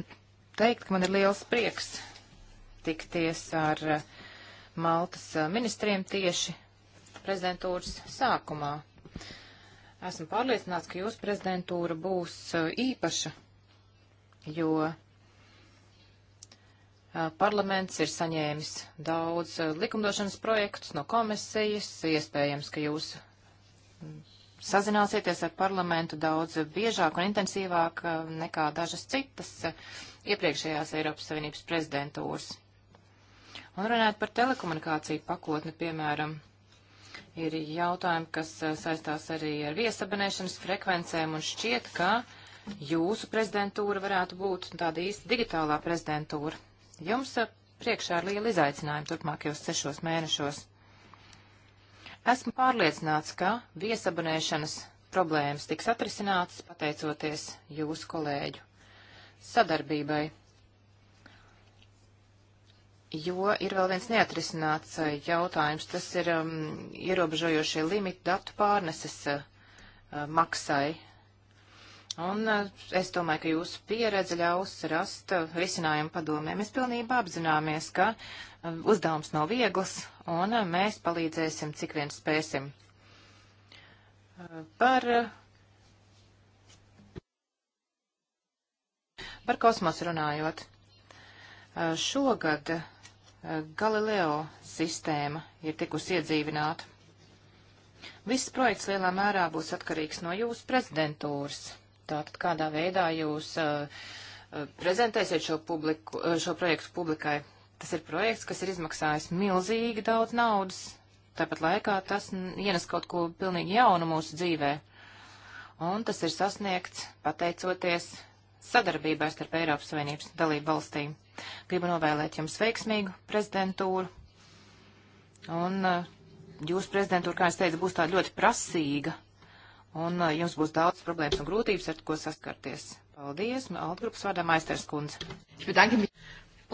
[SPEAKER 1] teikt, ka man ir liels prieks tikties ar uh, Maltas eh, ministriem tieši prezidentūras sākumā. Esmu pārliecināts, ka jūsu prezidentūra būs eh, īpaša, jo eh, parlaments ir saņēmis daudz likumdošanas projektus no komisijas. Iespējams, ka jūs mm, sazināsieties ar parlamentu daudz biežāk un intensīvāk nekā dažas citas iepriekšējās Eiropas Savienības prezidentūras. Un runājot par telekomunikāciju pakotni, piemēram, ir jautājumi, kas eh, saistās arī ar viesabinēšanas frekvencēm un šķiet, ka jūsu prezidentūra varētu būt tāda īsta digitālā prezidentūra. Jums eh, priekšā ir liela izaicinājuma turpmākajos sešos mēnešos. Esmu pārliecināts, ka viesabinēšanas problēmas tiks atrisinātas pateicoties jūsu kolēģu sadarbībai jo ir vēl viens neatrisināts eh, jautājums. Tas ir um, ierobežojošie limiti datu pārneses uh, maksai. Un uh, es domāju, ka jūsu pieredze ļaus rast uh, risinājumu padomē. Mēs pilnībā apzināmies, ka uh, uzdevums nav viegls, un uh, mēs palīdzēsim, cik vien spēsim. Uh, par uh, Par kosmosu runājot, šogad Galileo sistēma ir tikusi iedzīvināta. Viss projekts lielā mērā būs atkarīgs no jūsu prezidentūras. Tātad kādā veidā jūs uh, uh prezentēsiet šo, publiku, uh, šo projektu publikai. Tas ir projekts, kas ir izmaksājis milzīgi daudz naudas. Tāpat laikā tas ienes kaut ko pilnīgi jaunu mūsu dzīvē. Un tas ir sasniegts pateicoties sadarbībai starp Eiropas Savienības dalību valstīm. Gribu novēlēt jums veiksmīgu prezidentūru. Un eh, jūsu prezidentūra, kā es teicu, būs tāda ļoti prasīga. Un eh, jums būs daudz problēmas un grūtības, ar ko saskarties. Paldies, nu, Alta grupas vārdā Maisters kundze.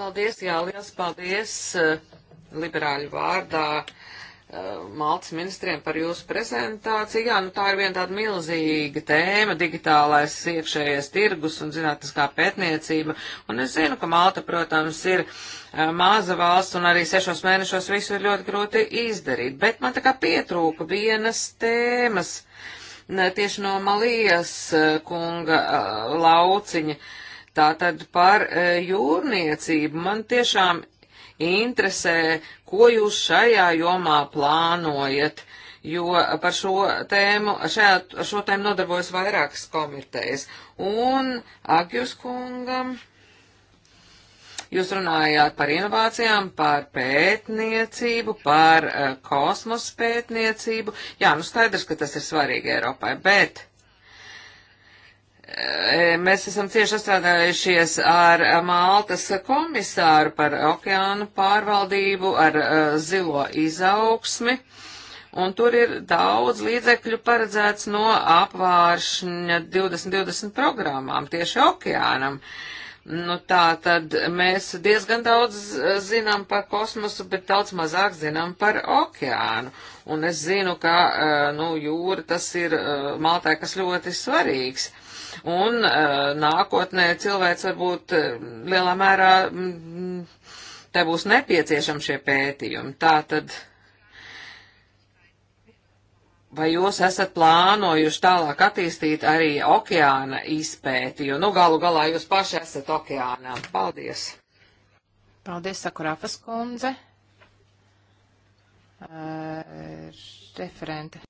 [SPEAKER 3] Paldies, jā, liels paldies eh, liberāļu vārdā Eh, Maltas ministriem par jūsu prezentāciju. Jā, nu tā ir viena tāda milzīga tēma - digitālais iekšējais tirgus un zinātniskā pētniecība. Un es zinu, ka Malta, protams, ir eh, maza valsts un arī sešos mēnešos visu ir ļoti grūti izdarīt. Bet man tā kā pietrūka vienas tēmas tieši no Malijas eh, kunga lauciņa. Tātad par jūrniecību man tiešām interesē, ko jūs šajā jomā plānojat, jo par šo tēmu, šajā, ar šo tēmu nodarbojas vairākas komitejas. Un Agjus kungam. Jūs runājāt par inovācijām, par pētniecību, par uh, kosmosa pētniecību. Jā, nu skaidrs, ka tas ir svarīgi Eiropai, bet E, mēs esam cieši sastrādājušies ar Maltas komisāru par okeānu pārvaldību, ar e, zilo izaugsmi, un tur ir daudz līdzekļu paredzēts no apvāršņa 2020 programmām tieši okeānam. Nu, tā tad mēs diezgan daudz zinām par kosmosu, bet daudz mazāk zinām par okeānu. Un es zinu, ka e, nu, jūra tas ir Maltai, kas ļoti svarīgs. Uh, un uh, nākotnē cilvēks varbūt eh, lielā mērā mm, te būs nepieciešami šie pētījumi. Tā tad, vai jūs esat plānojuši tālāk attīstīt arī okeāna izpēti, jo nu galu galā jūs paši esat okeānā. Paldies!
[SPEAKER 1] Paldies, Sakurāfas kundze. Uh, referente.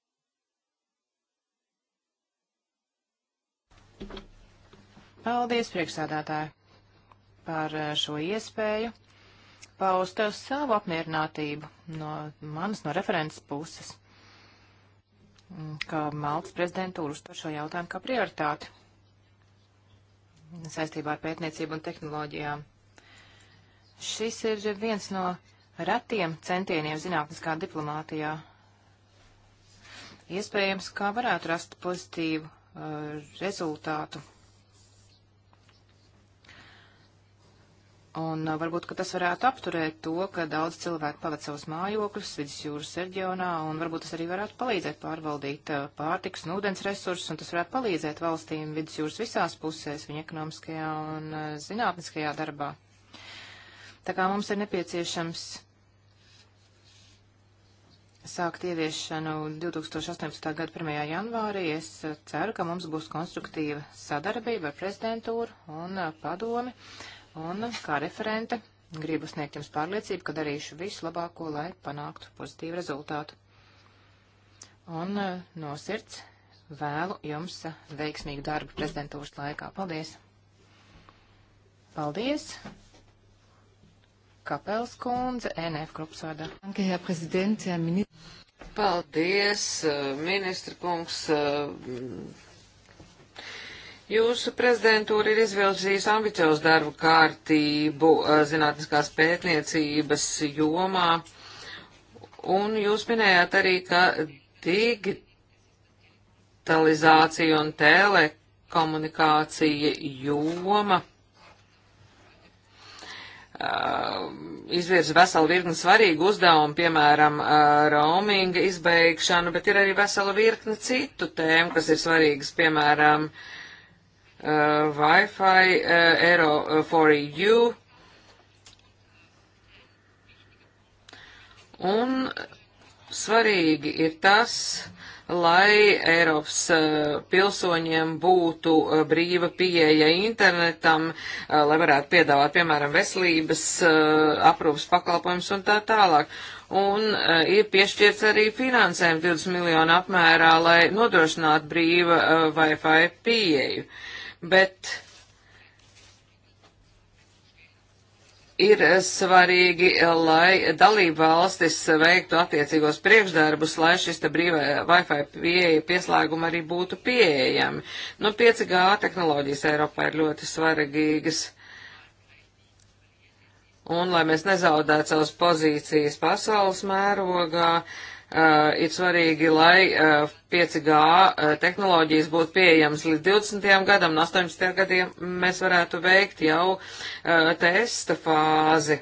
[SPEAKER 1] Paldies, priekšsādātāji, par eh, šo iespēju paust eh, savu apmierinātību no manas, no referents puses, mm, ka Maltas prezidentūra uztver šo jautājumu kā prioritāti saistībā ar pētniecību un tehnoloģijām. Šis ir viens no retiem centieniem zinātniskā diplomātijā. Iespējams, kā varētu rast pozitīvu uh, rezultātu Un uh, varbūt, ka tas varētu apturēt to, ka daudz cilvēku pavada savus mājokļus vidusjūras reģionā, un varbūt tas arī varētu palīdzēt pārvaldīt uh, pārtiks un ūdens resursus, un tas varētu palīdzēt valstīm vidusjūras visās pusēs, viņa ekonomiskajā un uh, zinātniskajā darbā. Tā kā mums ir nepieciešams sākt ieviešanu 2018. gada 1. janvārī. Es ceru, ka mums būs konstruktīva sadarbība ar prezidentūru un padomi, Un kā referente gribu sniegt jums pārliecību, ka darīšu visu labāko, lai panāktu pozitīvu rezultātu. Un eh, no sirds vēlu jums eh, veiksmīgu darbu prezidentūras laikā. Paldies! Paldies! Kapels kundze, NF grupas vārdā.
[SPEAKER 3] Paldies, eh, ministra kungs! Jūsu prezidentūra ir izvilzījusi ambiciozu darbu kārtību eh, zinātniskās pētniecības jomā, un jūs minējāt arī, ka digitalizācija un telekomunikācija joma eh, izvirza veselu virkni svarīgu uzdevumu, piemēram, eh, roaminga izbeigšanu, bet ir arī vesela virkne citu tēmu, kas ir svarīgas, piemēram, uh, uh, Wi-Fi, uh, Euro 4EU. Uh, un svarīgi ir tas, lai Eiropas uh, pilsoņiem būtu uh, brīva pieeja internetam, uh, lai varētu piedāvāt, piemēram, veselības uh, aprūpas pakalpojumus un tā tālāk. Un uh, ir piešķirts arī finansējumi 20 miljonu apmērā, lai nodrošinātu brīva Wi-Fi pieeju. Uh, bet ir svarīgi, lai dalība valstis veiktu attiecīgos priekšdarbus, lai šis te brīvā Wi-Fi pieeja pieslēguma arī būtu pieejami. Nu, 5G tehnoloģijas Eiropā ir ļoti svarīgas. Un, lai mēs nezaudētu savas pozīcijas pasaules mērogā, uh, Uh, ir svarīgi, lai uh, 5G uh, tehnoloģijas būtu pieejamas līdz 20. gadam, no 18. gadiem mēs varētu veikt jau uh, testa fāzi.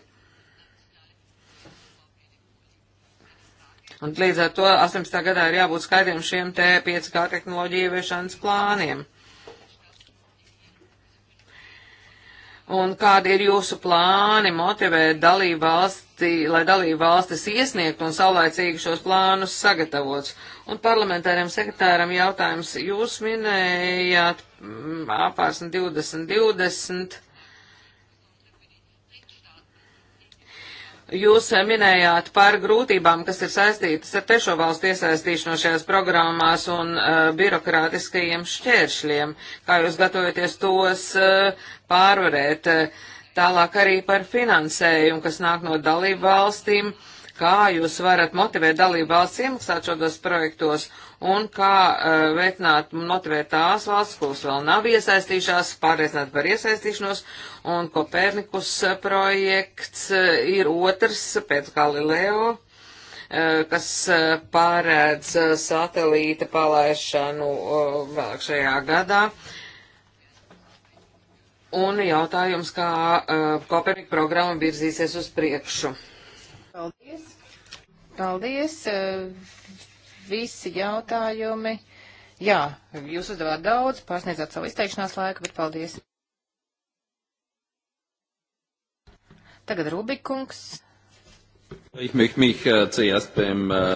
[SPEAKER 3] Un līdz ar to 18. gadā ir jābūt skaidriem šiem te 5G tehnoloģiju ieviešanas plāniem. Un kādi ir jūsu plāni motivēt dalību valsts valsti, lai dalību valstis iesniegt un saulēcīgi šos plānus sagatavots. Un parlamentāriem sekretāram jautājums, jūs minējāt mm, apārsni 2020. Jūs minējāt par grūtībām, kas ir saistītas ar tešo valstu iesaistīšanos šajās programmās un uh, birokrātiskajiem šķēršļiem, kā jūs gatavojaties tos uh, pārvarēt. Uh, Tālāk arī par finansējumu, kas nāk no dalību valstīm, kā jūs varat motivēt dalību valsts iemaksāt šādos projektos un kā uh, veicināt, motivēt tās valsts, kuras vēl nav iesaistījušās, pārliecināt par iesaistīšanos, un Kopernikus eh, projekts uh, ir otrs pēc Galileo uh, kas pārēdz satelīta palaišanu vēlāk šajā gadā. Uh, un jautājums, kā uh, eh, Kopernika programma virzīsies uz priekšu.
[SPEAKER 1] Paldies! Paldies! Uh, visi jautājumi. Jā, jūs uzdevāt daudz, pārsniedzāt savu izteikšanās laiku, bet paldies!
[SPEAKER 3] Tagad Rubikungs.
[SPEAKER 1] Ich möchte mich äh, zuerst beim äh,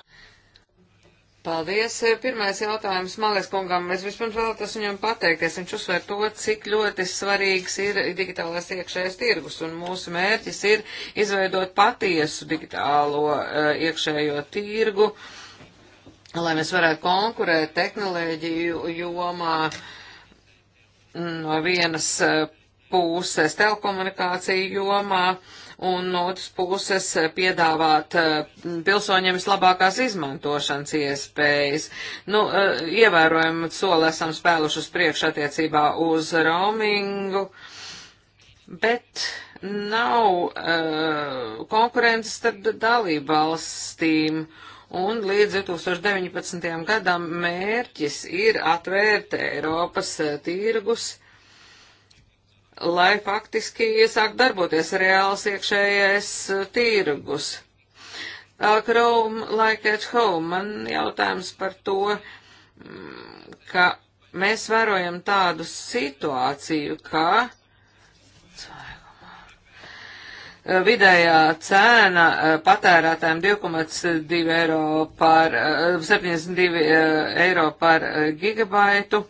[SPEAKER 3] Paldies. Pirmais jautājums Malēs kungam. Es vispirms vēlētos viņam pateikties. Viņš uzsver to, cik ļoti svarīgs ir digitālais iekšējais tirgus. Un mūsu mērķis ir izveidot patiesu digitālo uh, iekšējo tirgu, lai mēs varētu konkurēt tehnoloģiju jomā mm, no vienas eh, puses telekomunikāciju jomā. Uh, un no otras puses eh, piedāvāt eh, pilsoņiem vislabākās izmantošanas iespējas. Nu, eh, ievērojumu soli esam spēluši uz priekšu attiecībā uz roamingu, bet nav konkurences starp dalību valstīm. Un līdz 2019. gadam mērķis ir atvērt Eiropas tirgus uh, lai faktiski iesāk darboties reāls iekšējais eh, tirgus. Chrome like at home. Man jautājums par to, mm, ka mēs vērojam tādu situāciju, ka vidējā cēna eh, patērētājiem 2,2 eiro par 72 eh, eiro par gigabaitu.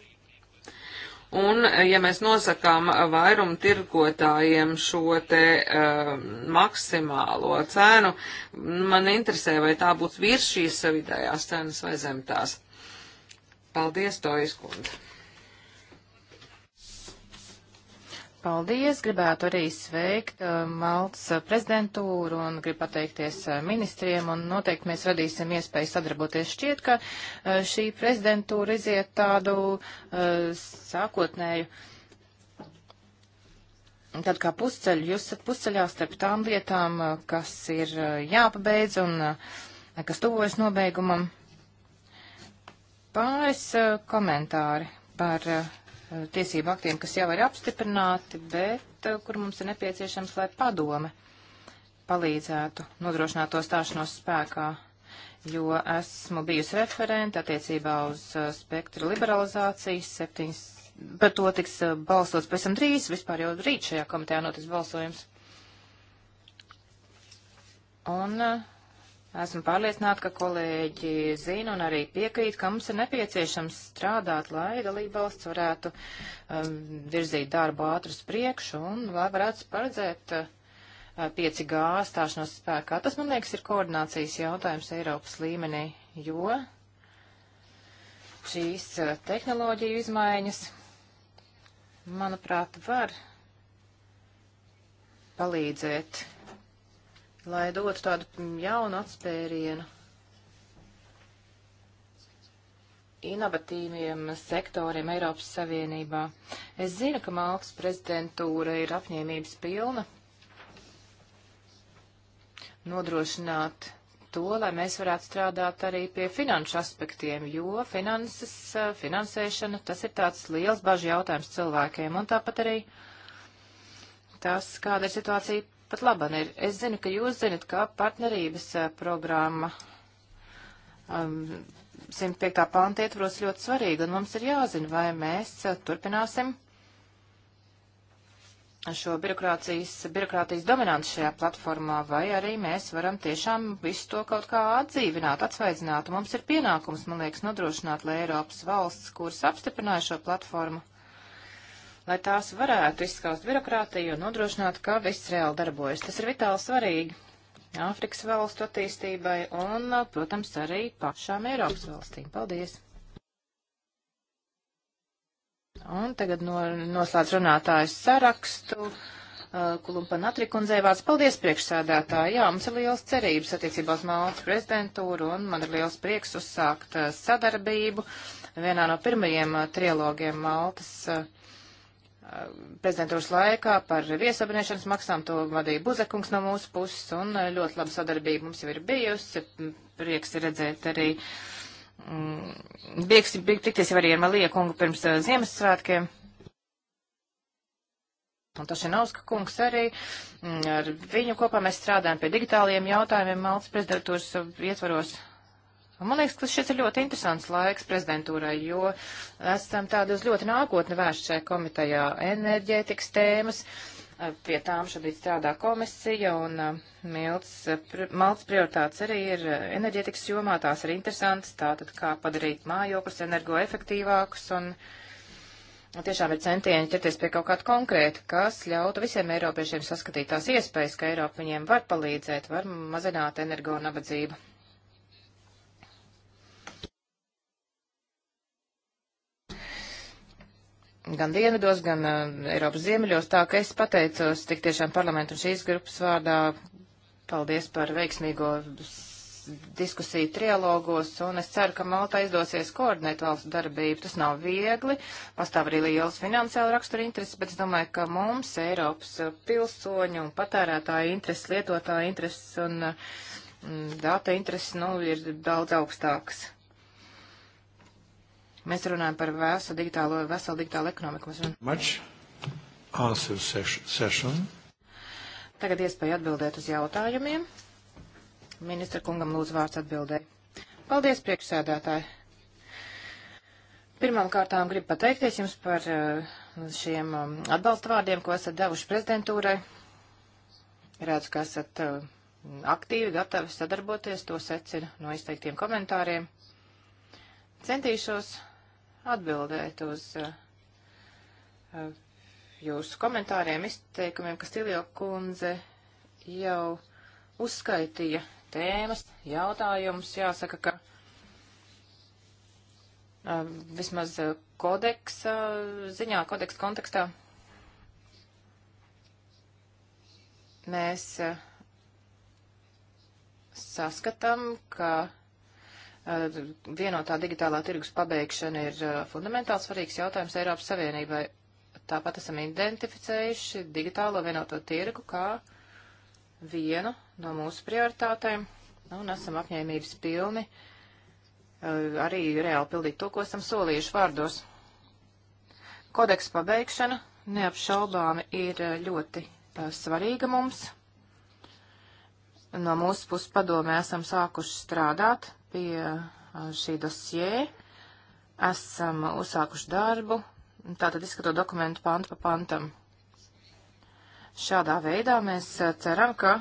[SPEAKER 3] Un, ja mēs nosakām vairumu tirgotājiem šo te uh, maksimālo cenu, man interesē, vai tā būs virs šīs vidējās cenas vai zem tās. Paldies, Tojas kundze.
[SPEAKER 1] paldies. Gribētu arī sveikt uh, Maltas uh, prezidentūru un gribu pateikties uh, ministriem un noteikti mēs radīsim iespēju sadarboties. Šķiet, ka uh, šī prezidentūra iziet tādu uh, sākotnēju. Tad kā pusceļ, jūs esat pusceļā starp tām lietām, uh, kas ir jāpabeidz un kas tuvojas nobeigumam. Pāris komentāri par Eh, tiesību aktiem, kas jau ir apstiprināti, bet eh, kur mums ir nepieciešams, lai padome palīdzētu nodrošināt to stāšanos spēkā, jo esmu bijusi referente attiecībā uz eh, spektra liberalizācijas septiņas. Par to tiks balsots pavisam drīz, vispār jau rīt šajā komitejā notiks balsojums. Un uh, Esmu pārliecināta, ka kolēģi zina un arī piekrīt, ka mums ir nepieciešams strādāt, lai dalībvalsts varētu um, virzīt darbu ātrus priekšu un lai varētu paredzēt uh, 5G stāšanos spēkā. Tas, man liekas, ir koordinācijas jautājums Eiropas līmenī, jo šīs uh, tehnoloģiju izmaiņas, manuprāt, var palīdzēt lai dotu tādu jaunu atspērienu inovatīviem sektoriem Eiropas Savienībā. Es zinu, ka Malkas prezidentūra ir apņēmības pilna nodrošināt to, lai mēs varētu strādāt arī pie finanšu aspektiem, jo finanses, eh, finansēšana, tas ir tāds liels bažu jautājums cilvēkiem, un tāpat arī tas, kāda ir situācija pat laban ir. Es zinu, ka jūs zinat, ka partnerības eh, programma um, 105. pānta ietvaros ļoti svarīga, un mums ir jāzina, vai mēs eh, turpināsim šo birokrātijas, birokrātijas dominantu šajā platformā, vai arī mēs varam tiešām visu to kaut kā atdzīvināt, atsvaidzināt. Un mums ir pienākums, man liekas, nodrošināt, lai Eiropas valsts, kuras apstiprināja šo platformu, uh, lai tās varētu izskaust birokrātiju un nodrošināt, ka viss reāli darbojas. Tas ir vitāli svarīgi Āfrikas valstu attīstībai un, protams, arī pašām Eiropas valstīm. Paldies! Un tagad no, noslēdz runātājs sarakstu. Uh, Kulumpa Natrikundze vārds. Paldies priekšsēdētāji. Jā, mums ir liels cerības attiecībā uz Maltas prezidentūru un man ir liels prieks uzsākt uh, sadarbību vienā no pirmajiem uh, trilogiem Maltas prezidentūras laikā par viesabinēšanas maksām. To vadīja Buzekungs no mūsu puses un eh, ļoti laba sadarbība mums jau ir bijusi. Prieks redzēt arī. Bieks, mm, bija tikties jau arī ar Malija kungu pirms eh, Ziemassvētkiem. Un Tošinovska kungs arī, mm, ar viņu kopā mēs strādājam pie digitāliem jautājumiem Maltas prezidentūras ietvaros Un man liekas, ka šis ir ļoti interesants laiks prezidentūrai, jo esam tādi uz ļoti nākotni vērst šajā komitejā enerģētikas tēmas. Pie tām šobrīd strādā komisija un milts, pr malts prioritātes arī ir enerģētikas jomā, tās ir interesantas, tātad kā padarīt mājokļus energoefektīvākus un tiešām ir centieni ķerties pie kaut kāda konkrēta, kas ļautu visiem eiropiešiem saskatīt tās iespējas, ka Eiropa viņiem var palīdzēt, var mazināt energo nabadzību. gan dienvidos, gan uh, Eiropas ziemeļos, tā ka es pateicos tik tiešām parlamentu un šīs grupas vārdā. Paldies par veiksmīgo diskusiju trialogos, un es ceru, ka Malta izdosies koordinēt valsts darbību. Tas nav viegli, pastāv arī liels finansiāla rakstura intereses, bet es domāju, ka mums, Eiropas eh, pilsoņu un patērētāju intereses, lietotāju intereses un eh, m, data intereses, nu, ir daudz augstākas. Mēs runājam par veselu digitālo, veselu digitālo ekonomiku. Tagad iespēja atbildēt uz jautājumiem. Ministra kungam lūdzu vārds atbildē. Paldies, priekšsēdētāji! Pirmām kārtām gribu pateikties jums par eh, šiem um, atbalsta vārdiem, ko esat devuši prezidentūrai. Redzu, ka esat eh, aktīvi gatavi sadarboties, to secinu no izteiktiem komentāriem. Centīšos atbildēt uz uh, jūsu komentāriem, izteikumiem, kas Tilio kundze jau uzskaitīja tēmas, jautājumus. Jāsaka, ka uh, vismaz eh, kodeksa ziņā, kodeksa kontekstā mēs uh, saskatām, ka vienotā digitālā tirgus pabeigšana ir uh, fundamentāli svarīgs jautājums Eiropas Savienībai. Tāpat esam identificējuši digitālo vienoto tirgu kā vienu no mūsu prioritātēm un esam apņēmības pilni uh, arī reāli pildīt to, ko esam solījuši vārdos. Kodeks pabeigšana neapšaubāmi ir uh, ļoti svarīga mums no mūsu puses padomē esam sākuši strādāt pie uh, šī dosie, esam uzsākuši darbu, tātad izskatot dokumentu pantu pa pantam. Šādā veidā mēs uh, ceram, ka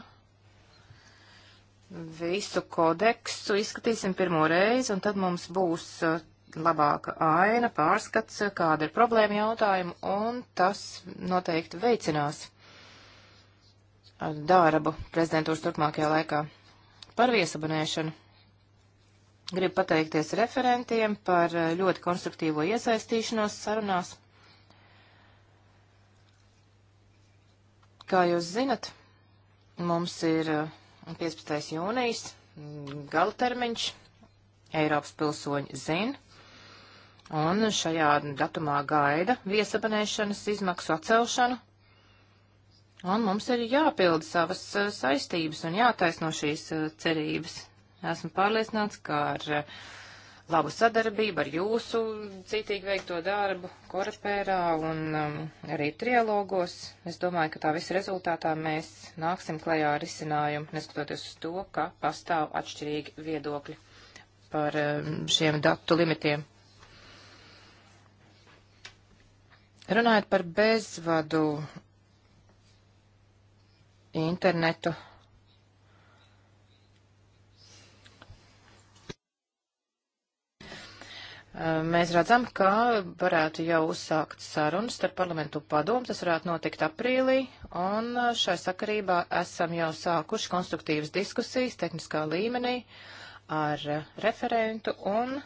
[SPEAKER 1] visu kodeksu izskatīsim pirmo reizi, un tad mums būs uh, labāka aina, pārskats, kāda ir problēma jautājuma, un tas noteikti veicinās darbu prezidentūras turpmākajā laikā. Par viesabunēšanu. Gribu pateikties referentiem par eh, ļoti konstruktīvo iesaistīšanos sarunās. Kā jūs zinat, mums ir 15. Eh, jūnijas mm, gala termiņš, Eiropas pilsoņi zina, un šajā datumā gaida viesabanēšanas izmaksu atcelšanu Un mums ir jāpilda savas uh, saistības un jātaisno šīs uh, cerības. Esmu pārliecināts, ka ar uh, labu sadarbību, ar jūsu citīgi veikto darbu korepērā un um, arī trialogos, es domāju, ka tā visa rezultātā mēs nāksim klajā ar izcinājumu, neskatoties uz to, ka pastāv atšķirīgi viedokļi par um, šiem datu limitiem. Runājot par bezvadu internetu. Mēs redzam, ka varētu jau uzsākt sarunas starp parlamentu padomu, tas varētu notikt aprīlī, un šai sakarībā esam jau sākuši konstruktīvas diskusijas tehniskā līmenī ar referentu, un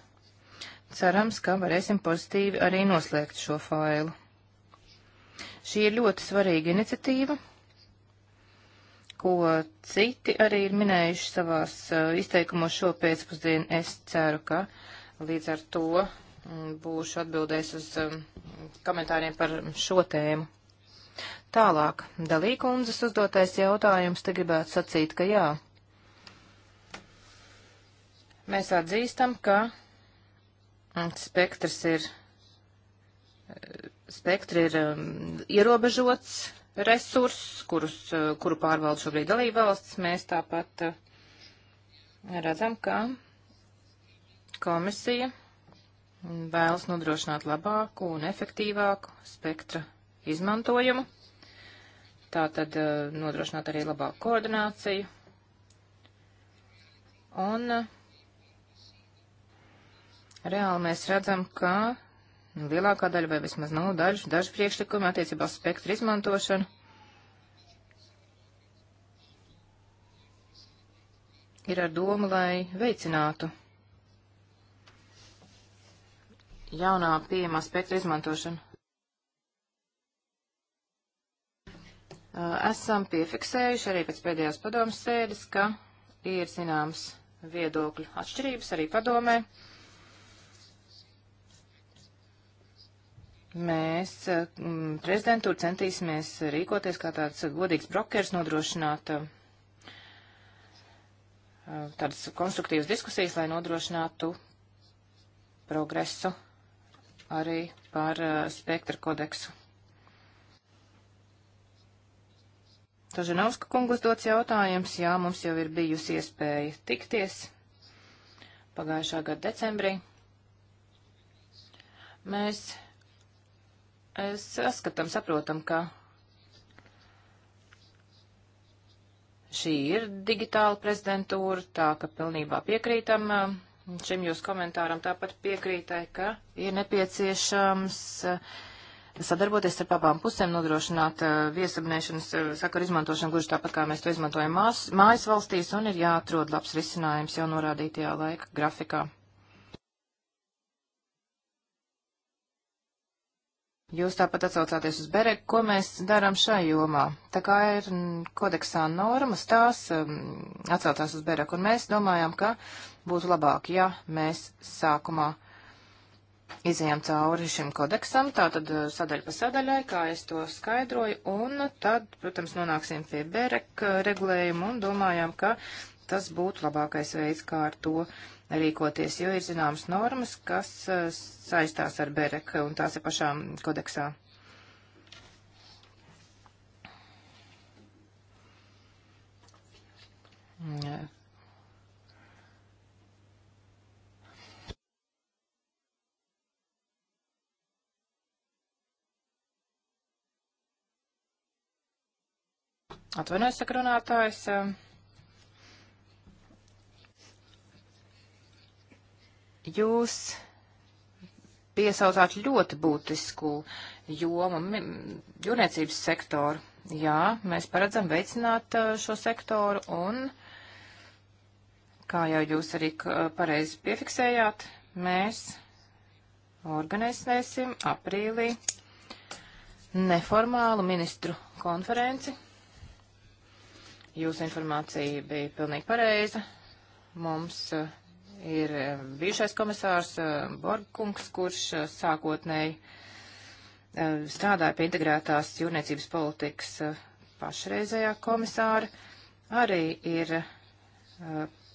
[SPEAKER 1] cerams, ka varēsim pozitīvi arī noslēgt šo failu. Šī ir ļoti svarīga iniciatīva, ko citi arī ir minējuši savās eh, izteikumos šo pēcpusdienu. Es ceru, ka līdz ar to mm, būšu atbildējis uz mm, komentāriem par šo tēmu. Tālāk, Dalīkundzes uzdotais jautājums, te gribētu sacīt, ka jā. Mēs atzīstam, ka mm, spektrs ir, eh, spektri ir um, ierobežots, resursus, kurus, eh, kuru pārvalda šobrīd dalība valsts, mēs tāpat eh, redzam, ka komisija vēlas nodrošināt labāku un efektīvāku spektra izmantojumu, tātad eh, nodrošināt arī labāku koordināciju un reāli mēs redzam, ka lielākā daļa, vai vismaz nav daži, daži priekšlikumi attiecībā uz spektru izmantošanu. Ir ar domu, lai veicinātu jaunā pieejamā spektra izmantošanu. Esam piefiksējuši arī pēc pēdējās padomas sēdes, ka ir zināms viedokļu atšķirības arī padomē. Uh, Mēs eh, prezidentūru centīsimies rīkoties kā tāds godīgs brokers, nodrošināt eh, eh, tādas konstruktīvas diskusijas, lai nodrošinātu progresu arī par spektra kodeksu. Taženovska kungus dots jautājums. Jā, mums jau ir bijusi iespēja tikties pagājušā gada decembrī. Mēs saskatām, saprotam, ka šī ir digitāla prezidentūra, tā ka pilnībā piekrītam eh, šim jūs komentāram, tāpat piekrītai, ka ir nepieciešams eh, sadarboties ar abām pusēm, nodrošināt eh, viesabnēšanas sakaru izmantošanu, gluži tāpat kā mēs to izmantojam mājas valstīs, un ir jāatrod labs risinājums jau norādītajā laika grafikā. Jūs tāpat atsaucāties uz Bereku, ko mēs darām šai jomā. Tā kā ir kodeksā normas, tās um, atsaucās uz Bereku, un mēs domājām, ka būtu labāk, ja mēs sākumā izējām cauri šim kodeksam, tā tad uh, sadaļa pa sadaļai, kā es to skaidroju, un tad, protams, nonāksim pie Bereka uh, regulējuma un domājām, ka tas būtu labākais veids, kā ar to rīkoties, jo ir zināmas normas, kas uh, saistās ar BEREK un tās ir pašām kodeksā. Jā. Atvainojos, saka runātājs. Um, Jūs piesaucāt ļoti būtisku jomu, jūrniecības sektoru. Jā, mēs paredzam veicināt šo sektoru un, kā jau jūs arī pareizi piefiksējāt, mēs organizēsim aprīlī neformālu ministru konferenci. Jūsu informācija bija pilnīgi pareiza. Mums uh, ir eh, bijušais komisārs eh, Borgkungs, kurš eh, sākotnēji strādāja pie integrētās jūrniecības politikas pašreizējā komisāra, arī ir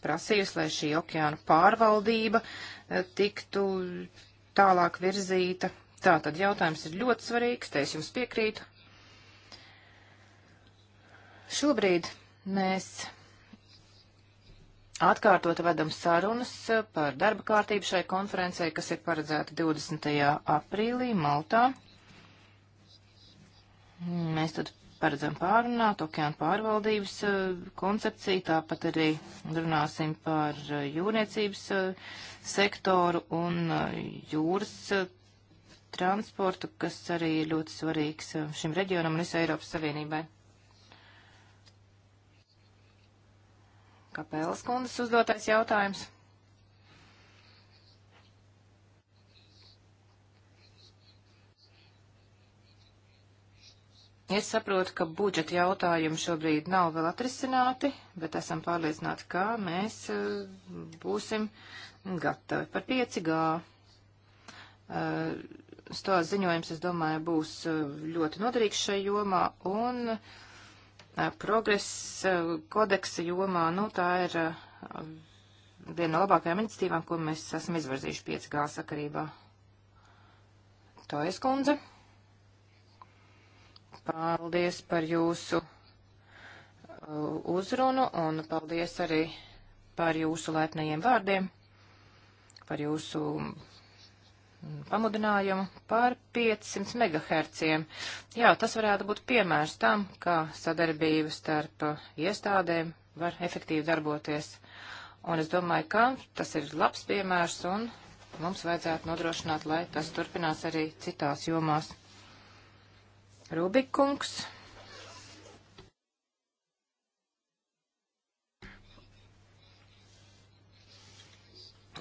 [SPEAKER 1] prasījusi, lai šī okeāna pārvaldība tiktu tālāk virzīta. Tātad jautājums ir ļoti svarīgs, te es jums piekrītu. Šobrīd mēs atkārtot vedam sarunas eh, par darba kārtību šai konferencē, kas ir paredzēta 20. aprīlī Maltā. Mēs tad paredzam pārunāt okeāna pārvaldības eh, koncepciju, tāpat arī runāsim par eh, jūrniecības sektoru un jūras transportu, kas arī ir ļoti svarīgs šim reģionam un visai Eiropas Savienībai. Kapēlas kundas uzdotais jautājums. Es saprotu, ka budžeta jautājumi šobrīd nav vēl atrisināti, bet esam pārliecināti, ka mēs eh, būsim gatavi par 5G. Eh, stāsts ziņojums, es domāju, būs eh, ļoti noderīgs šai jomā, un Eh, progress eh, kodeksa jomā, nu tā ir eh, viena no labākajām iniciatīvām, ko mēs esam izvirzījuši 5G sakarībā. Tā ir skundze. Paldies par jūsu uzrunu un paldies arī par jūsu laipnajiem vārdiem, par jūsu pamudinājumu par 500 MHz. Jā, tas varētu būt piemērs tam, kā sadarbība starp iestādēm var efektīvi darboties. Un es domāju, ka tas ir labs piemērs un mums vajadzētu nodrošināt, lai tas turpinās arī citās jomās. Rubikungs.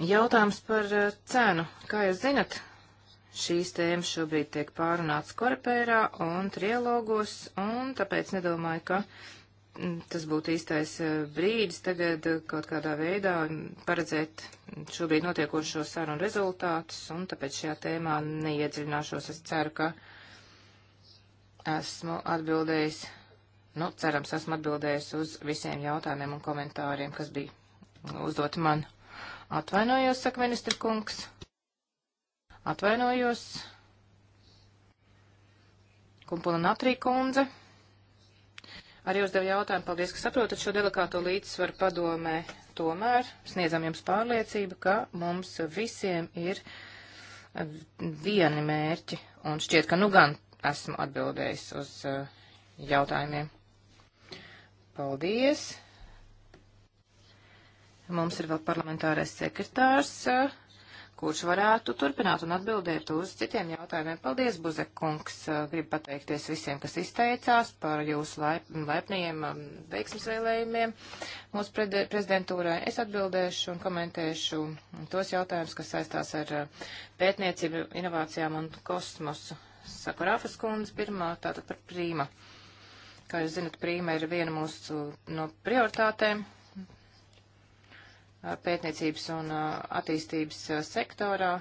[SPEAKER 1] Jautājums par eh, cenu. Kā jūs zinat, šīs tēmas šobrīd tiek pārunāts korepērā un trialogos, un tāpēc nedomāju, ka mm, tas būtu īstais eh, brīdis tagad eh, kaut kādā veidā paredzēt šobrīd notiekošo sarunu rezultātus, un tāpēc šajā tēmā neiedziļināšos. Es ceru, ka esmu atbildējis, nu, cerams, esmu atbildējis uz visiem jautājumiem un komentāriem, kas bija uzdoti man. Atvainojos, saka ministra kungs. Atvainojos. Kumpula Natrī kundze. Arī uzdevu jautājumu, paldies, ka saprotat šo delikāto līdzsvaru padomē. Tomēr sniedzam jums pārliecību, ka mums visiem ir eh, vieni mērķi, un šķiet, ka nu gan esmu atbildējis uz uh, jautājumiem. Paldies! Mums ir vēl parlamentārais sekretārs, eh, kurš varētu turpināt un atbildēt uz citiem jautājumiem. Paldies, Buzek kungs. Eh, gribu pateikties visiem, kas izteicās par jūsu laip, laipniem um, veiksmes vēlējumiem mūsu prezidentūrai. Es atbildēšu un komentēšu tos jautājumus, kas saistās ar eh, pētniecību, inovācijām un kosmosu. Saku Rāfas kundze pirmā, tātad par prīma. Kā jūs zinat, prīma ir viena mūsu no prioritātēm pētniecības un attīstības sektorā.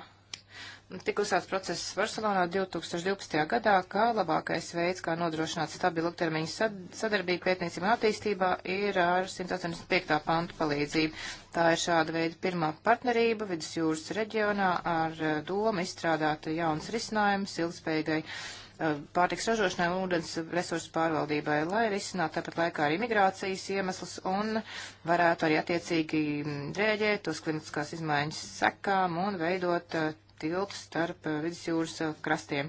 [SPEAKER 1] Tik uzsāks process Barcelonā 2012. gadā, kā labākais veids, kā nodrošināt stabilu ilgtermiņu sad sadarbību pētniecībā un attīstībā, ir ar 185. pantu palīdzību. Tā ir šāda veida pirmā partnerība vidusjūras reģionā ar domu izstrādāt jauns risinājums ilgspējīgai Uh, pārtiks ražošanai un ūdens resursu pārvaldībai, lai risinātu tāpat laikā arī migrācijas iemeslus un varētu arī attiecīgi mm, rēģēt uz klimatiskās izmaiņas sekām un veidot uh, tiltu starp uh, vidusjūras krastiem.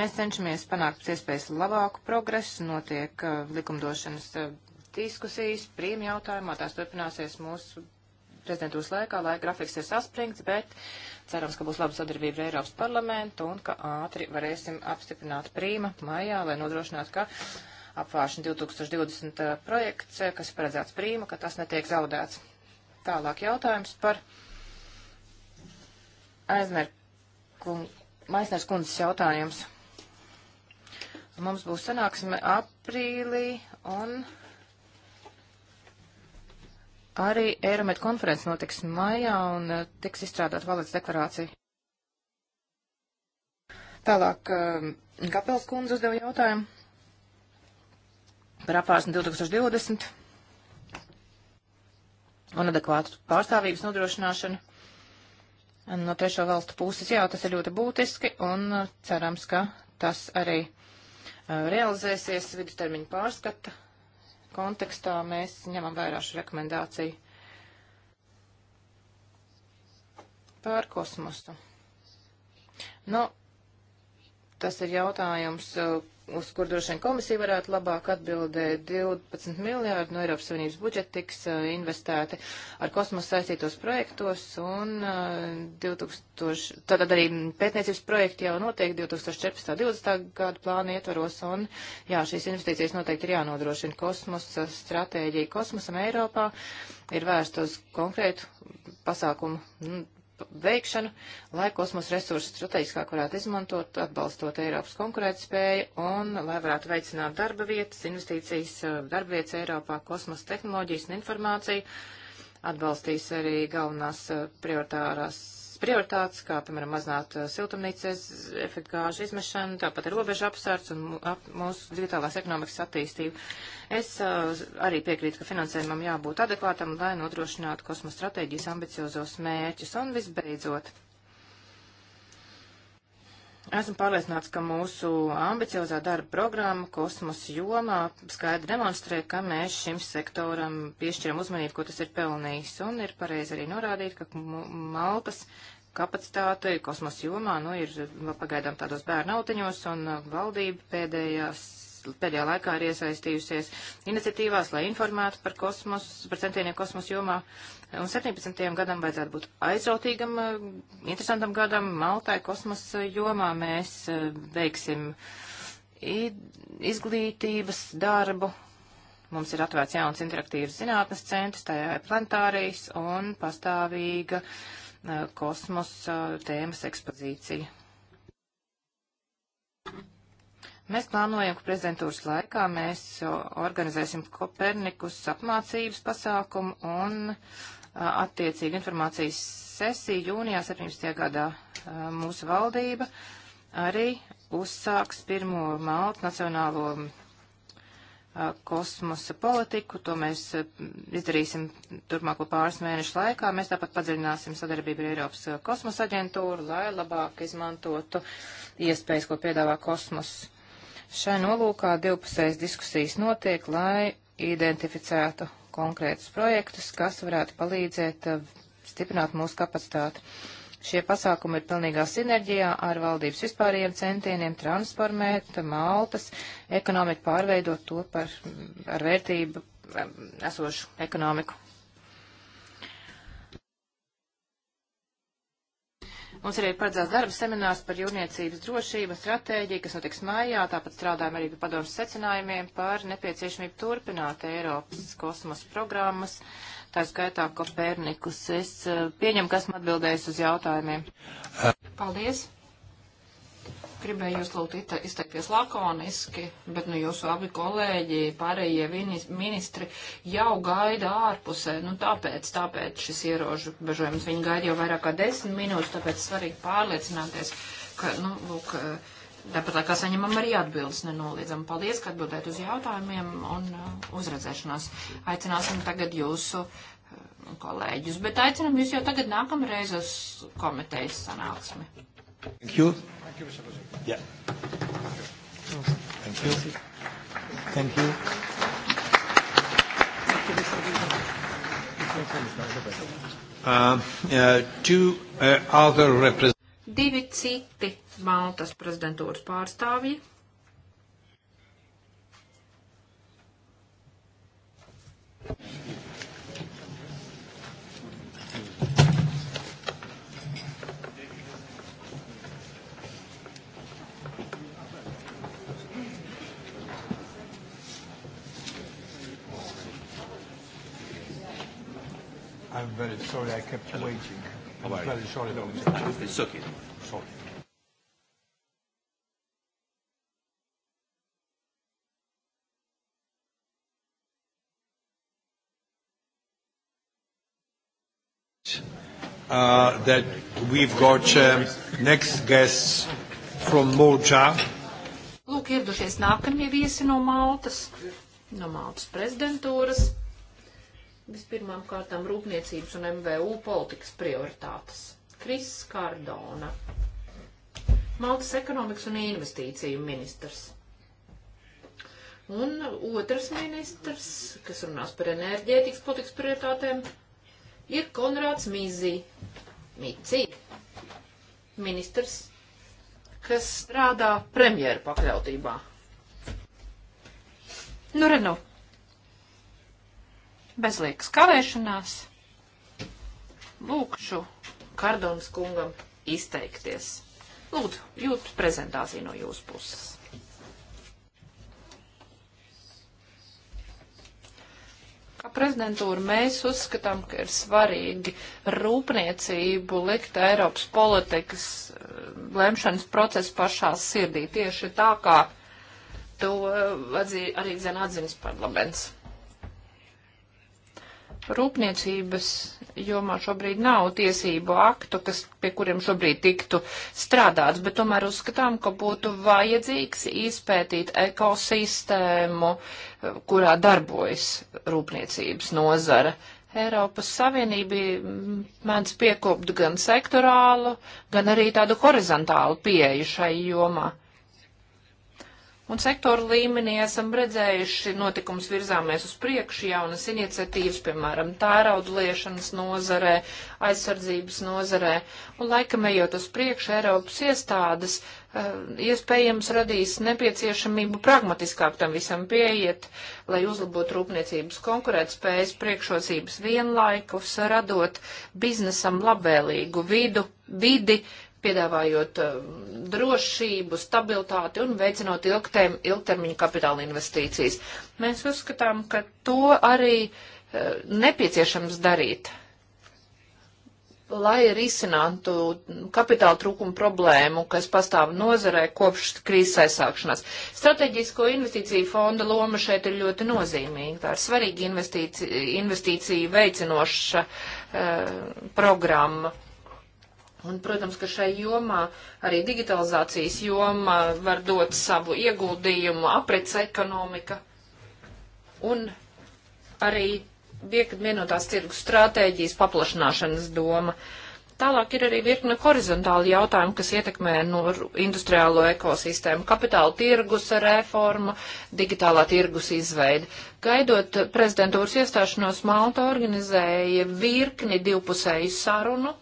[SPEAKER 1] Mēs cenšamies panākt pēc iespējas labāku progresu, notiek likumdošanas diskusijas, prīm jautājumā, tās turpināsies mūsu prezidentūras laikā, laika grafiks ir saspringts, bet uh, Cerams, ka būs laba sadarbība ar Eiropas parlamentu un ka ātri varēsim apstiprināt prīma maijā, lai nodrošinātu, ka apvāršana 2020 projekts, kas paredzēts prīma, ka tas netiek zaudēts. Tālāk jautājums par aizmerku. Maisners kundzes jautājums. Mums būs sanāksme aprīlī un Arī Eiromet konferences notiks maijā un eh, tiks izstrādāt valsts deklarācija. Tālāk, Kapels eh, kundze uzdeva jautājumu par apvārsni 2020 un adekvātu pārstāvības nodrošināšanu. No trešo valstu puses, jā, tas ir ļoti būtiski un eh, cerams, ka tas arī realizēsies vidustermiņa pārskata kontekstā mēs ņemam vērā šo rekomendāciju par kosmosu. Nu, tas ir jautājums, uz kur droši vien komisija varētu labāk atbildēt, 12 miljārdi no Eiropas Savienības budžeta tiks uh, investēti ar kosmosa saistītos projektos, un uh, 2000, tātad arī pētniecības projekti jau notiek 2014.-2020. gadu plānu ietvaros, un jā, šīs investīcijas noteikti ir jānodrošina kosmosa stratēģija kosmosam Eiropā, ir vērsta uz konkrētu pasākumu nu, veikšanu, lai kosmos resursus strateģiskāk varētu izmantot, atbalstot Eiropas konkurētspēju un lai varētu veicināt darba vietas, investīcijas, eh, darba vietas Eiropā, kosmosa tehnoloģijas un informāciju. Atbalstīs arī galvenās eh, prioritārās prioritātes, kā, piemēram, mazināt uh, siltumnīcas efektu gāžu izmešanu, tāpat robežu apsārts un ap, mūsu digitālās ekonomikas attīstību. Es uh, arī piekrītu, ka finansējumam jābūt adekvātam, lai nodrošinātu kosmosa stratēģijas ambiciozos mērķus. Un visbeidzot, Esmu pārliecināts, ka mūsu ambiciozā darba programma kosmosa jomā skaidri demonstrē, ka mēs šim sektoram piešķiram uzmanību, ko tas ir pelnījis, un ir pareizi arī norādīt, ka Maltas kapacitāte kosmos jomā, nu, ir nu, pagaidām tādos bērnu autiņos, un uh, valdība pēdējās pēdējā laikā ir iesaistījusies iniciatīvās, lai informētu par kosmos, par centieniem kosmos jomā. Un 17. gadam vajadzētu būt aizrautīgam, uh, interesantam gadam. Maltai kosmos uh, jomā mēs veiksim izglītības darbu. Mums ir atvērts jauns interaktīvs zinātnes centrs, tajā ir planetārijas un pastāvīga uh, Eh, kosmosa eh, tēmas ekspozīcija. Mēs plānojam, ka prezidentūras laikā mēs eh, organizēsim Kopernikus apmācības pasākumu un attiecīgi informācijas sesiju jūnijā 17. gadā mūsu valdība arī uzsāks pirmo Maltu nacionālo Uh, kosmosa politiku. To mēs uh, izdarīsim turpmāko pāris mēnešu laikā. Mēs tāpat padziļināsim sadarbību ar Eiropas uh, kosmosa aģentūru, lai labāk izmantotu iespējas, ko piedāvā kosmos. Šai nolūkā divpusējas diskusijas notiek, lai identificētu konkrētus projektus, kas varētu palīdzēt stiprināt mūsu kapacitāti. Šie pasākumi ir pilnīgā sinerģijā ar valdības vispārējiem centieniem transformēt Maltas ekonomiku, pārveidot to par ar vērtību esošu ekonomiku. Mums arī ir paredzēts darba seminārs par jūrniecības drošību un stratēģiju, kas notiks mājā. Tāpat strādājam arī pie padomus secinājumiem par nepieciešamību turpināt Eiropas kosmosa programmas tā skaitā Kopernikus. Es eh, pieņemu, ka esmu atbildējis uz jautājumiem. Paldies!
[SPEAKER 2] Gribēju jūs lūgt izteikties lakoniski, bet nu jūsu abi kolēģi, pārējie ministri jau gaida ārpusē, nu tāpēc, tāpēc šis ierožu bežojums viņi gaida jau vairāk kā desmit minūtes, tāpēc svarīgi pārliecināties, ka, nu, lūk, uh, Tāpat laikā saņemam arī atbildes nenoliedzam. Paldies, ka atbildēt uz jautājumiem un uh, uzredzēšanos. Aicināsim tagad jūsu uh, kolēģus, bet aicinam jūs jau tagad nākamreiz uz komitejas sanāksmi. Thank you.
[SPEAKER 3] Thank you, Mr. President. Yeah. Thank you. Thank you.
[SPEAKER 2] Uh, uh, two uh, other representatives divi citi Maltas prezidentūras pārstāvji. I'm
[SPEAKER 3] very sorry I kept waiting. How are you? Very sorry. No, it's okay. Sorry. Uh, that we've got um, next guests
[SPEAKER 2] from Malta. Lūk, ieradušies nākamie viesi no Maltas, no Maltas prezidentūras. Vispirmām kārtām rūpniecības un MVU politikas prioritātes. Kris Kardona, Maltas ekonomikas un investīciju ministrs. Un otrs ministrs, kas runās par enerģētikas politikas prioritātēm, ir Konrāds Mizī. Micī. Ministrs, kas strādā premjeru pakļautībā. Nu, Renault bezliekas kavēšanās lūkšu Kardonas kungam izteikties. Lūdzu, jūtu prezentāciju no jūsu puses. Kā prezidentūra mēs uzskatām, ka ir svarīgi rūpniecību likt Eiropas politikas eh, lemšanas procesu pašā sirdī, tieši tā kā to eh, arī zina atzīmes parlaments rūpniecības jomā šobrīd nav tiesību aktu, kas, pie kuriem šobrīd tiktu strādāts, bet tomēr uzskatām, ka būtu vajadzīgs izpētīt ekosistēmu, kurā darbojas rūpniecības nozara. Eiropas Savienība mēdz piekopt gan sektorālu, gan arī tādu horizontālu pieeju šai jomā. Un sektoru līmenī esam redzējuši notikums virzāmies uz priekšu jaunas iniciatīvas, piemēram, tērauda liešanas nozarē, aizsardzības nozarē. Un laikam ejot uz priekšu, Eiropas iestādes eh, iespējams radīs nepieciešamību pragmatiskāk tam visam pieiet, lai uzlabotu rūpniecības konkurētspējas priekšrocības vienlaikus, radot biznesam labvēlīgu vidu, vidi, vidi piedāvājot eh, drošību, stabilitāti un veicinot ilgtēm, ilgtermiņu kapitāla investīcijas. Mēs uzskatām, ka to arī eh, nepieciešams darīt, lai risinātu kapitāla trūkumu problēmu, kas pastāv nozarē kopš krīzes aizsākšanās. Strateģisko investīciju fonda loma šeit ir ļoti nozīmīga. Tā ir svarīga investīcija, investīcija veicinoša uh, programma. Uh, Un, protams, ka šai jomā, arī digitalizācijas jomā, var dot savu ieguldījumu aprits ekonomika un arī viekat vienotās tirgus stratēģijas paplašināšanas doma. Tālāk ir arī virkne horizontāli jautājumi, kas ietekmē no nu, industriālo ekosistēmu, kapitāla tirgus reforma, digitālā tirgus izveida. Gaidot prezidentūras iestāšanos, Malta organizēja virkni divpusēju sarunu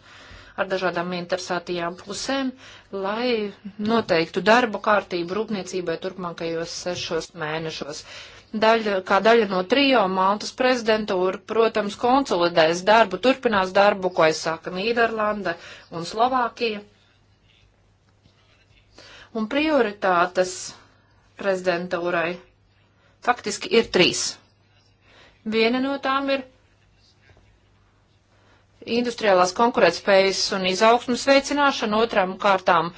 [SPEAKER 2] ar dažādām interesētajām pusēm, lai noteiktu darbu kārtību rūpniecībai turpmākajos sešos mēnešos. Daļa, kā daļa no trijo Maltas prezidentūra, protams, konsolidēs darbu, turpinās darbu, ko aizsāka Nīderlanda un Slovākija. Un prioritātes prezidentūrai faktiski ir trīs. Viena no tām ir industriālās konkurētspējas un izaugsmas veicināšana, otrām kārtām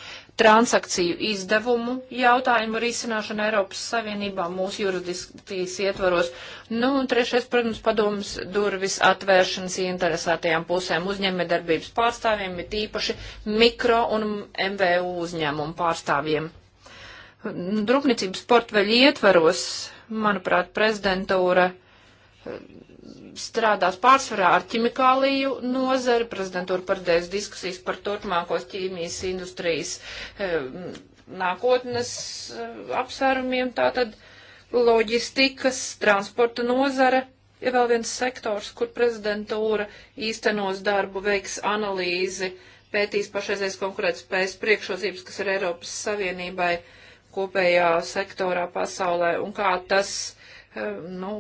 [SPEAKER 2] transakciju izdevumu jautājumu risināšana Eiropas Savienībā mūsu jurisdikcijas ietvaros. Nu, un trešais, protams, padomas durvis atvēršanas interesētajām pusēm uzņēmējdarbības pārstāvjiem, ir tīpaši mikro un MVU uzņēmumu pārstāvjiem. Drupniecības portveļi ietvaros, manuprāt, prezidentūra strādās pārsvarā ar ķimikāliju nozari. Prezidentūra pardēs diskusijas par turpmākos ķīmijas industrijas e, nākotnes e, apsvērumiem. Tātad loģistikas, transporta nozare ir vēl viens sektors, kur prezidentūra īstenos darbu, veiks analīzi, pētīs pašreizēs konkurētspējas priekšrocības, kas ir Eiropas Savienībai kopējā sektorā pasaulē un kā tas, e, nu,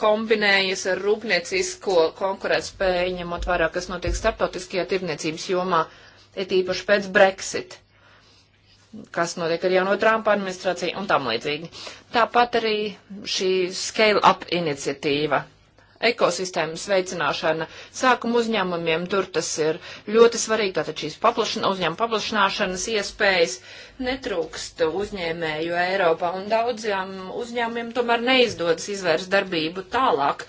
[SPEAKER 2] kombinējas ar rūpniecisko konkurētspēju, ņemot vērā, kas notiek starptautiskajā tirdzniecības jomā, ir īpaši pēc Brexit, kas notiek ar jauno Trumpa administrāciju un tam līdzīgi. Tāpat arī šī Scale Up iniciatīva ekosistēmas veicināšana sākuma uzņēmumiem, tur tas ir ļoti svarīgi, tātad šīs paplašana, uzņēmuma paplašināšanas iespējas netrūkst uzņēmēju Eiropā, un daudziem uzņēmumiem tomēr neizdodas izvērst darbību tālāk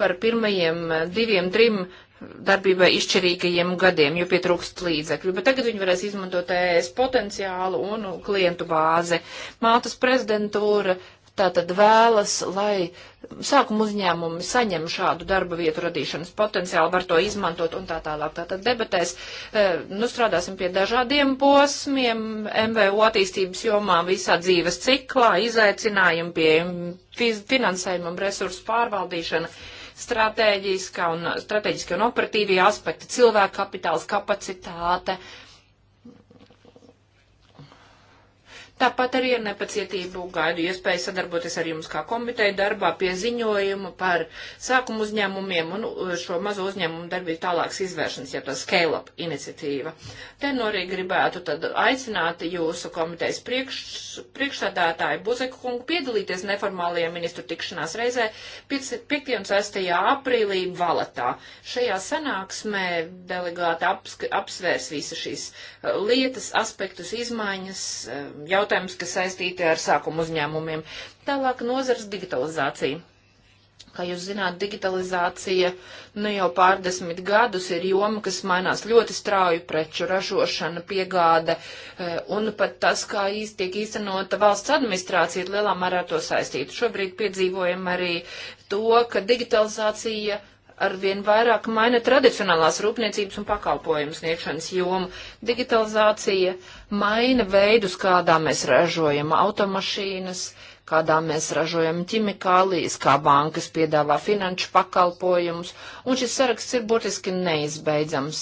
[SPEAKER 2] par pirmajiem diviem, trim darbībai izšķirīgajiem gadiem, jo pietrūkst līdzekļu, bet tagad viņi varēs izmantot ES potenciālu un klientu bāzi. Maltas prezidentūra tātad vēlas, lai sākuma uzņēmumi saņem šādu darba vietu radīšanas potenciālu, var to izmantot un tā tālāk. Tātad debatēs, eh, nu, strādāsim pie dažādiem posmiem, MVO attīstības jomā visā dzīves ciklā, izaicinājumi pie finansējumam, resursu pārvaldīšana stratēģiskā un, stratēģiskie un operatīvie aspekti, cilvēka kapitāls, kapacitāte, uh, Tāpat arī ar nepacietību gaidu iespēju sadarboties ar jums kā komiteja darbā pie ziņojuma par sākumu uzņēmumiem un uh, šo mazo uzņēmumu darbību tālākas izvēršanas, ja tā scale-up iniciatīva. Te nu arī gribētu tad aicināt jūsu komitejas priekš, priekšsādātāju Buzeku kungu piedalīties neformālajā ministru tikšanās reizē 5. un 6. aprīlī Valatā. Šajā sanāksmē delegāta apsvērs visas šīs uh, lietas, aspektus, izmaiņas, um, jautājumus jautājumus, kas saistīti ar sākumu uzņēmumiem. Tālāk nozars digitalizācija. Kā jūs zināt, digitalizācija nu jau pārdesmit gadus ir joma, kas mainās ļoti strauji preču ražošana, piegāde, e, un pat tas, kā īsti tiek īstenota valsts administrācija, ir lielā mērā to saistīta. Šobrīd piedzīvojam arī to, ka digitalizācija arvien vairāk maina tradicionālās rūpniecības un pakalpojumu sniegšanas jomu. Digitalizācija maina veidus, kādā mēs ražojam automašīnas, kādā mēs ražojam ķimikālijas, kā bankas piedāvā finanšu pakalpojumus, un šis saraksts ir burtiski neizbeidzams.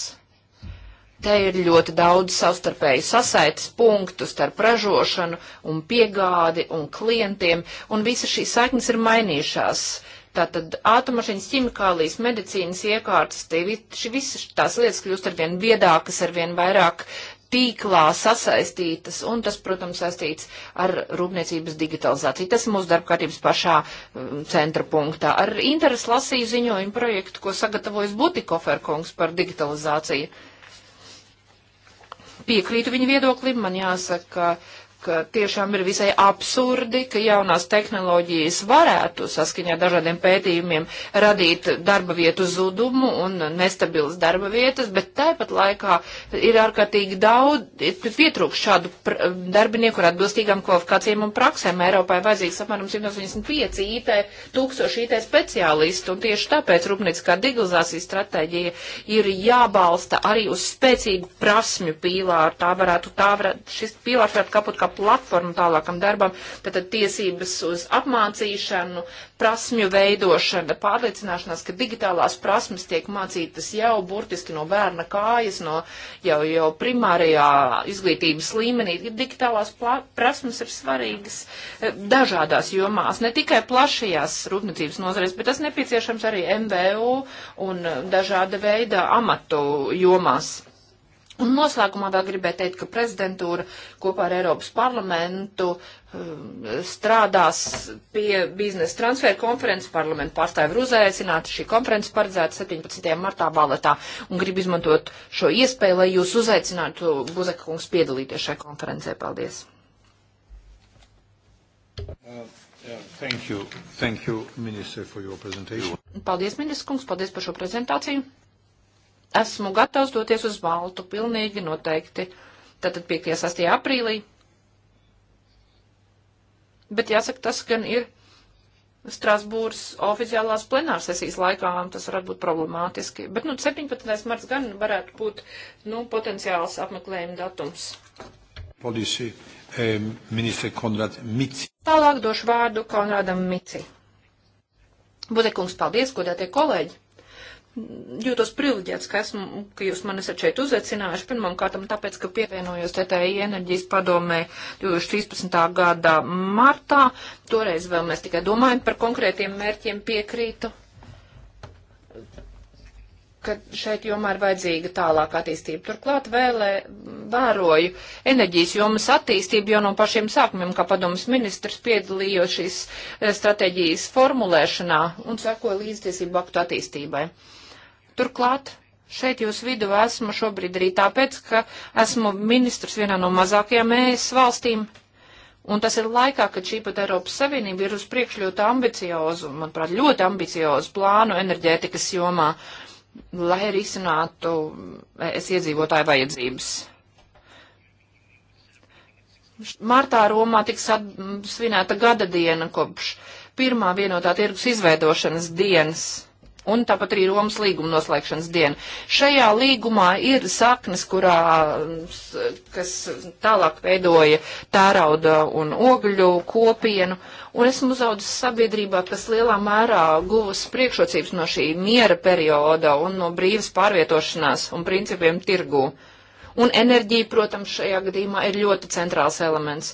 [SPEAKER 2] Te ir ļoti daudz savstarpēju sasaites punktu starp ražošanu un piegādi un klientiem, un visa šī saiknes ir mainījušās. Uh, Tātad ātrumašīnas, ķimikālijas, medicīnas iekārtas, tie visas tās lietas kļūst arvien biedākas, arvien vairāk tīklā sasaistītas, un tas, protams, saistīts ar rūpniecības digitalizāciju. Tas mūsu darbkārtības pašā um, centra punktā. Ar interesi lasīju ziņojumu projektu, ko sagatavojas Butikoferkungs par digitalizāciju. Piekrītu viņa viedoklim, man jāsaka, ka ka tiešām ir visai absurdi, ka jaunās tehnoloģijas varētu saskaņā dažādiem pētījumiem radīt darba vietu zudumu un nestabilas darba vietas, bet tāpat laikā ir ārkārtīgi daudz pietrūkst šādu darbinieku ar atbilstīgām kvalifikācijām un praksēm. Eiropā ir vajadzīgs apmēram 185 IT, tūkstoši IT speciālistu, un tieši tāpēc rūpnieciskā digitalizācijas stratēģija ir jābalsta arī uz spēcīgu prasmju pīlāru. Tā varētu, tā varētu, šis pīlārs varētu kaput kā kā platforma tālākam darbam, tātad tiesības uz apmācīšanu, prasmju veidošana, pārliecināšanās, ka digitālās prasmes tiek mācītas jau burtiski no bērna kājas, no jau, jau primārajā izglītības līmenī. Digitālās prasmes ir svarīgas eh, dažādās jomās, ne tikai plašajās rūpniecības nozarēs, bet tas nepieciešams arī MVU un eh, dažāda veida amatu jomās. Un noslēgumā vēl gribēju teikt, ka prezidentūra kopā ar Eiropas parlamentu eh, strādās pie biznesa transfēra konferences. Parlamentu pārstāvi ir uzaicināti. Šī konferences paredzēta 17. martā Baletā. Un gribu izmantot šo iespēju, lai jūs uzaicinātu Buzeka kungs piedalīties šai konferencē. Paldies!
[SPEAKER 3] Uh, yeah, thank you.
[SPEAKER 2] Thank you, minister, Paldies, ministrs kungs, paldies par šo prezentāciju esmu gatavs doties uz Maltu, pilnīgi noteikti. Tātad 5. 6. aprīlī. Bet jāsaka, tas gan ir Strasbūras oficiālās plenārsesijas laikā, tas varētu būt problemātiski. Bet, nu, 17. marts gan varētu būt, nu, potenciāls apmeklējuma datums. Polisi, eh, ministre Konrad Mici. Tālāk došu vārdu Konradam Mici. Budekungs, paldies, godētie kolēģi! jūtos privileģēts, ka, esmu, ka jūs mani esat šeit uzaicinājuši. Pirmkārt, tāpēc, ka pievienojos TTI enerģijas padomē 2013. gada martā. Toreiz vēl mēs tikai domājam par konkrētiem mērķiem piekrītu ka šeit jomā ir vajadzīga tālāka attīstība. Turklāt vēlē, vēroju enerģijas jomas attīstību jau no pašiem sākumiem, kā padomas ministrs piedalījos šīs eh, stratēģijas formulēšanā un sekoja līdztiesību aktu attīstībai. Uh, Turklāt šeit jūs vidu esmu šobrīd arī tāpēc, ka esmu ministrs vienā no mazākajām ES valstīm. Un tas ir laikā, kad šī pat Eiropas Savienība ir uz priekšu ļoti ambiciozu, manuprāt, ļoti ambiciozu plānu enerģētikas jomā, lai risinātu es iedzīvotāju vajadzības. Martā Romā tiks svinēta gada diena kopš pirmā vienotā tirgus izveidošanas dienas un tāpat arī Romas līguma noslēgšanas diena. Šajā līgumā ir saknes, kurā, kas tālāk veidoja tērauda un ogļu kopienu, un esmu uzaudzis sabiedrībā, kas lielā mērā guvis priekšrocības no šī miera perioda un no brīvas pārvietošanās un principiem tirgū. Uh, Un enerģija, protams, šajā gadījumā ir ļoti centrāls elements.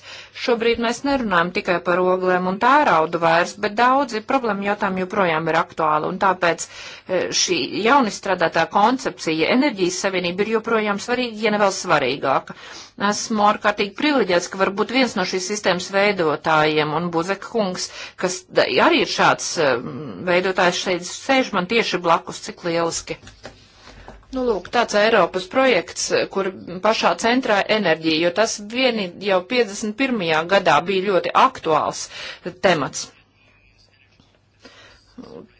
[SPEAKER 2] Šobrīd mēs nerunājam tikai par oglēm un tēraudu vairs, bet daudzi problēma jautājumi joprojām ir aktuāli. Un tāpēc e, šī jaunistrādātā koncepcija enerģijas savienība ir joprojām svarīga, ja ne vēl svarīgāka. Esmu ārkārtīgi privileģēts, ka varbūt viens no šīs sistēmas veidotājiem un Buzeka kungs, kas arī ir šāds e, veidotājs šeit sēž man tieši blakus, cik lieliski. Nu, lūk, tāds Eiropas projekts, kur pašā centrā enerģija, jo tas vieni jau 51. gadā bija ļoti aktuāls temats.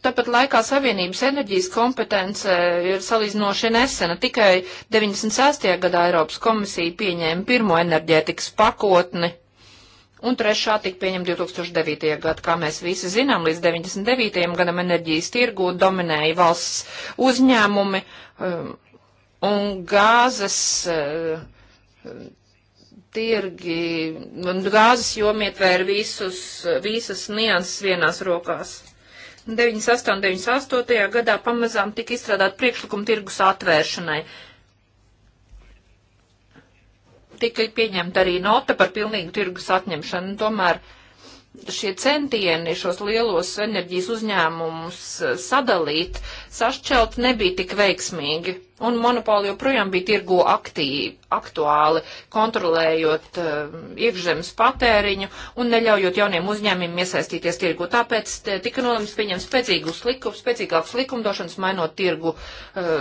[SPEAKER 2] Tāpat laikā Savienības enerģijas kompetence ir salīdzinoši nesena. Tikai 96. gadā Eiropas komisija pieņēma pirmo enerģētikas pakotni un trešā tika pieņemta 2009. gadā. Kā mēs visi zinām, līdz 99. gadam enerģijas tirgu dominēja valsts uzņēmumi um, un gāzes uh, tirgi, un gāzes jomi ietvēra visus, visas nianses vienās rokās. 98. un 98. gadā pamazām tika izstrādāt priekšlikumu tirgus atvēršanai tika pieņemta arī nota par pilnīgu tirgus atņemšanu. Tomēr šie centieni šos lielos enerģijas uzņēmumus eh, sadalīt, sašķelt nebija tik veiksmīgi. Un monopoli joprojām bija tirgo aktīvi, aktuāli, kontrolējot uh, iekšzemes patēriņu un neļaujot jauniem uzņēmumiem iesaistīties tirgu. Tāpēc tika nolemts pieņemt spēcīgus likumus, spēcīgākus likumdošanas, mainot tirgu uh,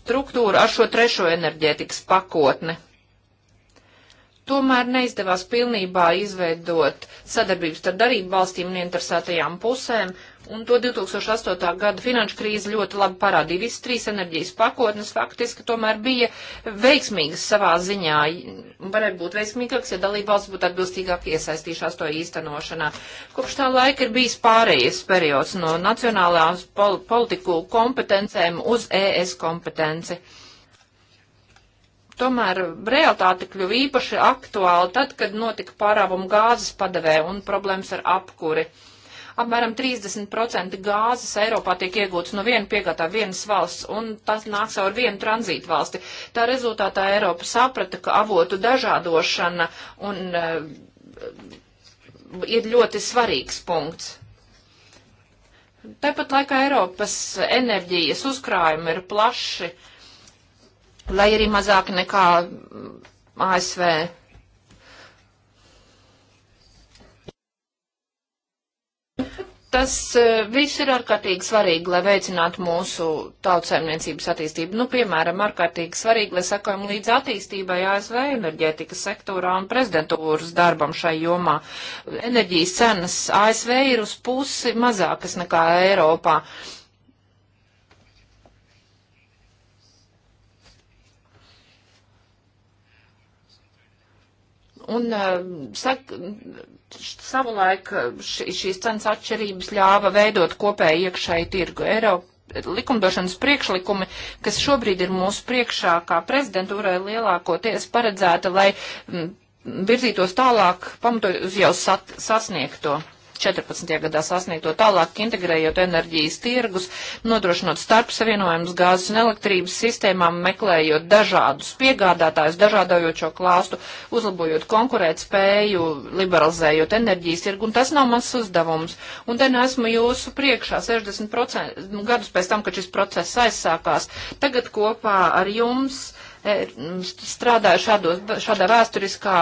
[SPEAKER 2] struktūru ar šo trešo enerģētikas pakotni tomēr neizdevās pilnībā izveidot sadarbības ar darību valstīm un interesētajām pusēm, un to 2008. gada finanšu krīze ļoti labi parādīja. Visas trīs enerģijas pakotnes faktiski tomēr bija veiksmīgas savā ziņā, un varētu būt veiksmīgāks, ja dalība valsts būtu atbilstīgāk iesaistījušās to īstenošanā. Kopš tā laika ir bijis pārējais periods no nacionālās pol politiku kompetencēm uz ES kompetenci. Tomēr realitāte kļuva īpaši aktuāla tad, kad notika pārāvuma gāzes padavē un problēmas ar apkuri. Apmēram 30% gāzes Eiropā tiek iegūts no viena piegādā vienas valsts, un tas nāk caur vienu tranzītu valsti. Tā rezultātā Eiropa saprata, ka avotu dažādošana un, uh, ir ļoti svarīgs punkts. Tāpat laikā Eiropas enerģijas uzkrājumi ir plaši. Uh, lai arī mazāk nekā mm, ASV. Tas e, viss ir ārkārtīgi svarīgi, lai veicinātu mūsu tautsēmniecības attīstību. Nu, piemēram, ārkārtīgi svarīgi, lai sakojam līdz attīstībai ASV enerģētikas sektorā un prezidentūras darbam šai jomā. Enerģijas cenas ASV ir uz pusi mazākas nekā Eiropā. Uh, Un uh, sak, savulaik uh, š, šīs cenas atšķirības ļāva veidot kopēju iekšēju tirgu. Eiropa likumdošanas priekšlikumi, kas šobrīd ir mūsu priekšā, kā prezidentūrai lielākoties paredzēta, lai mm, virzītos tālāk, pamatojot uz jau sat, sasniegto. 14. gadā sasniegto tālāk integrējot enerģijas tirgus, nodrošinot starp savienojumus gāzes un elektrības sistēmām, meklējot dažādus piegādātājus, dažādojot šo klāstu, uzlabojot konkurēt spēju, liberalizējot enerģijas tirgu, un tas nav mazs uzdevums. Un te esmu jūsu priekšā 60% gadus pēc tam, kad šis process aizsākās. Tagad kopā ar jums E, strādāju šādos, šādā vēsturiskā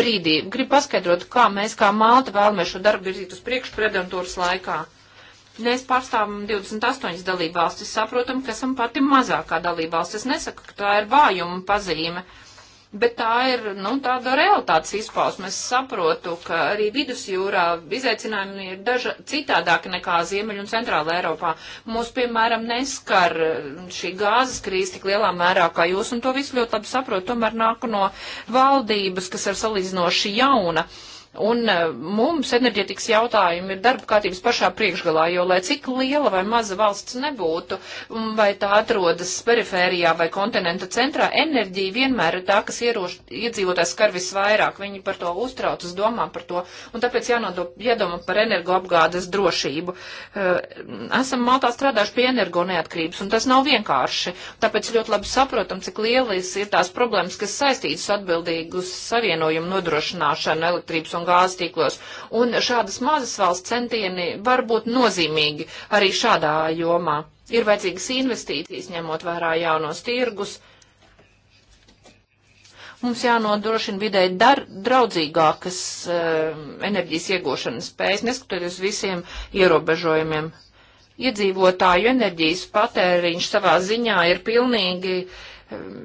[SPEAKER 2] brīdī. Gribu paskaidrot, kā mēs kā Malta vēlamies šo darbu virzīt uz priekšu prezidentūras laikā. Mēs pārstāvam 28 dalībvalstis, saprotam, ka esam pati mazākā dalībvalstis. Es nesaku, ka tā ir vājuma pazīme. Uh, bet tā ir, nu, tāda realitātes izpausme. Es saprotu, ka arī vidusjūrā izaicinājumi ir daža citādāki nekā Ziemeļu un Centrāla Eiropā. Mūs, piemēram, neskar šī gāzes krīze tik lielā mērā kā jūs, un to visu ļoti labi saprotu. Tomēr nāku no valdības, kas ir salīdzinoši jauna. Uh, Un e, mums enerģetikas jautājumi ir darba kārtības pašā priekšgalā, jo lai cik liela vai maza valsts nebūtu, vai tā atrodas perifērijā vai kontinenta centrā, enerģija vienmēr ir tā, kas ieroš, iedzīvotājs skar visvairāk. Viņi par to uztraucas, domā par to, un tāpēc jānodo, jādomā par energoapgādes drošību. E, esam Maltā strādājuši pie energo neatkarības, un tas nav vienkārši. Tāpēc ļoti labi saprotam, cik lielas ir tās problēmas, kas saistītas atbildīgus savienojumu nodrošināšanu elektrības un un gāzes tīklos. Un šādas mazas valsts centieni var būt nozīmīgi arī šādā jomā. Ir vajadzīgas investīcijas, ņemot vērā jaunos tirgus mums jānodrošina vidēji dar, draudzīgākas uh, enerģijas iegūšanas spējas, neskatoties visiem ierobežojumiem. Iedzīvotāju enerģijas patēriņš savā ziņā ir pilnīgi um,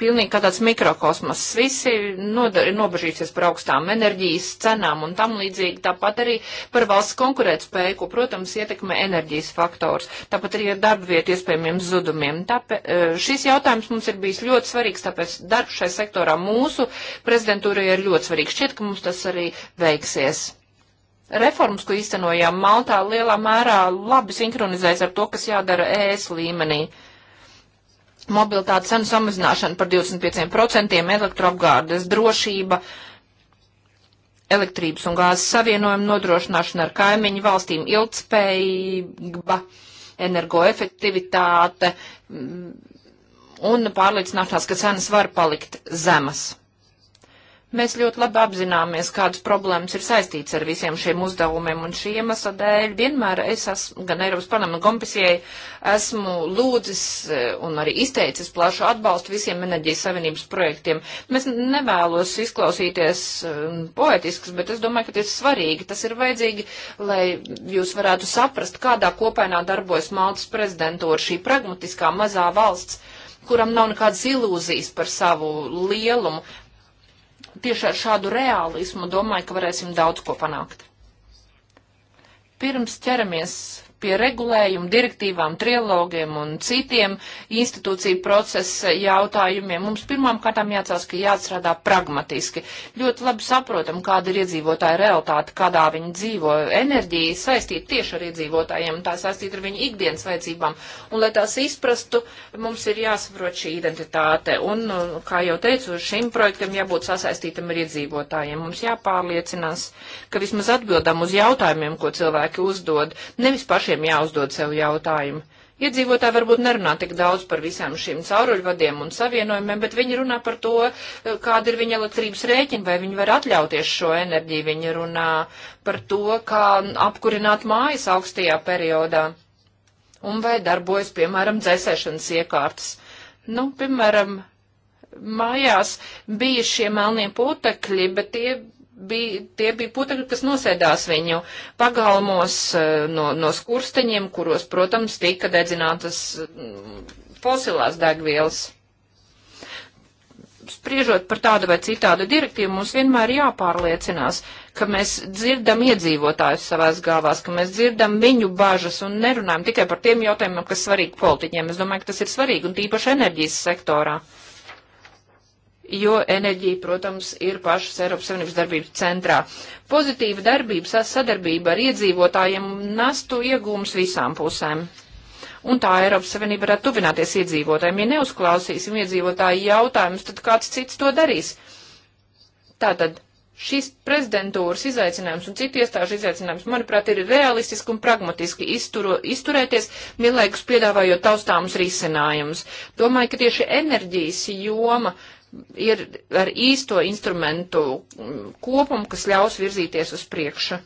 [SPEAKER 2] pilnīgi kā tāds mikrokosmos. Visi nodar, nobežīsies par augstām enerģijas cenām un tam līdzīgi, tāpat arī par valsts konkurētspēju, ko, protams, ietekmē enerģijas faktors, tāpat arī ar darba vietu iespējamiem zudumiem. Tāpēc, e, šis jautājums mums ir bijis ļoti svarīgs, tāpēc darbs šai sektorā mūsu prezidentūrai ir ļoti svarīgs. Šķiet, ka mums tas arī veiksies. Reformas, ko īstenojām Maltā, lielā mērā labi sinhronizējas ar to, kas jādara ES līmenī. Uh, mobilitātes cenu samazināšana par 25%, elektroapgārdes drošība, elektrības un gāzes savienojuma nodrošināšana ar kaimiņu valstīm, ilgspējība, energoefektivitāte mm, un pārliecināšanās, ka cenas var palikt zemas. Mēs ļoti labi apzināmies, kādas problēmas ir saistīts ar visiem šiem uzdevumiem, un šī iemesla dēļ vienmēr es esmu, gan Eiropas parlamenta kompisijai, esmu lūdzis e, un arī izteicis plašu atbalstu visiem enerģijas savienības projektiem. Mēs nevēlos izklausīties e, poetisks, bet es domāju, ka tas ir svarīgi. Tas ir vajadzīgi, lai jūs varētu saprast, kādā kopainā darbojas Maltas prezidentūra, šī pragmatiskā mazā valsts kuram nav nekādas ilūzijas par savu lielumu, tieši ar šādu realismu domāju, ka varēsim daudz ko panākt. Pirms ķeramies pie regulējuma, direktīvām, trilogiem un citiem institūciju procesa jautājumiem. Mums pirmām kārtām jāatcerās, ka jāatstrādā pragmatiski. Ļoti labi saprotam, kāda ir iedzīvotāja realitāte, kādā viņi dzīvo. Enerģija saistīta tieši ar iedzīvotājiem, tā saistīta ar viņu ikdienas vajadzībām. Un, lai tās izprastu, mums ir jāsaprot šī identitāte. Un, kā jau teicu, šim projektam jābūt sasaistītam ar iedzīvotājiem. Mums jāpārliecinās, ka vismaz atbildam uz jautājumiem, ko cilvēki uzdod, nevis pašiem pašiem jāuzdod sev jautājumu. Iedzīvotāji varbūt nerunā tik daudz par visām šīm cauruļvadiem un savienojumiem, bet viņi runā par to, eh, kāda ir viņa elektrības rēķina, vai viņi var atļauties šo enerģiju. Viņi runā par to, kā apkurināt mājas augstajā periodā un vai darbojas, piemēram, dzēsēšanas iekārtas. Nu, piemēram, mājās bija šie melnie putekļi, bet tie bija, tie bija putekļi, kas nosēdās viņu pagalmos eh, no, no skursteņiem, kuros, protams, tika dedzinātas mm, fosilās degvielas. Spriežot par tādu vai citādu direktīvu, mums vienmēr jāpārliecinās, ka mēs dzirdam iedzīvotājus savās galvās, ka mēs dzirdam viņu bažas un nerunājam tikai par tiem jautājumiem, kas svarīgi politiķiem. Es domāju, ka tas ir svarīgi un tīpaši enerģijas sektorā. Uh, jo enerģija, protams, ir pašas Eiropas Savienības darbības centrā. Pozitīva darbības sadarbība ar iedzīvotājiem nestu iegūmus visām pusēm. Un tā Eiropas Savienība varētu tuvināties iedzīvotājiem. Ja neuzklausīsim iedzīvotāju jautājumus, tad kāds cits to darīs. Tātad šīs prezidentūras izaicinājums un citu iestāžu izaicinājums, manuprāt, ir realistiski un pragmatiski izturo, izturēties, vienlaikus piedāvājot taustāmus risinājumus. Domāju, ka tieši enerģijas joma ir ar īsto instrumentu kopumu, kas ļaus virzīties uz priekšu.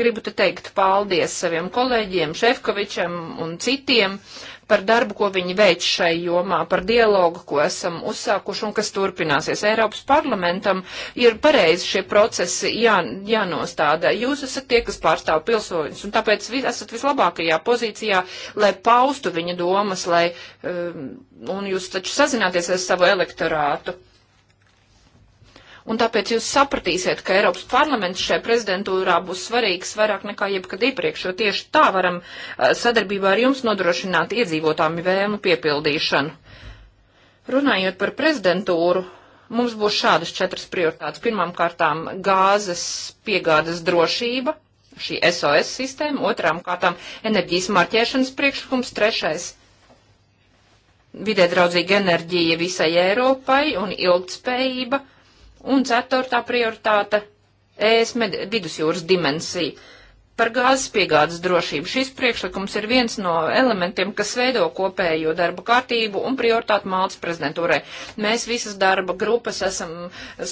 [SPEAKER 2] Gribu te teikt paldies saviem kolēģiem, Šefkovičam un citiem, uh, par darbu, ko viņi veic šai jomā, par dialogu, ko esam uzsākuši un kas turpināsies. Eiropas parlamentam ir pareizi šie procesi jā, jānostāda. Jūs esat tie, kas pārstāv pilsoņus, un tāpēc vi, esat vislabākajā pozīcijā, lai paustu viņa domas, lai, um, un jūs taču sazināties ar savu elektorātu. Un tāpēc jūs sapratīsiet, ka Eiropas parlaments šajā prezidentūrā būs svarīgs vairāk nekā jebkad iepriekš, jo tieši tā varam eh, sadarbībā ar jums nodrošināt iedzīvotāmi vēlmu piepildīšanu. Runājot par prezidentūru, mums būs šādas četras prioritātes. Pirmām kārtām gāzes piegādes drošība, šī SOS sistēma, otrām kārtām enerģijas marķēšanas priekšlikums, trešais vidē draudzīga enerģija visai Eiropai un ilgtspējība Un ceturtā prioritāte - ES vidusjūras dimensija. Par gāzes piegādes drošību. Šis priekšlikums ir viens no elementiem, kas veido kopējo darba kārtību un prioritāti Maltas prezidentūrai. Mēs visas darba grupas esam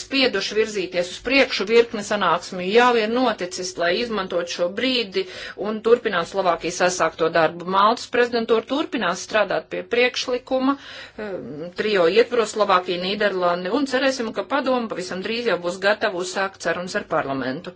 [SPEAKER 2] spieduši virzīties uz priekšu, virkne sanāksmi jau ir noticis, lai izmantot šo brīdi un turpināt Slovākijas sasākto darbu. Maltas prezidentūra turpinās strādāt pie priekšlikuma, um, trijo ietvaros Slovākija, Nīderlandi un cerēsim, ka padomu pavisam drīz jau būs gatavu uzsākt sarunas ar parlamentu.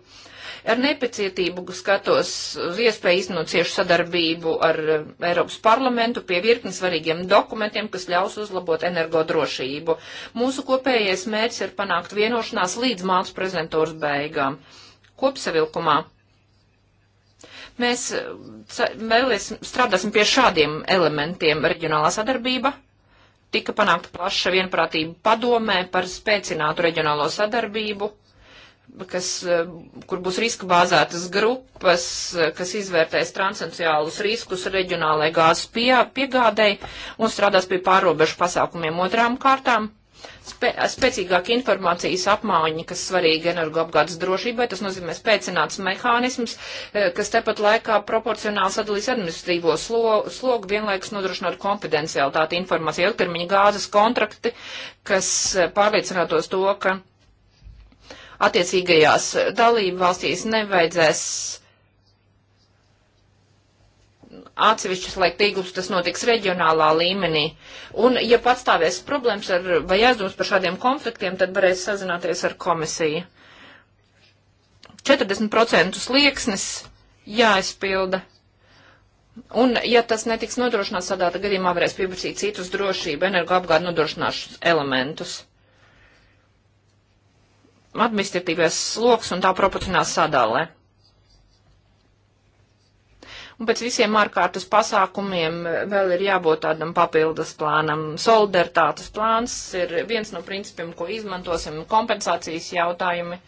[SPEAKER 2] Ar nepacietību skatos uz iespēju iznot ciešu sadarbību ar eh, Eiropas parlamentu pie virkni svarīgiem dokumentiem, kas ļaus uzlabot energodrošību. Mūsu kopējais mērķis ir panākt vienošanās līdz mācu prezentūras beigām. Kopsavilkumā mēs eh, vēlies, strādāsim pie šādiem elementiem - reģionālā sadarbība. Tika panākta plaša vienprātība padomē par spēcinātu reģionālo sadarbību kas, eh, kur būs riska bāzētas grupas, eh, kas izvērtēs transenciālus riskus reģionālajai gāzes pie, piegādēji un strādās pie pārobežu pasākumiem otrām kārtām. Spe, spēcīgāka informācijas apmaiņa, kas svarīga energoapgādes drošībai, tas nozīmē spēcināts mehānisms, eh, kas tepat laikā proporcionāli sadalīs administratīvo slogu, slogu vienlaikus nodrošinot konfidencialitāti informāciju ilgtermiņa gāzes kontrakti, kas pārliecinātos to, ka attiecīgajās dalību valstīs nevajadzēs atsevišķas laika tīklus, tas notiks reģionālā līmenī. Un, ja pastāvēs problēmas ar, vai aizdomas par šādiem konfliktiem, tad varēs sazināties ar komisiju. 40% slieksnis jāizpilda. Un, ja tas netiks nodrošināts, tādā gadījumā varēs pieprasīt citus drošību, energoapgādu nodrošināšanas elementus administratīvais sloks un tā proporcionāls sadalē. Un pēc visiem ārkārtas pasākumiem vēl ir jābūt tādam papildus plānam. Solidaritātes plāns ir viens no principiem, ko izmantosim kompensācijas jautājumi.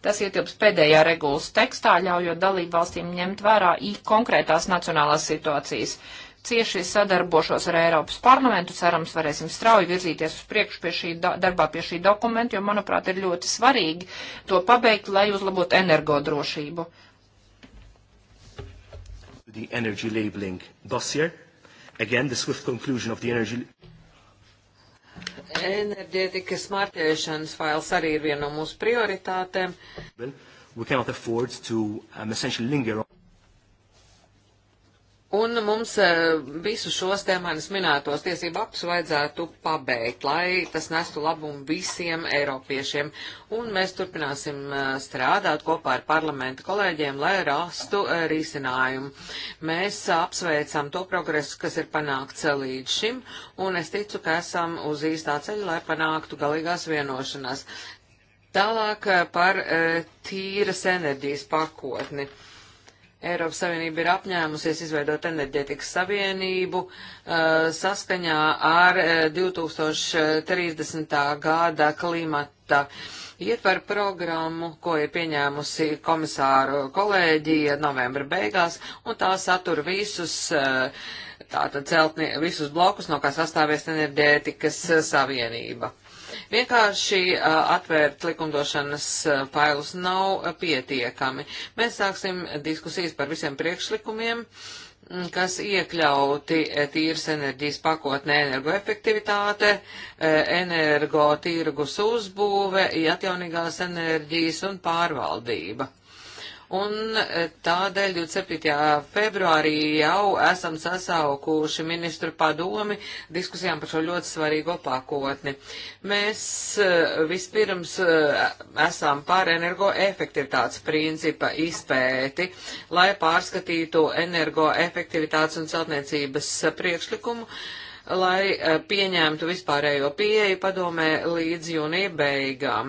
[SPEAKER 2] Tas ietilps pēdējā regulas tekstā, ļaujot dalību valstīm ņemt vērā konkrētās nacionālās situācijas cieši sadarbošos ar Eiropas parlamentu, cerams, varēsim strauji virzīties uz priekšu pie šī darbā pie šī dokumenta, jo, manuprāt, ir ļoti svarīgi to pabeigt, lai uzlabotu energodrošību.
[SPEAKER 3] The energy labeling dossier. Again, the swift conclusion of the energy. Enerģētikas marķēšanas fails arī ir viena no mūsu prioritātēm.
[SPEAKER 2] We cannot afford to um, essentially linger on.
[SPEAKER 3] Un mums e, visus šos te manis minētos tiesību aktus vajadzētu pabeigt, lai tas nestu labumu visiem eiropiešiem. Un mēs turpināsim e, strādāt kopā ar parlamenta kolēģiem, lai rastu e, risinājumu. Mēs apsveicam to progresu, kas ir panākts līdz šim, un es ticu, ka esam uz īstā ceļa, lai panāktu galīgās vienošanās. Tālāk par tīras enerģijas pakotni. Uh, Eiropas Savienība ir apņēmusies izveidot enerģētikas savienību uh, saskaņā ar 2030. Uh, gada klimata ietver programmu, ko ir pieņēmusi komisāru kolēģija novembra beigās, un tā satur visus uh, tātad celtnie, visus blokus, no kā sastāvies enerģētikas savienība. Vienkārši atvērt likumdošanas failus nav pietiekami. Mēs sāksim diskusijas par visiem priekšlikumiem kas iekļauti tīras enerģijas pakotnē energoefektivitāte, energotirgus uzbūve, atjaunīgās enerģijas un pārvaldība. Un eh, tādēļ 27. februārī jau esam sasaukuši ministru padomi diskusijām par šo ļoti svarīgo pakotni. Mēs eh, vispirms eh, esam par energoefektivitātes principa izpēti, lai pārskatītu energoefektivitātes un celtniecības priekšlikumu. Uh, lai eh, pieņemtu vispārējo pieeju padomē līdz jūnija beigām.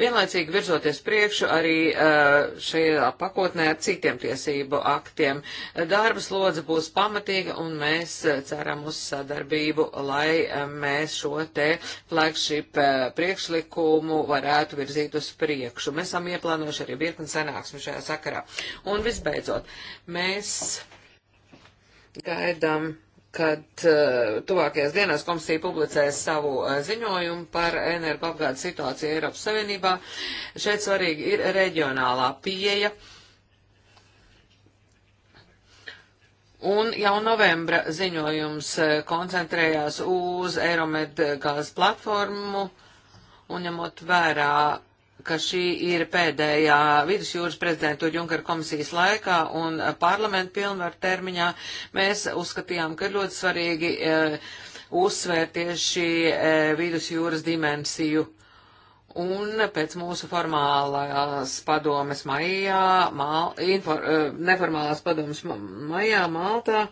[SPEAKER 3] Vienlaicīgi virzoties priekšu arī eh, šajā pakotnē ar citiem tiesību aktiem. Darbas lodze būs pamatīga un mēs eh, ceram uz sadarbību, lai mēs šo te flagship priekšlikumu varētu virzīt uz priekšu. Mēs esam ieplānojuši arī virkni sanāksmi šajā sakarā. Un visbeidzot, mēs gaidām kad uh, tuvākajās dienās komisija publicēs savu uh, ziņojumu par energoapgādes situāciju Eiropas Savienībā. Šeit svarīgi ir reģionālā pieeja. Un jau novembra ziņojums uh, koncentrējās uz Eiromed gāzes platformu un ņemot vērā ka šī ir pēdējā vidusjūras prezidentu Junkara komisijas laikā un eh, parlamentu pilnvaru termiņā mēs uzskatījām, ka ir ļoti svarīgi e, uzsvērt tieši e, vidusjūras dimensiju. Un pēc mūsu formālās padomes maijā, mal, infor, e, neformālās padomes maijā Maltā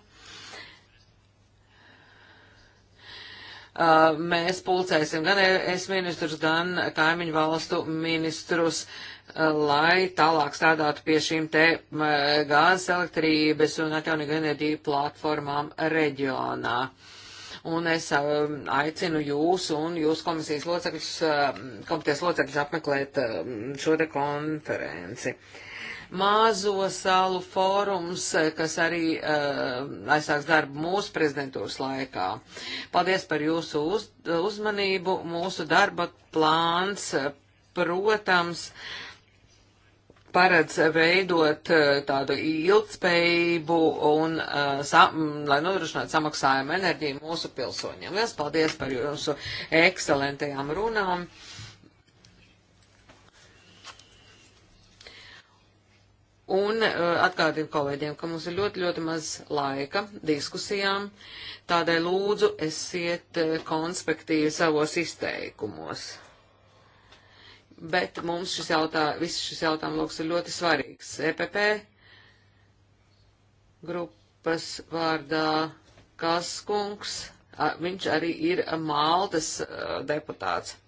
[SPEAKER 3] mēs pulcēsim gan es ministrus, gan kaimiņu valstu ministrus, lai tālāk strādātu pie šīm te gāzes, elektrības un atjaunīgu enerģiju platformām reģionā. Un es aicinu jūs un jūs komisijas locekļus, komitejas locekļus apmeklēt šo te konferenci. Uh, Māzo salu fórums, kas arī uh, aizsāks darbu mūsu prezidentūras laikā. Paldies par jūsu uz, uzmanību. Mūsu darba plāns, protams, paredz veidot eh, tādu ilgspējību un, uh, eh, sam, lai nodrošinātu samaksājumu enerģiju mūsu pilsoņiem. Lielas paldies par jūsu ekscelentajām runām. Un eh, atgādinu kolēģiem, ka mums ir ļoti, ļoti maz laika diskusijām, tādēļ lūdzu esiet eh, konspektīvi savos izteikumos. Bet mums šis jautā, viss šis jautājums loks ir ļoti svarīgs. EPP grupas vārdā Kaskungs, viņš arī ir Maltas eh, deputāts.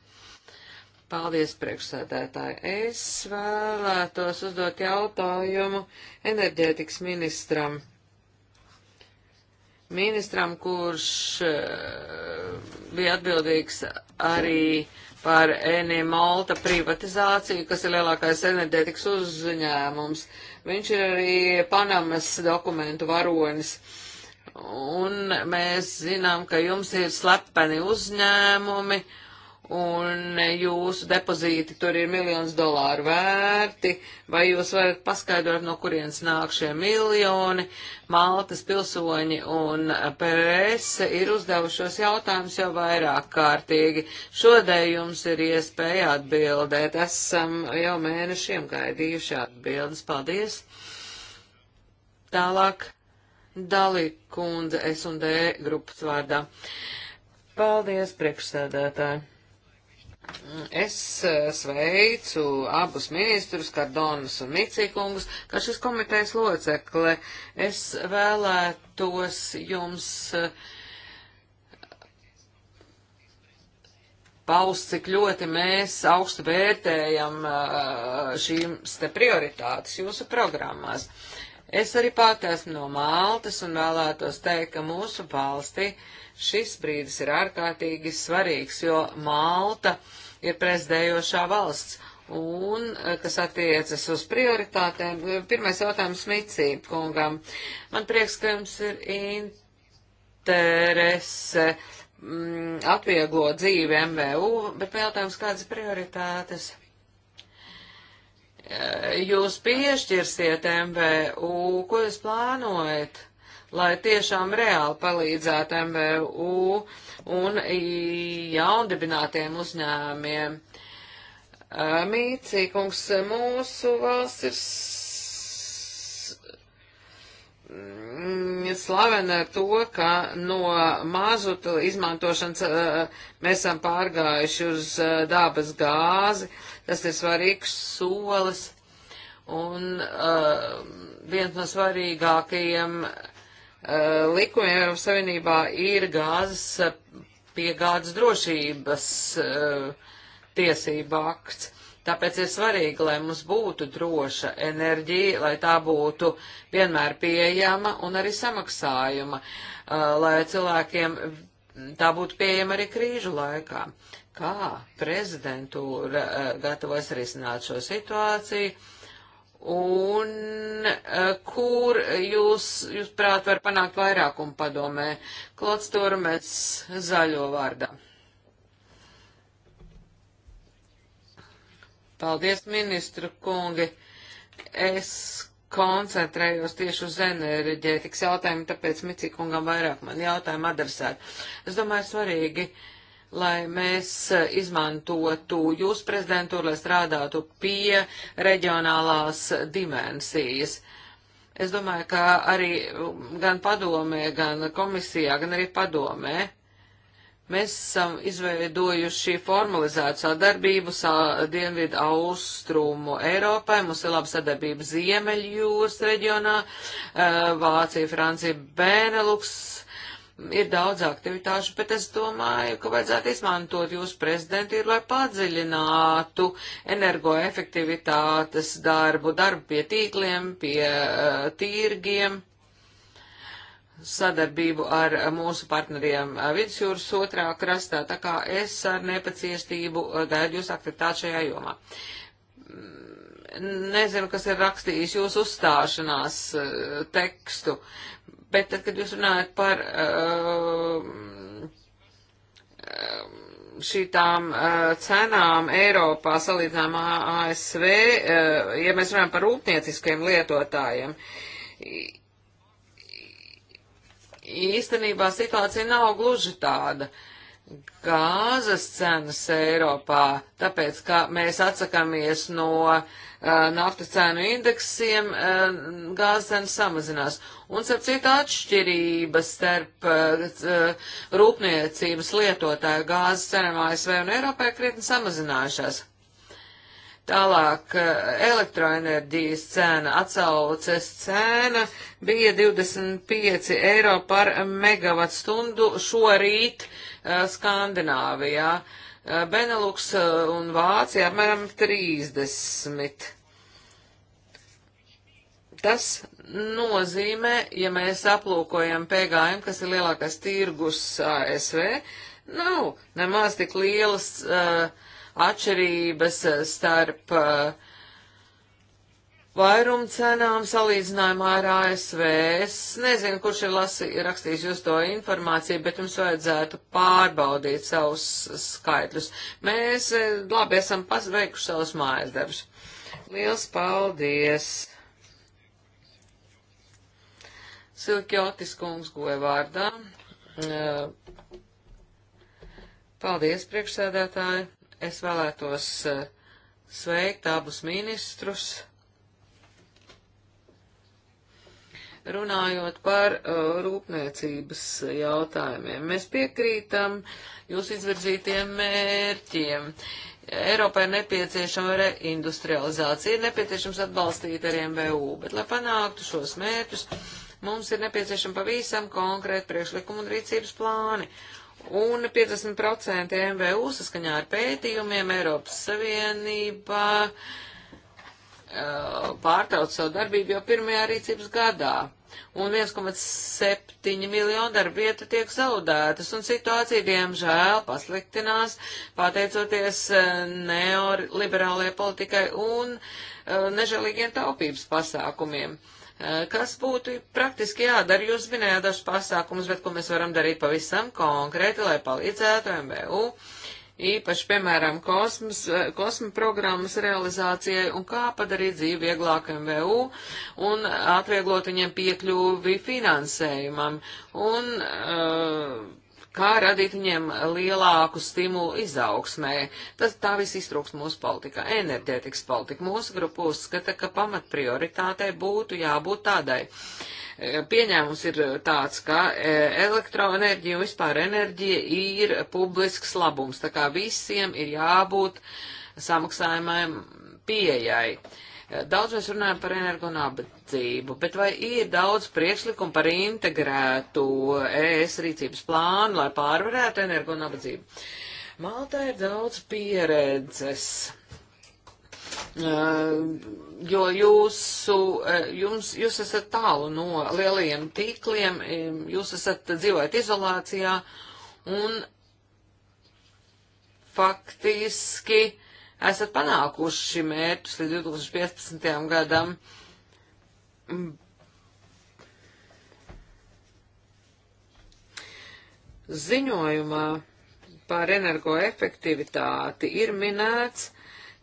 [SPEAKER 3] Paldies, priekšsēdētāji. Es vēlētos uzdot jautājumu enerģētikas ministram. Ministram, kurš eh, bija atbildīgs arī par Eni Malta privatizāciju, kas ir lielākais enerģētikas uzņēmums. Viņš ir arī Panamas dokumentu varonis. Un mēs zinām, ka jums ir slepeni uzņēmumi. Uh, un jūsu depozīti tur ir miljonus dolāru vērti, vai jūs varat paskaidrot, no kurienes nāk šie miljoni. Maltas pilsoņi un prese ir uzdevušos jautājumus jau vairāk kārtīgi. Šodien jums ir iespēja atbildēt. Esam jau mēnešiem gaidījuši atbildes. Paldies! Tālāk Dalī kundze S&D grupas vārdā. Paldies, priekšsēdētāji! Es eh, sveicu abus ministrus, Kardonas un Micīkungus, kā šis komitejas locekle. Es vēlētos jums eh, paust, cik ļoti mēs augstu vērtējam eh, šīs te prioritātes jūsu programmās. Es arī pati esmu no Maltas un vēlētos teikt, ka mūsu valstī šis brīdis ir ārkārtīgi svarīgs, jo Malta uh, ir prezidējošā valsts. Un, eh, kas attiecas uz prioritātēm, pirmais jautājums Micība kungam. Man prieks, ka jums ir interese mm, atvieglot dzīvi MVU, bet jautājums, kādas prioritātes eh, jūs piešķirsiet MVU, ko jūs plānojat? lai tiešām reāli palīdzētu MVU un jaundibinātiem uzņēmiem. Mīcīkungs, mūsu valsts ir slavena ar to, ka no mazuta izmantošanas mēs esam pārgājuši uz dabas gāzi. Tas ir svarīgs solis. Un uh, viens no svarīgākajiem uh, Eh, likumi Eiropas Savienībā ir gāzes eh, piegādes drošības eh, tiesība akts. Tāpēc ir svarīgi, lai mums būtu droša enerģija, lai tā būtu vienmēr pieejama un arī samaksājuma, lai cilvēkiem tā būtu pieejama arī krīžu laikā. Kā prezidentūra gatavojas risināt šo situāciju? un uh, kur jūs, jūs prāt, var panākt vairākumu padomē? Klots Turmets zaļo vārdā. Paldies, ministru kungi. Es koncentrējos tieši uz enerģētikas jautājumu, tāpēc Micikungam vairāk man jautājumu adresēt. Es domāju, svarīgi. Uh, lai mēs eh, izmantotu jūsu prezidentūru, lai strādātu pie reģionālās dimensijas. Es domāju, ka arī um, gan padomē, gan komisijā, gan arī padomē mēs esam izveidojuši formalizētu sadarbību sa Dienvidu austrumu Eiropai. Mums ir laba sadarbība Ziemeļjūras reģionā, eh, Vācija, Francija, Benelux ir daudz aktivitāšu, bet es domāju, ka vajadzētu izmantot jūsu prezidentūru, lai padziļinātu energoefektivitātes darbu, darbu pie tīkliem, pie uh, eh, tīrgiem, sadarbību ar mūsu partneriem vidusjūras otrā krastā, tā kā es ar nepaciestību eh, gaidu jūs aktivitāti šajā jomā. Nezinu, kas ir rakstījis jūsu uzstāšanās eh, tekstu, Bet tad, kad jūs runājat par uh, um, šītām uh, cenām Eiropā salīdzinām ASV, uh, ja mēs runājam par rūpnieciskiem lietotājiem, īstenībā situācija nav gluži tāda. Gāzes cenas Eiropā, tāpēc, ka mēs atsakāmies no uh, naftas cēnu indeksiem gāzes cena samazinās. Un, starp citu, atšķirības starp rūpniecības lietotāju gāzes cenām ASV un Eiropā ir krietni samazinājušās. Tālāk elektroenerģijas cena, atsauces cena bija 25 eiro par megavat stundu šorīt uh, Skandināvijā. Uh, Eh, Beneluks eh, un Vācija apmēram 30. Tas nozīmē, ja mēs aplūkojam PGM, kas ir lielākais tirgus ASV, nav nemaz tik lielas uh, atšķirības starp uh, vairumcenām salīdzinājumā ar ASV. Es nezinu, kurš ir lasi, rakstījis jūs to informāciju, bet jums vajadzētu pārbaudīt savus skaitļus. Mēs e, labi esam veikuši savus mājas darbus. Liels paldies! Silkjotis kungs goja vārdā. E, paldies, priekšsēdētāji! Es vēlētos e, sveikt abus ministrus Runājot par uh, rūpniecības jautājumiem, mēs piekrītam jūs izvirzītiem mērķiem. Eiropai ir nepieciešama reindustrializācija, ir nepieciešams atbalstīt arī MVU, bet, lai panāktu šos mērķus, mums ir nepieciešama pavisam konkrēta priekšlikuma un rīcības plāni. Un 50% MVU saskaņā ar pētījumiem Eiropas Savienībā uh, Uh, pārtrauc savu darbību jau pirmajā rīcības gadā. Un 1,7 miljonu darbvietu tiek zaudētas, un situācija, diemžēl, pasliktinās, pateicoties uh, neoliberālajai politikai un uh, nežēlīgiem taupības pasākumiem. Kas būtu praktiski jādara? Jūs minējāt dažus pasākumus, bet ko mēs varam darīt pavisam konkrēti, lai palīdzētu MVU? Uh, īpaši, piemēram, kosmas, eh, kosma programmas realizācijai un kā padarīt dzīvi vieglāk MVU un atvieglot viņiem piekļuvi finansējumam un uh, kā radīt viņiem lielāku stimulu izaugsmē. Tas tā viss iztrūks mūsu politikā, enerģētikas politika. Mūsu grupa uzskata, ka pamatprioritātei būtu jābūt tādai. Uh, pieņēmums ir tāds, ka e, elektroenerģija un vispār enerģija ir publisks labums, tā kā visiem ir jābūt samaksājumam pieejai. Daudz mēs runājam par energo nabadzību, bet vai ir daudz priekšlikumu par integrētu ES rīcības plānu, lai pārvarētu energo nabadzību? Maltā ir daudz pieredzes Eh, jo jūsu, eh, jums, jūs esat tālu no lielajiem tīkliem, jūs esat dzīvojat izolācijā un faktiski esat panākuši mērķus līdz 2015. gadam. Ziņojumā par energoefektivitāti ir minēts,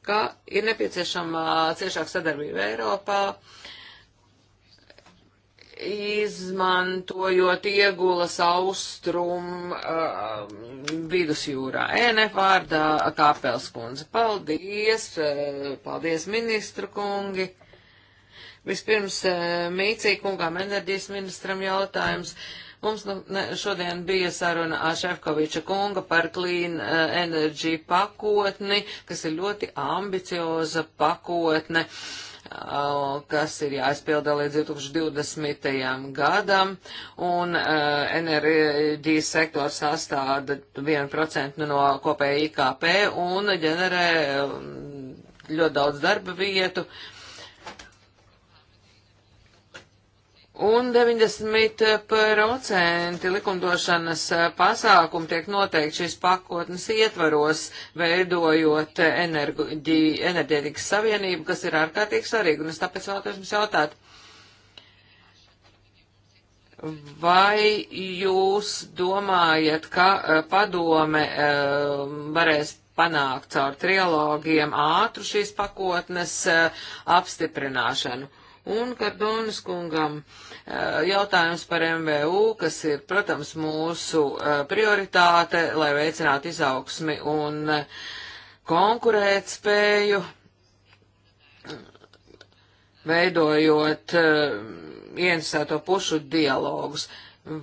[SPEAKER 3] ka ir nepieciešama ciešāka sadarbība Eiropā, izmantojot iegulas austrum uh, um, vidusjūrā. ENF vārdā Kāpels kundze. Paldies, uh, paldies ministru kungi. Vispirms uh, Mīcī kungām enerģijas ministram jautājums. Uh, Mums nu, ne, šodien bija saruna ar Šefkoviča kunga par Clean eh, Energy pakotni, kas ir ļoti ambicioza pakotne, eh, kas ir jāizpilda līdz 2020. gadam, un eh, enerģijas sektors sastāda 1% no kopēja IKP un ģenerē ļoti daudz darba vietu. Uh, Un 90% likumdošanas eh, pasākumu tiek noteikti šīs pakotnes ietvaros, veidojot eh, enerģi, enerģētikas savienību, kas ir ārkārtīgi svarīga. Un es tāpēc vēlētos jums jautāt, vai jūs domājat, ka eh, padome varēs panākt caur trilogiem ātru šīs pakotnes apstiprināšanu? Un Kardonas kungam eh, jautājums par MVU, kas ir, protams, mūsu eh, prioritāte, lai veicinātu izaugsmi un eh, konkurēt spēju, veidojot ieinteresēto pušu dialogus.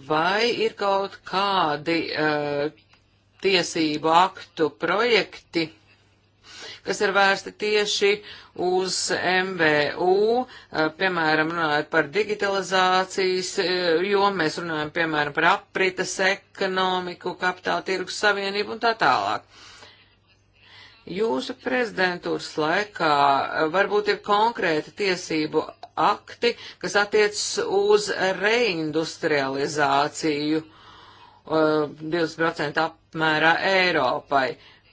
[SPEAKER 3] Vai ir kaut kādi tiesību aktu projekti, kas ir vērsti tieši uz MVU, eh, piemēram, runājot par digitalizācijas eh, jomu, mēs runājam, piemēram, par aprites ekonomiku, kapitāla tirgus savienību un tā tālāk. Jūsu prezidentūras laikā eh, varbūt ir konkrēti tiesību akti, kas attiecas uz reindustrializāciju 20% apmērā Eiropai.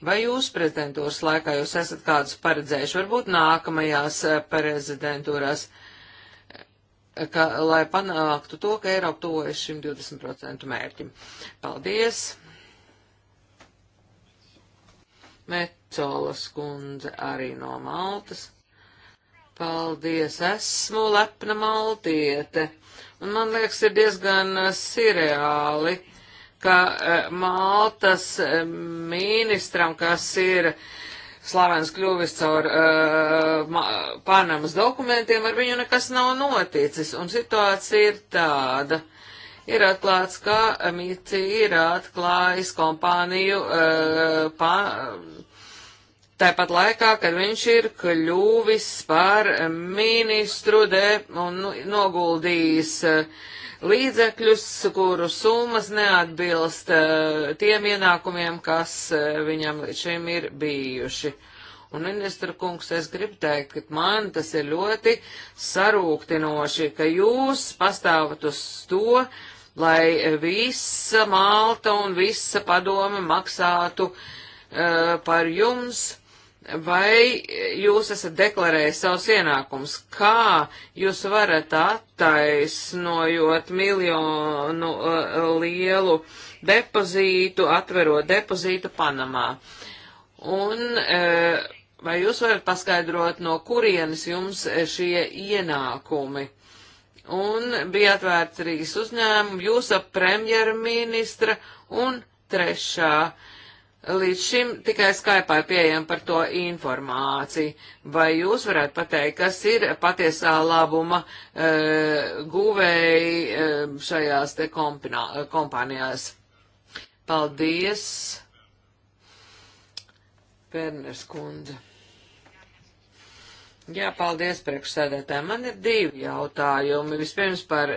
[SPEAKER 3] Vai jūs prezidentūras laikā jūs esat kādus paredzējuši, varbūt nākamajās eh, prezidentūrās, eh, ka, lai panāktu to, ka Eiropa tuvojas šim 20% mērķim? Paldies! Mecolas kundze arī no Maltas. Paldies, esmu lepna maltiete, un man liekas, ir diezgan eh, sirreāli. Uh, ka e, Maltas e, ministram, kas ir slavens kļuvis caur uh, Panamas dokumentiem, ar viņu nekas nav noticis, un situācija ir tāda. Ir atklāts, ka Mīci ir atklājis kompāniju uh, pa, Tāpat laikā, kad viņš ir kļuvis par ministru de, un noguldījis uh, līdzekļus, kuru summas neatbilst eh, tiem ienākumiem, kas eh, viņam līdz šim ir bijuši. Un, ministra kungs, es gribu teikt, ka man tas ir ļoti sarūktinoši, ka jūs pastāvat uz to, lai eh, visa Malta un visa padome maksātu uh, par jums vai jūs esat deklarējis savus ienākumus, kā jūs varat attaisnojot miljonu uh, lielu depozītu, atverot depozītu Panamā. Un uh, vai jūs varat paskaidrot, no kurienes jums šie ienākumi? Un bija atvērti trīs uzņēmumi, jūs ap premjerministra un trešā uh, Līdz šim tikai Skype pieejam par to informāciju. Vai jūs varētu pateikt, kas ir patiesā labuma e, guvēji e, šajās te kompinā, kompānijās? Paldies, Pērners kundze. Jā, paldies priekšsēdētājiem. Man ir divi jautājumi. Vispirms par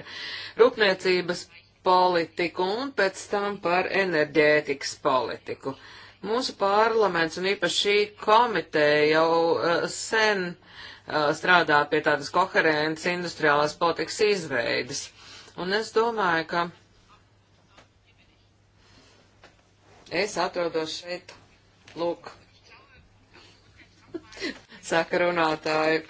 [SPEAKER 3] rūpniecības politiku un pēc tam par enerģētikas politiku. Mūsu parlaments un īpaši šī komiteja jau uh, sen uh, strādā pie tādas koherentas industriālās politikas izveidas. Un es domāju, ka es atrodos šeit, lūk, *laughs* saka runātāji.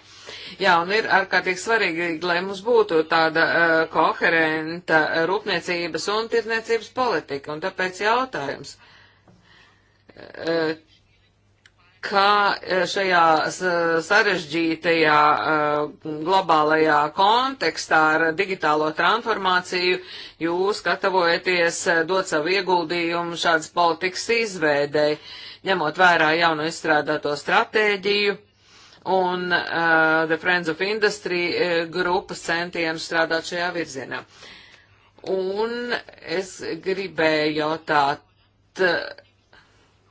[SPEAKER 3] Jā, un ir ārkārtīgi svarīgi, lai mums būtu tāda uh, koherenta rūpniecības un tirdzniecības politika, un tāpēc jautājums. Uh, kā eh, šajā sarežģītajā uh, globālajā kontekstā ar digitālo transformāciju jūs gatavojaties dot savu ieguldījumu šādas politikas izveidēji, ņemot vērā jauno izstrādāto stratēģiju, un uh, The Friends of Industry uh, grupas centienu strādāt šajā virzienā. Un es gribēju jautāt, uh,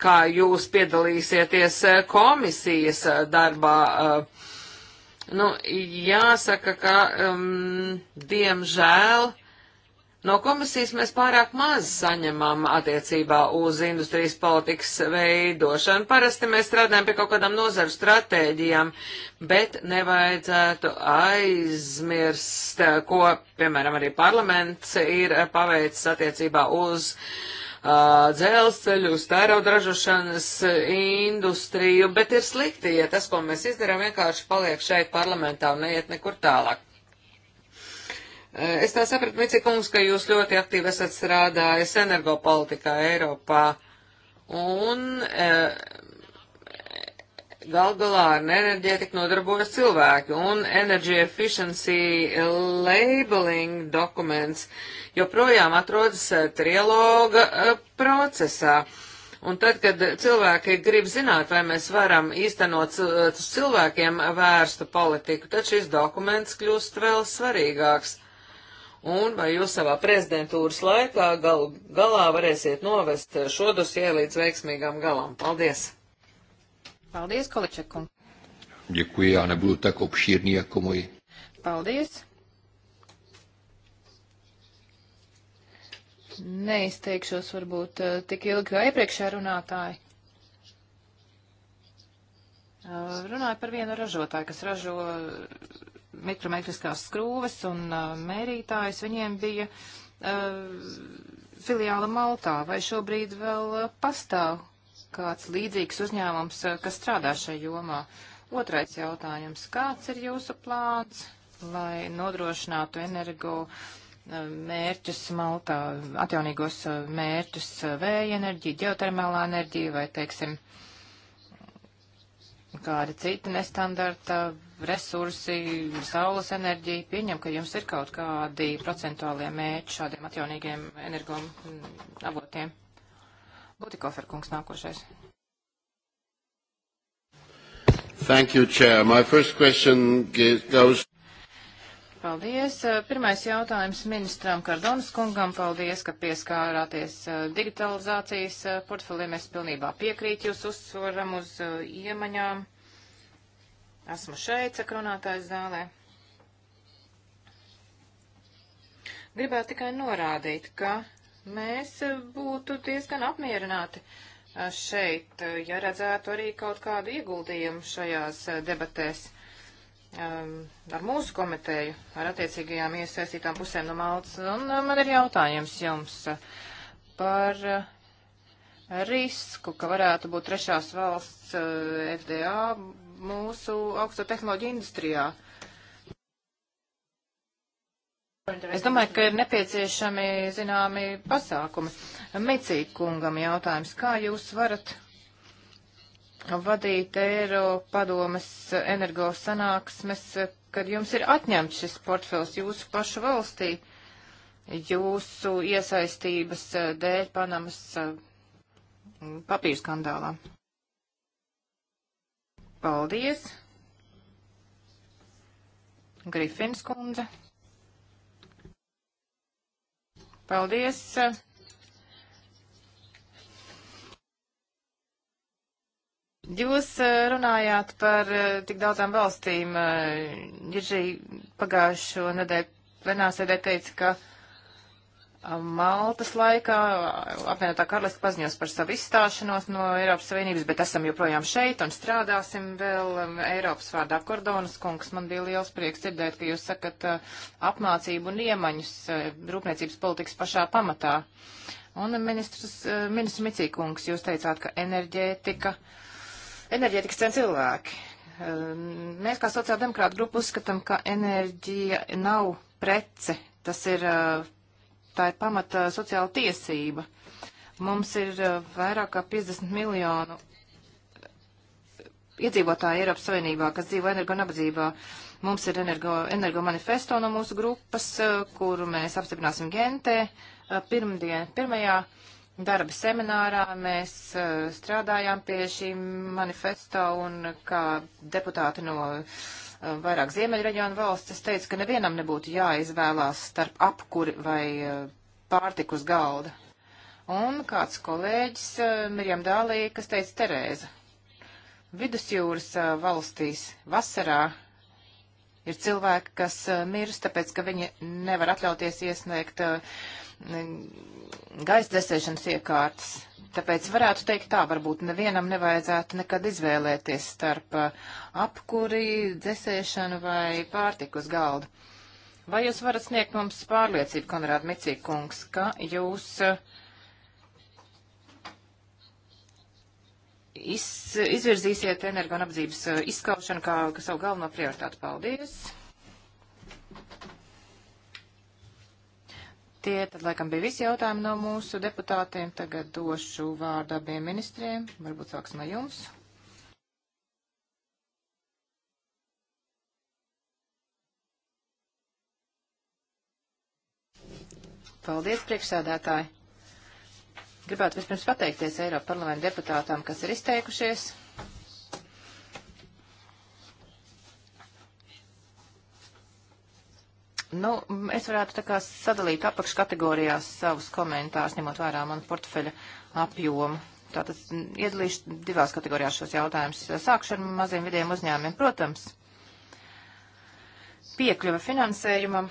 [SPEAKER 3] kā jūs piedalīsieties uh, komisijas darbā. Uh, nu, jāsaka, ka, um, diemžēl, No komisijas mēs pārāk maz saņemam attiecībā uz industrijas politikas veidošanu. Parasti mēs strādājam pie kaut kādām nozaru stratēģijām, bet nevajadzētu aizmirst, ko, piemēram, arī parlaments ir paveicis attiecībā uz uh, dzelzceļu, uz tēraudražošanas industriju, bet ir slikti, ja tas, ko mēs izdarām, vienkārši paliek šeit parlamentā un neiet nekur tālāk. Es tā sapratu, Micikungs, ka jūs ļoti aktīvi esat strādājis energopolitikā Eiropā. Un e, gal galā ar enerģētiku nodarbojas cilvēki. Un Energy Efficiency Labeling dokuments joprojām atrodas e, trialoga e, procesā. Un tad, kad cilvēki grib zināt, vai mēs varam īstenot e, uz cilvēkiem vērstu politiku, tad šis dokuments kļūst vēl svarīgāks un vai jūs savā prezidentūras laikā gal, galā varēsiet novest šo dosie līdz veiksmīgam galam. Paldies! Paldies, Količekum! Děkuji, já nebudu tak obšírný jako můj. Paldies!
[SPEAKER 1] Neizteikšos varbūt eh, tik ilgi kā iepriekšējā runātāji. Eh, runāju par vienu ražotāju, kas ražo mikrometriskās skrūves un uh, mērītājs, viņiem bija uh, filiāla Maltā. Vai šobrīd vēl uh, pastāv kāds līdzīgs uzņēmums, uh, kas strādā šai jomā? Otrais jautājums. Kāds ir jūsu plāns, lai nodrošinātu energo uh, mērķus Maltā, atjaunīgos uh, mērķus uh, vēja enerģija, ģeotermālā enerģija vai, teiksim, uh, kā arī citi nestandarta resursi, saules enerģija. Pieņem, ka jums ir kaut kādi procentuālie mēķi šādiem atjaunīgiem energom avotiem. Būtikofer kungs nākošais. Thank you, Chair. My first question goes Paldies. Pirmais jautājums ministram Kardonas kungam. Paldies, ka pieskārāties digitalizācijas portfeliem. Es pilnībā piekrītu jūs uzsvaram uz iemaņām. Esmu šeit, sakrunātājs zālē. Gribētu tikai norādīt, ka mēs būtu diezgan apmierināti šeit, ja redzētu arī kaut kādu ieguldījumu šajās debatēs um, ar mūsu komiteju, ar attiecīgajām iesaistītām pusēm no Maltas. Un um, man ir jautājums jums eh, par uh, risku, ka varētu būt trešās valsts uh, eh, FDA mūsu augsto tehnoloģiju industrijā. Es domāju, ka ir nepieciešami zināmi pasākumi. Micī kungam jautājums, kā jūs varat vadīt Eiro padomas energo sanāksmes, kad jums ir atņemts šis portfels jūsu pašu valstī, jūsu iesaistības dēļ Panamas mm, papīra skandālā. Paldies! Grifins kundze. Paldies! Jūs eh, runājāt par eh, tik daudzām valstīm. Jiržī eh, pagājušo nedēļu plenārsēdē teica, ka Maltas laikā apvienotā karalista paziņos par savu izstāšanos no Eiropas Savienības, bet esam joprojām šeit un strādāsim vēl um, Eiropas vārdā. Kordonas kungs, man bija liels prieks dzirdēt, ka jūs sakat apmācību un iemaņus rūpniecības politikas pašā pamatā. Un ministrs, ministrs Micīkungs, jūs teicāt, ka enerģētika. Uh, Enerģētikas cen cilvēki. Ehm, mēs kā sociāldemokrāta grupa uzskatām, ka enerģija nav prece. Tas ir, eh, tā ir pamata sociāla tiesība. Mums ir eh, vairāk kā 50 miljonu eh, iedzīvotāji Eiropas Savienībā, kas dzīvo energo nabadzībā. Mums ir energo, energo manifesto no mūsu grupas, kuru mēs apstiprināsim Gentē pirmdien, pirmajā. Uh, darba seminārā mēs eh, strādājām pie šī manifesto un kā deputāti no eh, vairāk ziemeļreģionu valsts, es teicu, ka nevienam nebūtu jāizvēlās starp apkuri vai eh, pārtiku uz galda. Un kāds kolēģis Mirjam Dālī, kas teica Terēza, vidusjūras valstīs vasarā ir cilvēki, kas mirst, tāpēc, ka viņi nevar atļauties iesniegt gaisa dzēsēšanas iekārtas. Tāpēc varētu teikt tā, varbūt nevienam nevajadzētu nekad izvēlēties starp uh, apkuri, dzēsēšanu vai pārtiku uz galda. Vai jūs varat sniegt mums pārliecību, Konrāda Micīkungs, ka jūs uh, iz, izvirzīsiet energo un apdzības uh, izskaušanu kā, kā savu galveno prioritātu? Paldies! Tie tad laikam bija visi jautājumi no mūsu deputātiem. Tagad došu vārdu abiem ministriem. Varbūt sāksim no jums. Paldies, priekšsēdētāji! Gribētu vispirms pateikties Eiropa parlamenta deputātām, kas ir izteikušies. Nu, es varētu tā kā sadalīt apakškategorijās savus komentārus, ņemot vērā manu portfeļa apjomu. Tātad mm, iedalīšu divās kategorijās šos jautājumus. Sākšu ar maziem vidiem uzņēmumiem, protams. Piekļuva finansējumam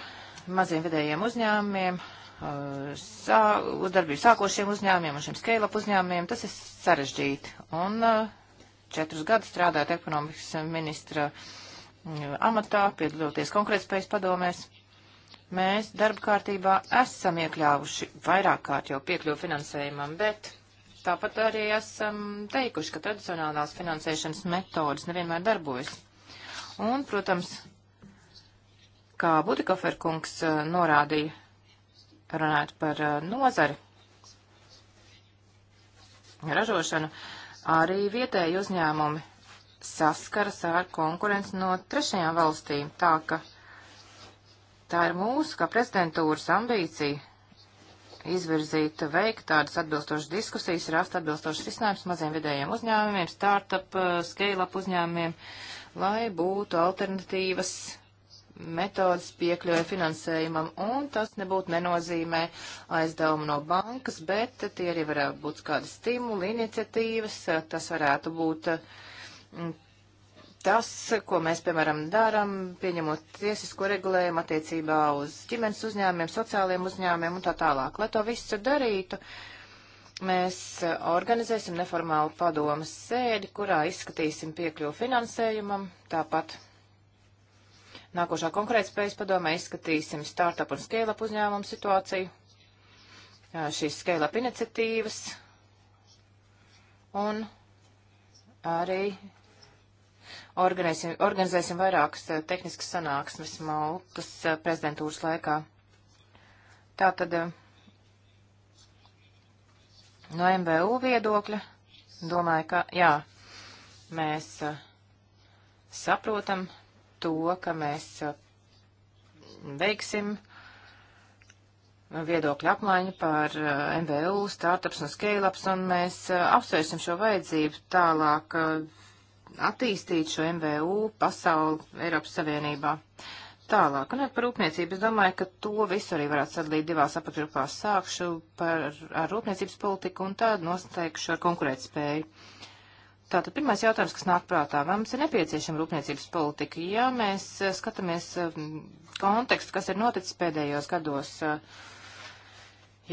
[SPEAKER 1] maziem vidējiem uzņēmumiem, eh, sā, uzdarbību sākošiem uzņēmumiem un šiem scale-up uzņēmumiem, tas ir sarežģīti. Un eh, četrus gadus strādājot ekonomikas ministra mm, amatā, piedaloties konkrētspējas padomēs mēs darba kārtībā esam iekļāvuši vairāk kārt jau piekļuvu finansējumam, bet tāpat arī esam teikuši, ka tradicionālās finansēšanas metodas nevienmēr darbojas. Un, protams, kā Budikoferkungs eh, norādīja, runājot par eh, nozari, ražošanu, arī vietēji uzņēmumi saskaras ar konkurenci no trešajām valstīm, tā ka Tā ir mūsu, kā prezidentūras ambīcija, izvirzīt, veikt tādas atbilstošas diskusijas, rast atbilstošas risinājumus maziem vidējiem uzņēmumiem, startup, eh, scale-up uzņēmumiem, lai būtu alternatīvas metodas piekļuve finansējumam, un tas nebūtu nenozīmē aizdevumu no bankas, bet tie arī varētu būt kādi stimuli, iniciatīvas, tas varētu būt mm, tas, ko mēs, piemēram, darām, pieņemot tiesisko regulējumu attiecībā uz ģimenes uzņēmumiem, sociāliem uzņēmumiem un tā tālāk. Lai to visu darītu, mēs organizēsim neformālu padomas sēdi, kurā izskatīsim piekļuvu finansējumam, tāpat. Nākošā konkurētspējas padomē izskatīsim startup un scale-up uzņēmumu situāciju, šīs scale-up iniciatīvas un arī organizēsim, organizēsim vairākas eh, tehniskas sanāksmes Maltas eh, prezidentūras laikā. Tātad eh, no MVU viedokļa domāju, ka jā, mēs saprotam to, ka mēs veiksim viedokļu apmaiņu par MVU, startups un scale-ups, un mēs apsvērsim šo vajadzību tālāk attīstīt šo MVU pasauli Eiropas Savienībā. Tālāk, un par rūpniecību, es domāju, ka to visu arī varētu sadalīt divās apakšgrupās. Sākšu par, ar rūpniecības politiku un tad nosteikšu ar konkurētspēju. Tātad pirmais jautājums, kas nāk prātā, vai mums ir nepieciešama rūpniecības politika? Ja mēs eh, skatāmies eh, kontekstu, kas ir noticis pēdējos gados, eh,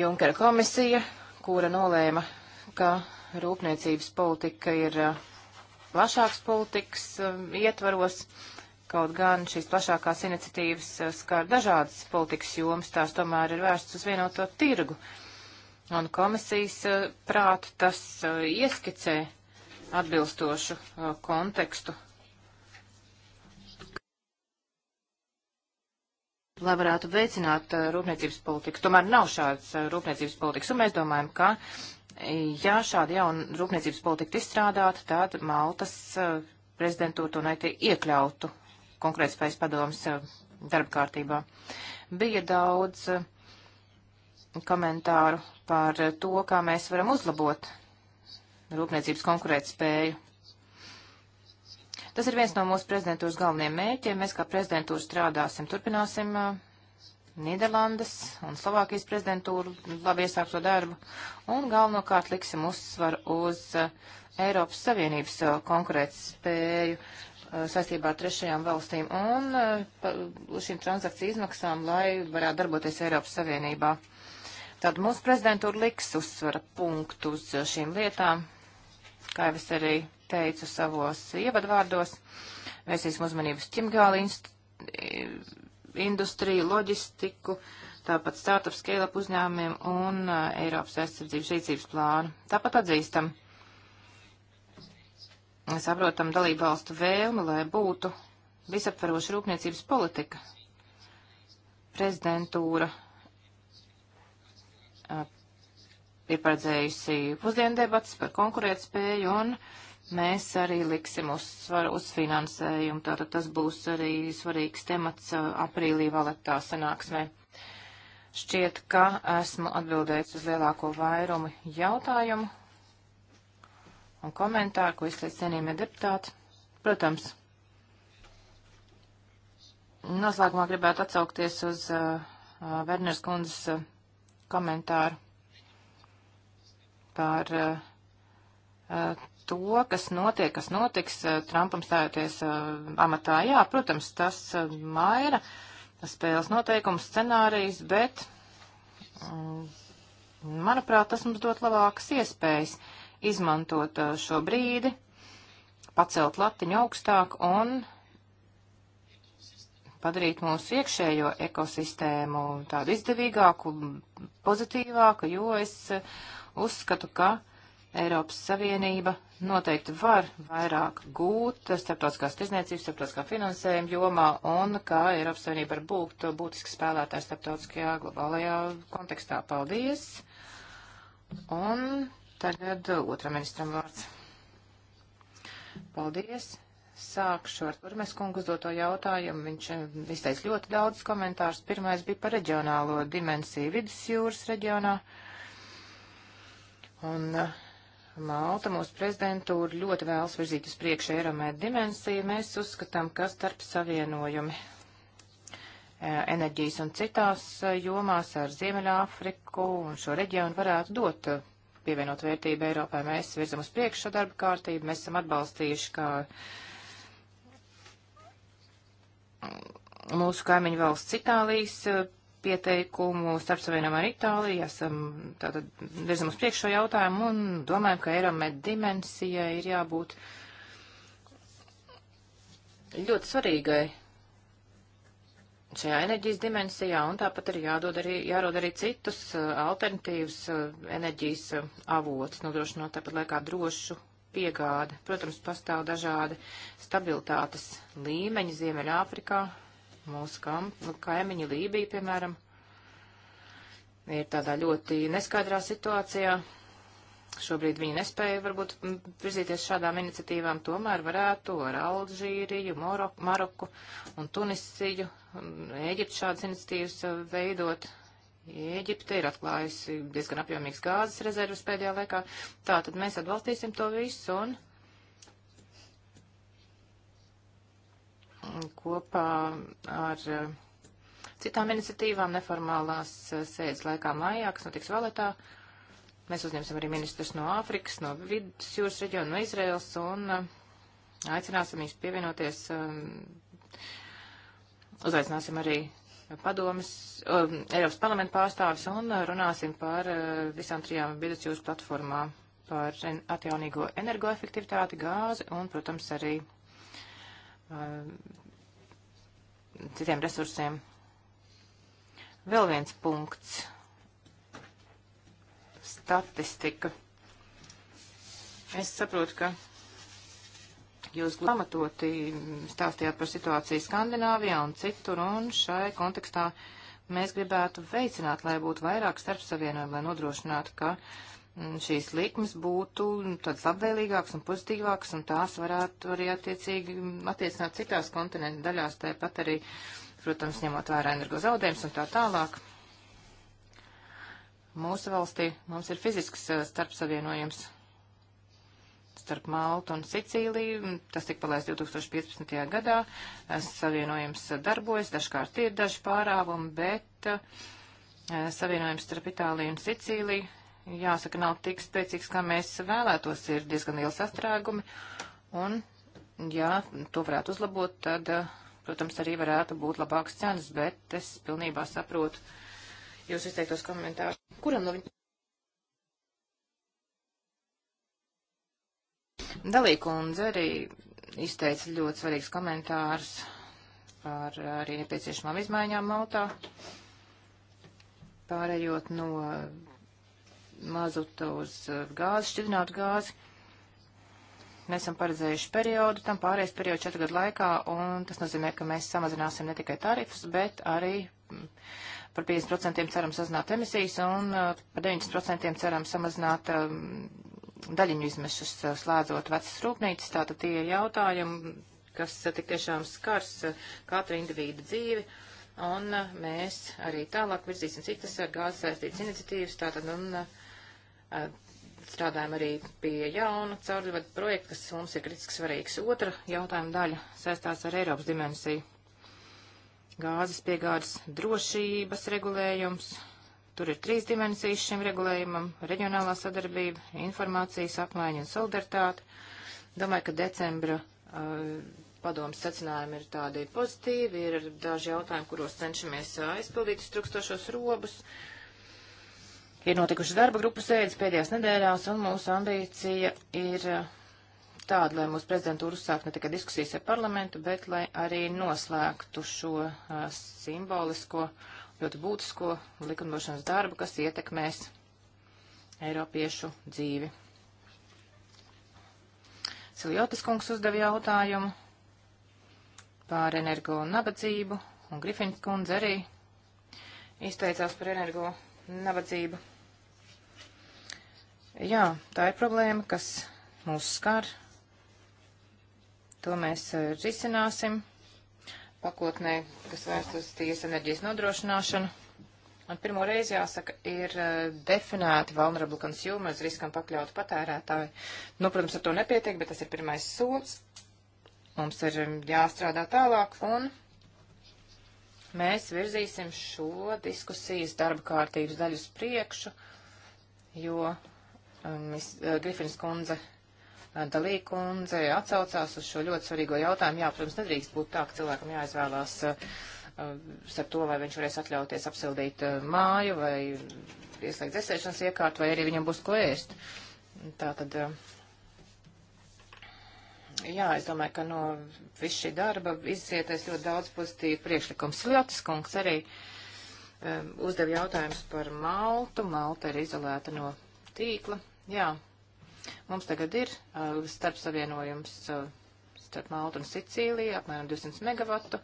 [SPEAKER 1] Junkera komisija, kura nolēma, ka rūpniecības politika ir plašāks politikas um, ietvaros, kaut gan šīs plašākās iniciatīvas uh, skar dažādas politikas jomas, tās tomēr ir vērstas uz vienoto tirgu. Un komisijas uh, prātu tas uh, ieskicē atbilstošu kontekstu lai varētu veicināt uh, rūpniecības politiku. Tomēr nav šādas uh, rūpniecības politikas, un mēs domājam, ka Ja šāda jauna rūpniecības politika izstrādāta, tad Maltas eh, prezidentūra to neitie iekļautu konkrētspējas padomas eh, darba kārtībā. Bija daudz eh, komentāru par to, kā mēs varam uzlabot rūpniecības konkurētspēju. Tas ir viens no mūsu prezidentūras galvenajiem mēķiem. Mēs kā prezidentūra strādāsim, turpināsim uh, Nīderlandes un Slovākijas prezidentūru labi iesākto darbu, un galvenokārt liksim uzsvaru uz eh, Eiropas Savienības eh, konkurētspēju eh, saistībā ar trešajām valstīm un šīm transakciju izmaksām, lai varētu darboties Eiropas Savienībā. Tad mūsu prezidentūra liks uzsvara punktu uz šīm lietām, kā jau es arī teicu savos ievadvārdos. Vērsīsim uzmanības ķimgāli industriju, loģistiku, tāpat startup scale-up uzņēmumiem un uh, Eiropas aizsardzības rīcības plānu. Tāpat atzīstam. Saprotam dalību valstu vēlmi, lai būtu visaptveroša rūpniecības politika. Prezidentūra uh, ir paredzējusi pusdienu debatas par konkurētspēju un uh, mēs arī liksim uzsvaru uz finansējumu. Tātad tas būs arī svarīgs temats uh, aprīlī valetā sanāksmē. Šķiet, ka esmu atbildējis uz lielāko vairumu jautājumu un komentāru, ko izteica cienījumie deputāti. Protams, noslēgumā gribētu atsaukties uz uh, Verners uh, kundzes uh, komentāru par uh, uh to, kas notiek, kas notiks eh, Trumpam stājoties eh, amatā. Jā, protams, tas eh, maina spēles noteikumu scenārijas, bet, mm, manuprāt, tas mums dot labākas iespējas izmantot šo brīdi, pacelt latiņu augstāk un padarīt mūsu iekšējo ekosistēmu tādu izdevīgāku, pozitīvāku, jo es uzskatu, ka Eiropas Savienība noteikti var vairāk gūt starptautiskās tirzniecības, starptautiskā finansējuma jomā un kā Eiropas Savienība var būt būtiski spēlētāji starptautiskajā globālajā kontekstā. Paldies! Un tagad otram ministram vārds. Paldies! Sākšu ar Turmes kungu uzdoto jautājumu. Viņš eh, izteica ļoti daudz komentārus. Pirmais bija par reģionālo dimensiju vidusjūras reģionā. Un uh, Malta, mūsu prezidentūra, ļoti vēlas virzīt uz priekšu Eiromēta dimensiju. Mēs uzskatām, ka starp savienojumi e, enerģijas un citās e, jomās ar Ziemeļāfriku un šo reģionu varētu dot e, pievienot vērtību Eiropai. Mēs virzam uz priekšu šo darba kārtību, mēs esam atbalstījuši, ka mūsu kaimiņu valsts Itālijas pieteikumu starp savienam ar Itāliju. Esam tātad virzam uz priekšu šo jautājumu un domājam, ka Eiromed dimensijai ir jābūt ļoti svarīgai šajā enerģijas dimensijā, un tāpat ir jādod arī, jārod arī citus uh, alternatīvas uh, enerģijas uh, avots, nodrošinot tāpat laikā drošu piegādi. Protams, pastāv dažādi stabilitātes līmeņi Ziemeļāfrikā, Mūsu kam, kaimiņi Lībija, piemēram, ir tādā ļoti neskaidrā situācijā. Šobrīd viņi nespēja varbūt virzīties šādām iniciatīvām, tomēr varētu ar Alžīriju, Maroku, Maroku un Tunisiju, Ēģiptu šādas iniciatīvas uh, veidot. Ēģipte ir atklājusi diezgan apjomīgas gāzes rezervas pēdējā laikā. Tā tad mēs atbalstīsim to visu un kopā ar eh, citām iniciatīvām neformālās eh, sēdes laikā mājā, kas notiks valetā. Mēs uzņemsim arī ministrus no Āfrikas, no vidus jūras reģiona, no Izraels un eh, aicināsim viņus pievienoties. Uzaicināsim arī padomis, um, Eiropas parlamenta pārstāvis un runāsim par visām trijām vidus jūras platformām par atjaunīgo energoefektivitāti, gāzi un, protams, arī Um, citiem resursiem. Vēl viens punkts - statistika. Es saprotu, ka jūs glamatoti stāstījāt par situāciju Skandināvijā un citur, un šai kontekstā mēs gribētu veicināt, lai būtu vairāk starpsavienojumu, lai nodrošinātu, ka uh, šīs likmes būtu tāds labvēlīgāks un pozitīvāks, un tās varētu arī attiecīgi attiecināt citās kontinentu daļās, tāpat arī, protams, ņemot vērā energo zaudējums un tā tālāk. Mūsu valstī mums ir fizisks eh, starpsavienojums starp Maltu un Sicīliju. Tas tika palaists 2015. gadā. Savienojums darbojas, dažkārt ir daži pārāvumi, bet eh, savienojums starp Itāliju un Sicīliju jāsaka, nav tik spēcīgs, kā mēs vēlētos, ir diezgan liels sastrēgumi, un, ja to varētu uzlabot, tad, eh, protams, arī varētu būt labāks cenas, bet es pilnībā saprotu jūs izteiktos komentārus. Kuram no viņiem? Dalīkundze arī izteica ļoti svarīgs komentārs par arī nepieciešamām izmaiņām Maltā, pārējot no mazuta uz eh, gāzi, šķidrinātu gāzi. Mēs esam paredzējuši periodu, tam pārējais periodu četru gadu laikā, un tas nozīmē, ka mēs samazināsim ne tikai tarifus, bet arī mm, par 50% ceram samazināt emisijas un eh, par 90% ceram samazināt mm, daļiņu izmešus, eh, slēdzot vecas rūpnīcas. Tātad tie ir jautājumi, kas tik tiešām skars katru individu dzīvi. Un mēs arī tālāk virzīsim citas gāzes saistītas iniciatīvas, tātad un uh, strādājam arī pie jauna caurļvadu projekta, kas mums ir kritiski svarīgs. Otra jautājuma daļa saistās ar Eiropas dimensiju. Gāzes piegādes drošības regulējums. Tur ir trīs dimensijas šim regulējumam - reģionālā sadarbība, informācijas apmaiņa un solidaritāte. Domāju, ka decembra uh, padomas secinājumi ir tādi pozitīvi, ir daži jautājumi, kuros cenšamies uh, aizpildīt strukstošos robus. Uh, Ir notikušas darba grupu sēdes pēdējās nedēļās, un mūsu ambīcija ir eh, tāda, lai mūsu prezidentūra uzsāktu ne tikai diskusijas ar parlamentu, bet lai arī noslēgtu šo a, eh, simbolisko, ļoti būtisko likumdošanas darbu, kas ietekmēs Eiropiešu dzīvi. Siljotis kungs uzdeva jautājumu par energo un nabadzību, un Grifins kundze arī izteicās par energo nabadzību. Jā, tā ir problēma, kas mūs skar. To mēs e, risināsim pakotnē, kas vērst uz tīras enerģijas nodrošināšanu. Un pirmo reizi jāsaka, ir uh, definēti vulnerable consumers, riskam pakļauti patērētāji. Nu, protams, ar to nepietiek, bet tas ir pirmais solis. Mums ir e, jāstrādā tālāk un mēs virzīsim šo diskusijas darba kārtības daļu uz priekšu, jo mis, um, uh, Grifins kundze, uh, Dalī kundze atsaucās uz šo ļoti svarīgo jautājumu. Jā, protams, nedrīkst būt tā, ka cilvēkam jāizvēlās starp uh, to, vai viņš varēs atļauties apsildīt māju vai ieslēgt dzēsēšanas iekārtu, vai arī viņam būs ko ēst. Tā tad. Uh, Jā, es domāju, ka no viss šī darba izcietēs ļoti daudz pozitīvu priekšlikumu. Siljotis kungs arī um, uzdev jautājumus par Maltu. Malta ir izolēta no tīkla. Jā, mums tagad ir uh, starpsavienojums uh, starp Maltu un Sicīliju, apmēram 200 megavatu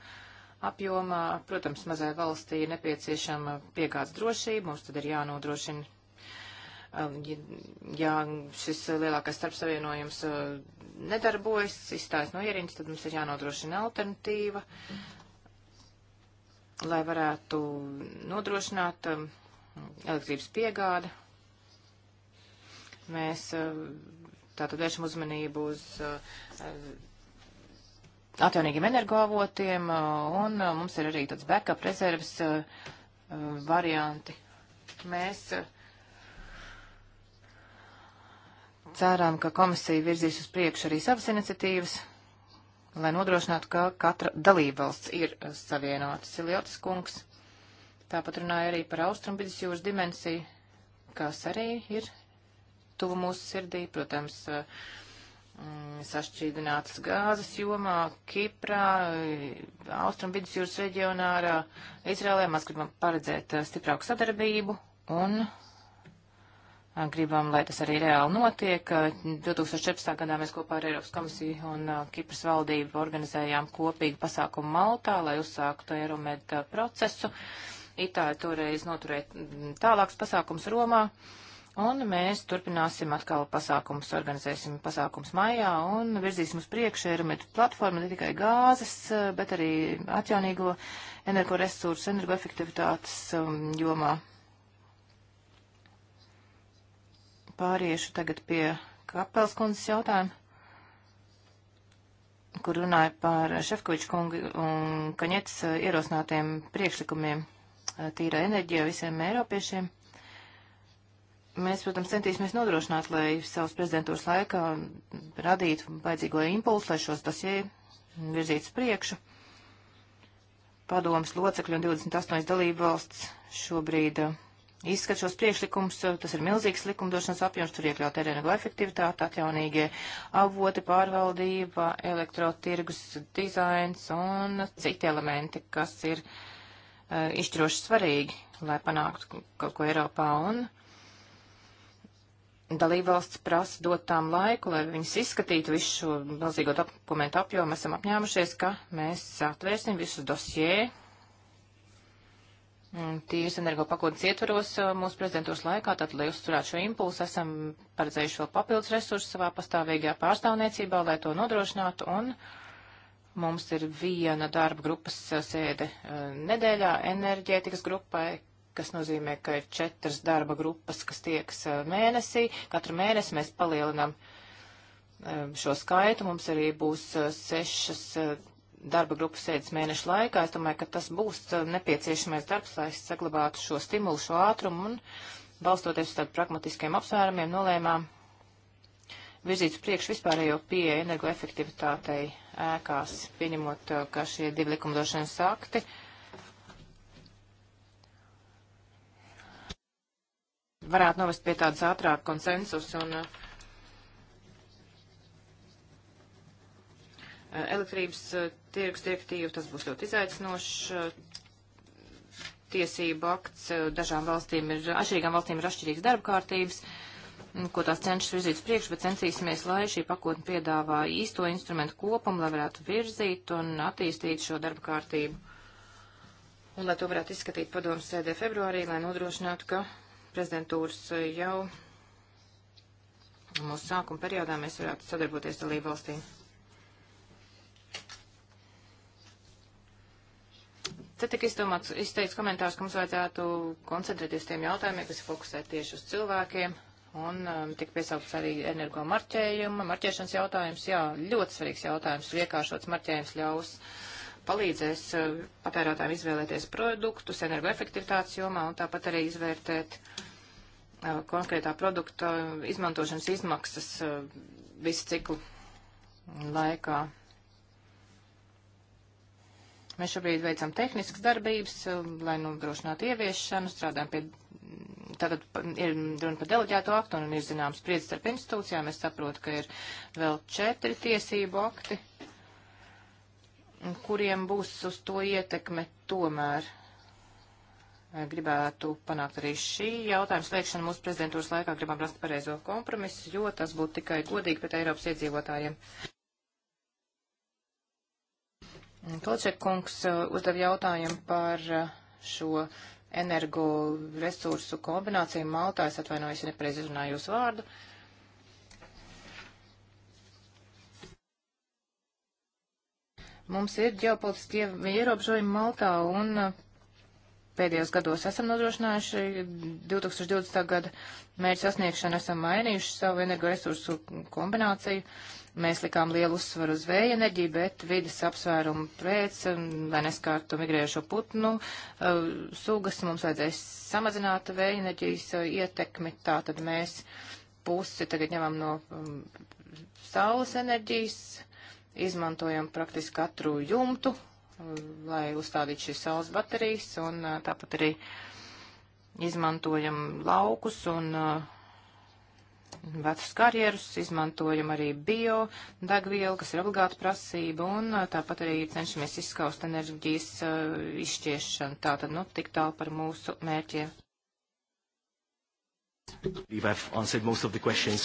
[SPEAKER 1] apjomā. Protams, mazai valstī ir nepieciešama piegādes drošība, mums tad ir jānodrošina Um, ja, ja šis uh, lielākais starpsavienojums uh, nedarbojas, izstājas no ierīnas, tad mums ir jānodrošina alternatīva, lai varētu nodrošināt um, elektrības piegādi. Mēs uh, tātad vēršam uzmanību uz atjaunīgiem energoavotiem, un mums ir arī tāds backup rezerves varianti. Mēs uh, ceram, ka komisija virzīs uz priekšu arī savas iniciatīvas, lai nodrošinātu, ka katra dalībvalsts ir uh, savienota. Siljotis kungs tāpat runāja arī par austrumbidzes jūras dimensiju, kas arī ir tuvu mūsu sirdī, protams, uh, mm, sašķīdinātas gāzes jomā, Kiprā, uh, austrumbidzes jūras reģionārā, Izrēlē mēs gribam paredzēt stiprāku sadarbību un Eh, gribam, lai tas arī reāli notiek. 2014. Eh, gadā mēs kopā ar Eiropas komisiju un eh, Kipras valdību organizējām kopīgu pasākumu Maltā, lai uzsāktu Eiromed procesu. Itāļi toreiz noturēja mm, tālāks pasākums Romā. Un mēs turpināsim atkal pasākums, organizēsim pasākums maijā un virzīsim uz priekšu Eiromedu platformu ne tikai gāzes, bet arī atjaunīgo energoresursu, energoefektivitātes um, jomā. pāriešu tagad pie Kapels kundzes jautājuma, kur runāja par Šefkoviča kungu un Kaņets eh, ierosinātiem priekšlikumiem eh, tīra enerģija visiem eiropiešiem. Mēs, protams, centīsimies nodrošināt, lai savas prezidentūras laikā radītu vajadzīgo impulsu, lai šos dosie virzītu priekšu. Padomas locekļi un 28 dalību valsts šobrīd uh, izskat šos priekšlikumus, tas ir milzīgs likumdošanas apjoms, tur iekļaut energo efektivitāte, atjaunīgie avoti, pārvaldība, elektrotirgus dizains un citi elementi, kas ir uh, izšķiroši svarīgi, lai panāktu kaut ko Eiropā. Un, dalībvalsts prasa dot tām laiku, lai viņas izskatītu visu šo milzīgo dokumentu apjomu. Esam apņēmušies, ka mēs atvērsim visus dosjē Mm, tīras energopakotnes ietvaros uh, mūsu prezidentūras laikā, tad, lai uzturētu šo impulsu, esam paredzējuši vēl papildus resursus savā pastāvīgajā pārstāvniecībā, lai to nodrošinātu, un mums ir viena darba grupas uh, sēde uh, nedēļā enerģētikas grupai, kas nozīmē, ka ir četras darba grupas, kas tieks mēnesī. Katru mēnesi mēs palielinam šo skaitu. Mums arī būs sešas darba grupas sēdes mēnešu laikā. Es domāju, ka tas būs uh, nepieciešamais darbs, lai saglabātu šo stimulu, šo ātrumu un balstoties uz tādu pragmatiskiem apsvērumiem, nolēmām virzīt uz priekšu vispārējo pieeja energoefektivitātei ēkās, pieņemot, uh, ka šie divi likumdošanas akti. varētu novest pie tādas ātrāk konsensus un uh, Eh, elektrības eh, tirgus direktīvu. Tas būs ļoti izaicinošs eh, tiesību akts. Dažām valstīm ir, atšķirīgām valstīm ir atšķirīgas darba kārtības, mm, ko tās cenšas virzīt uz priekšu, bet censīsimies, lai šī pakotne piedāvā īsto instrumentu kopumu, lai varētu virzīt un attīstīt šo darba kārtību. Un lai to varētu izskatīt padomus sēdē februārī, lai nodrošinātu, ka prezidentūras jau mūsu sākuma periodā mēs varētu sadarboties dalību valstīm. Te tika izdomāts, izteikts komentārs, ka mums vajadzētu koncentrēties tiem jautājumiem, kas ir fokusēti tieši uz cilvēkiem, un um, tika piesaukts arī energo marķējuma, marķēšanas jautājums, jā, ļoti svarīgs jautājums, vienkāršots marķējums ļaus palīdzēs uh, patērētājiem izvēlēties produktus energoefektivitātes jomā un tāpat arī izvērtēt uh, konkrētā produkta izmantošanas izmaksas uh, visu ciklu laikā. Mēs šobrīd veicam tehniskas darbības, um, lai nodrošinātu ieviešanu, strādājam pie, mm, tātad ir runa par deleģēto aktu un ir zināms spriedzes starp institūcijām. Es saprotu, ka ir vēl četri tiesību akti, kuriem būs uz to ietekme tomēr. Eh, gribētu panākt arī šī jautājuma slēgšanu mūsu prezidentūras laikā, gribam rast pareizo kompromisu, jo tas būtu tikai godīgi pret Eiropas iedzīvotājiem. Kolček kungs uh, uzdev jautājumu par uh, šo energo resursu kombināciju Maltā. Es atvainojos, ja nepareiz izrunāju jūsu vārdu. Mums ir ģeopolitiskie ierobežojumi Maltā, un uh, pēdējos gados esam nodrošinājuši 2020. gada mērķu sasniegšanu, esam mainījuši savu energoresursu kombināciju. Mēs likām lielu uzsvaru uz vēja enerģiju, bet vidas apsvērumu pēc, um, lai neskārtu migrējošo putnu uh, sugas, mums vajadzēs samazināt vēja enerģijas uh, ietekmi. Tātad mēs pusi tagad ņemam no um, saules enerģijas, izmantojam praktiski katru jumtu lai uzstādītu šīs saules baterijas, un tāpat arī izmantojam laukus un vecus karjerus, izmantojam arī bio degvielu, kas ir obligāta prasība, un tāpat arī cenšamies izskaust enerģijas izšķiešanu. Tātad, nu, tik tālu par mūsu mērķiem.
[SPEAKER 2] Grīfīnas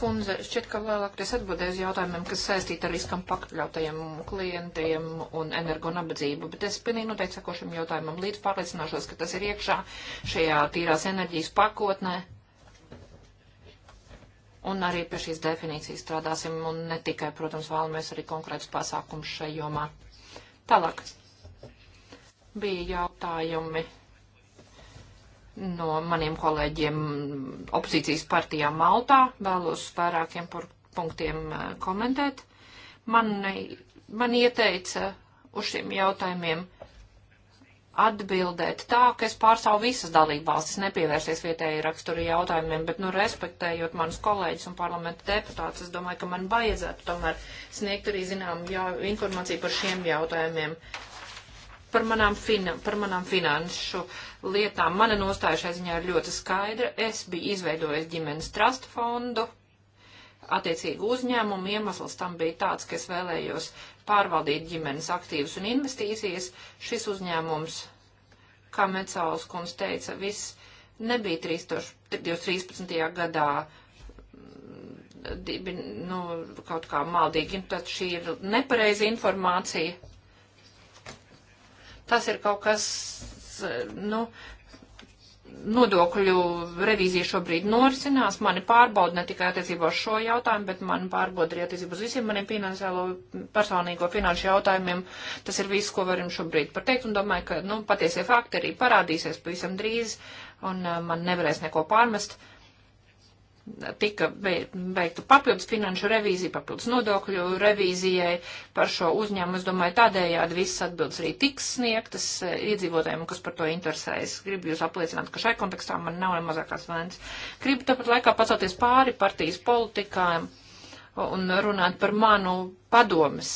[SPEAKER 1] kundze šķiet, ka lielākoties
[SPEAKER 2] atbildēja uz jautājumiem, kas saistīti ar riskam pakļautajiem klientiem un energo nabadzību, bet es pilnīgi noteikti sakošam jautājumam līdz pārliecināšos, ka tas ir iekšā šajā tīrās enerģijas pakotnē. Un arī pie šīs definīcijas strādāsim un ne tikai, protams, vēlamies arī konkrētus pasākumus šajā jomā. Tālāk bija jautājumi no maniem kolēģiem opozīcijas partijā Maltā. Vēlos vairākiem punktiem eh, komentēt. Man, man ieteica uz šiem jautājumiem atbildēt tā, ka es pārstāvu visas dalībvalstis, nepievērsies vietēji raksturi jautājumiem, bet, nu, respektējot manus kolēģus un parlamenta deputātus, es domāju, ka man vajadzētu tomēr sniegt arī, zinām, jā, informāciju par šiem jautājumiem. Uh, par manām, fina, par manām finanšu lietām. Mana nostāja šai ziņā ir ļoti skaidra. Es biju izveidojis ģimenes trust fondu. Attiecīgi uzņēmumu iemesls tam bija tāds, ka es vēlējos pārvaldīt ģimenes aktīvus un investīcijas. Šis uzņēmums, kā Mecāls kungs teica, viss nebija 2013. gadā mm, dibi, nu, kaut kā maldīgi, tad šī ir nepareiza informācija. Tas ir kaut kas, nu, nodokļu revīzija šobrīd norisinās. Mani pārbauda ne tikai attiecībā uz šo jautājumu, bet mani pārbauda arī attiecībā uz visiem maniem finansiālo, personīgo finanšu jautājumiem. Tas ir viss, ko varam šobrīd pateikt, un domāju, ka, nu, patiesie fakti arī parādīsies pavisam drīz, un eh, man nevarēs neko pārmest. Uh, tika veikta papildus finanšu revīzija, papildus nodokļu revīzijai par šo uzņēmumu. Es domāju, tādējādi visas atbildes arī tiks sniegtas eh, iedzīvotājiem, kas par to interesējas. Gribu jūs apliecināt, ka šai kontekstā man nav ne mazākās vainas. Gribu tāpat laikā pacelties pāri partijas politikām un runāt par manu padomas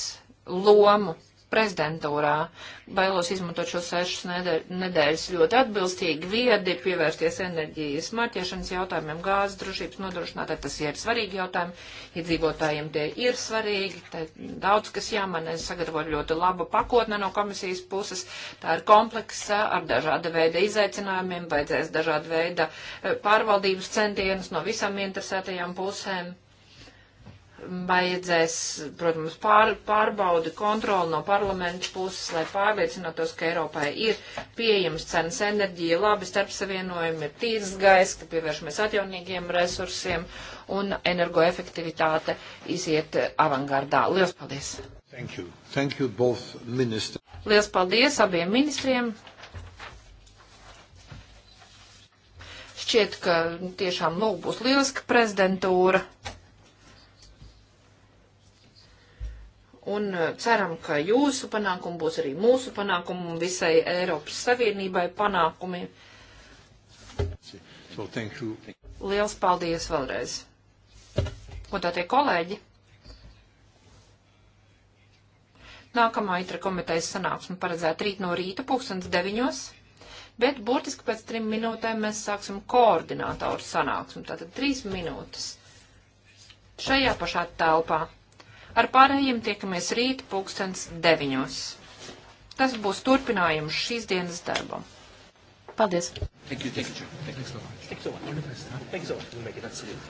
[SPEAKER 2] lomu prezidentūrā. Bailos izmantot šo sešas nedēļas ļoti atbilstīgi, viedi, pievērsties enerģijas marķiešanas jautājumiem, gāzes drošības nodrošinātāji. Tas ir svarīgi jautājumi, iedzīvotājiem ja tie ir svarīgi. Te daudz, kas jāman, es sagatavoju ļoti labu pakotni no komisijas puses. Tā ir kompleksa ar dažāda veida izaicinājumiem, vajadzēs dažāda veida eh, pārvaldības centienus no visām interesētajām pusēm vajadzēs, protams, pār, pārbaudi kontroli no parlamenta puses, lai pārliecinātos, ka Eiropai ir pieejams cenas enerģija, labi starpsavienojumi, ir tīrs gaiss, ka pievēršamies atjaunīgiem resursiem un energoefektivitāte iziet avangardā. Lielas paldies!
[SPEAKER 1] Thank you. Thank you both minister.
[SPEAKER 2] Lielas paldies abiem ministriem! Šķiet, ka tiešām lūk būs lieliska prezidentūra. un uh, ceram, ka jūsu panākumi būs arī mūsu panākumi un visai Eiropas Savienībai panākumi.
[SPEAKER 1] So, thank you.
[SPEAKER 2] Liels paldies vēlreiz. Ko tā tie kolēģi? Nākamā itra komitejas sanāksme paredzēta rīt no rīta pūkstens deviņos, bet burtiski pēc trim minūtēm mēs sāksim koordinātoru sanāksmi, tātad trīs minūtes šajā pašā telpā. Ar pārējiem tiekamies rīt pulkstens deviņos. Tas būs turpinājums šīs dienas darbam. Paldies!
[SPEAKER 3] Thank you, thank you, Joe. Thank you so much.
[SPEAKER 1] Thank you so much. All the best, huh? Thank you so much. We'll make it. That's it.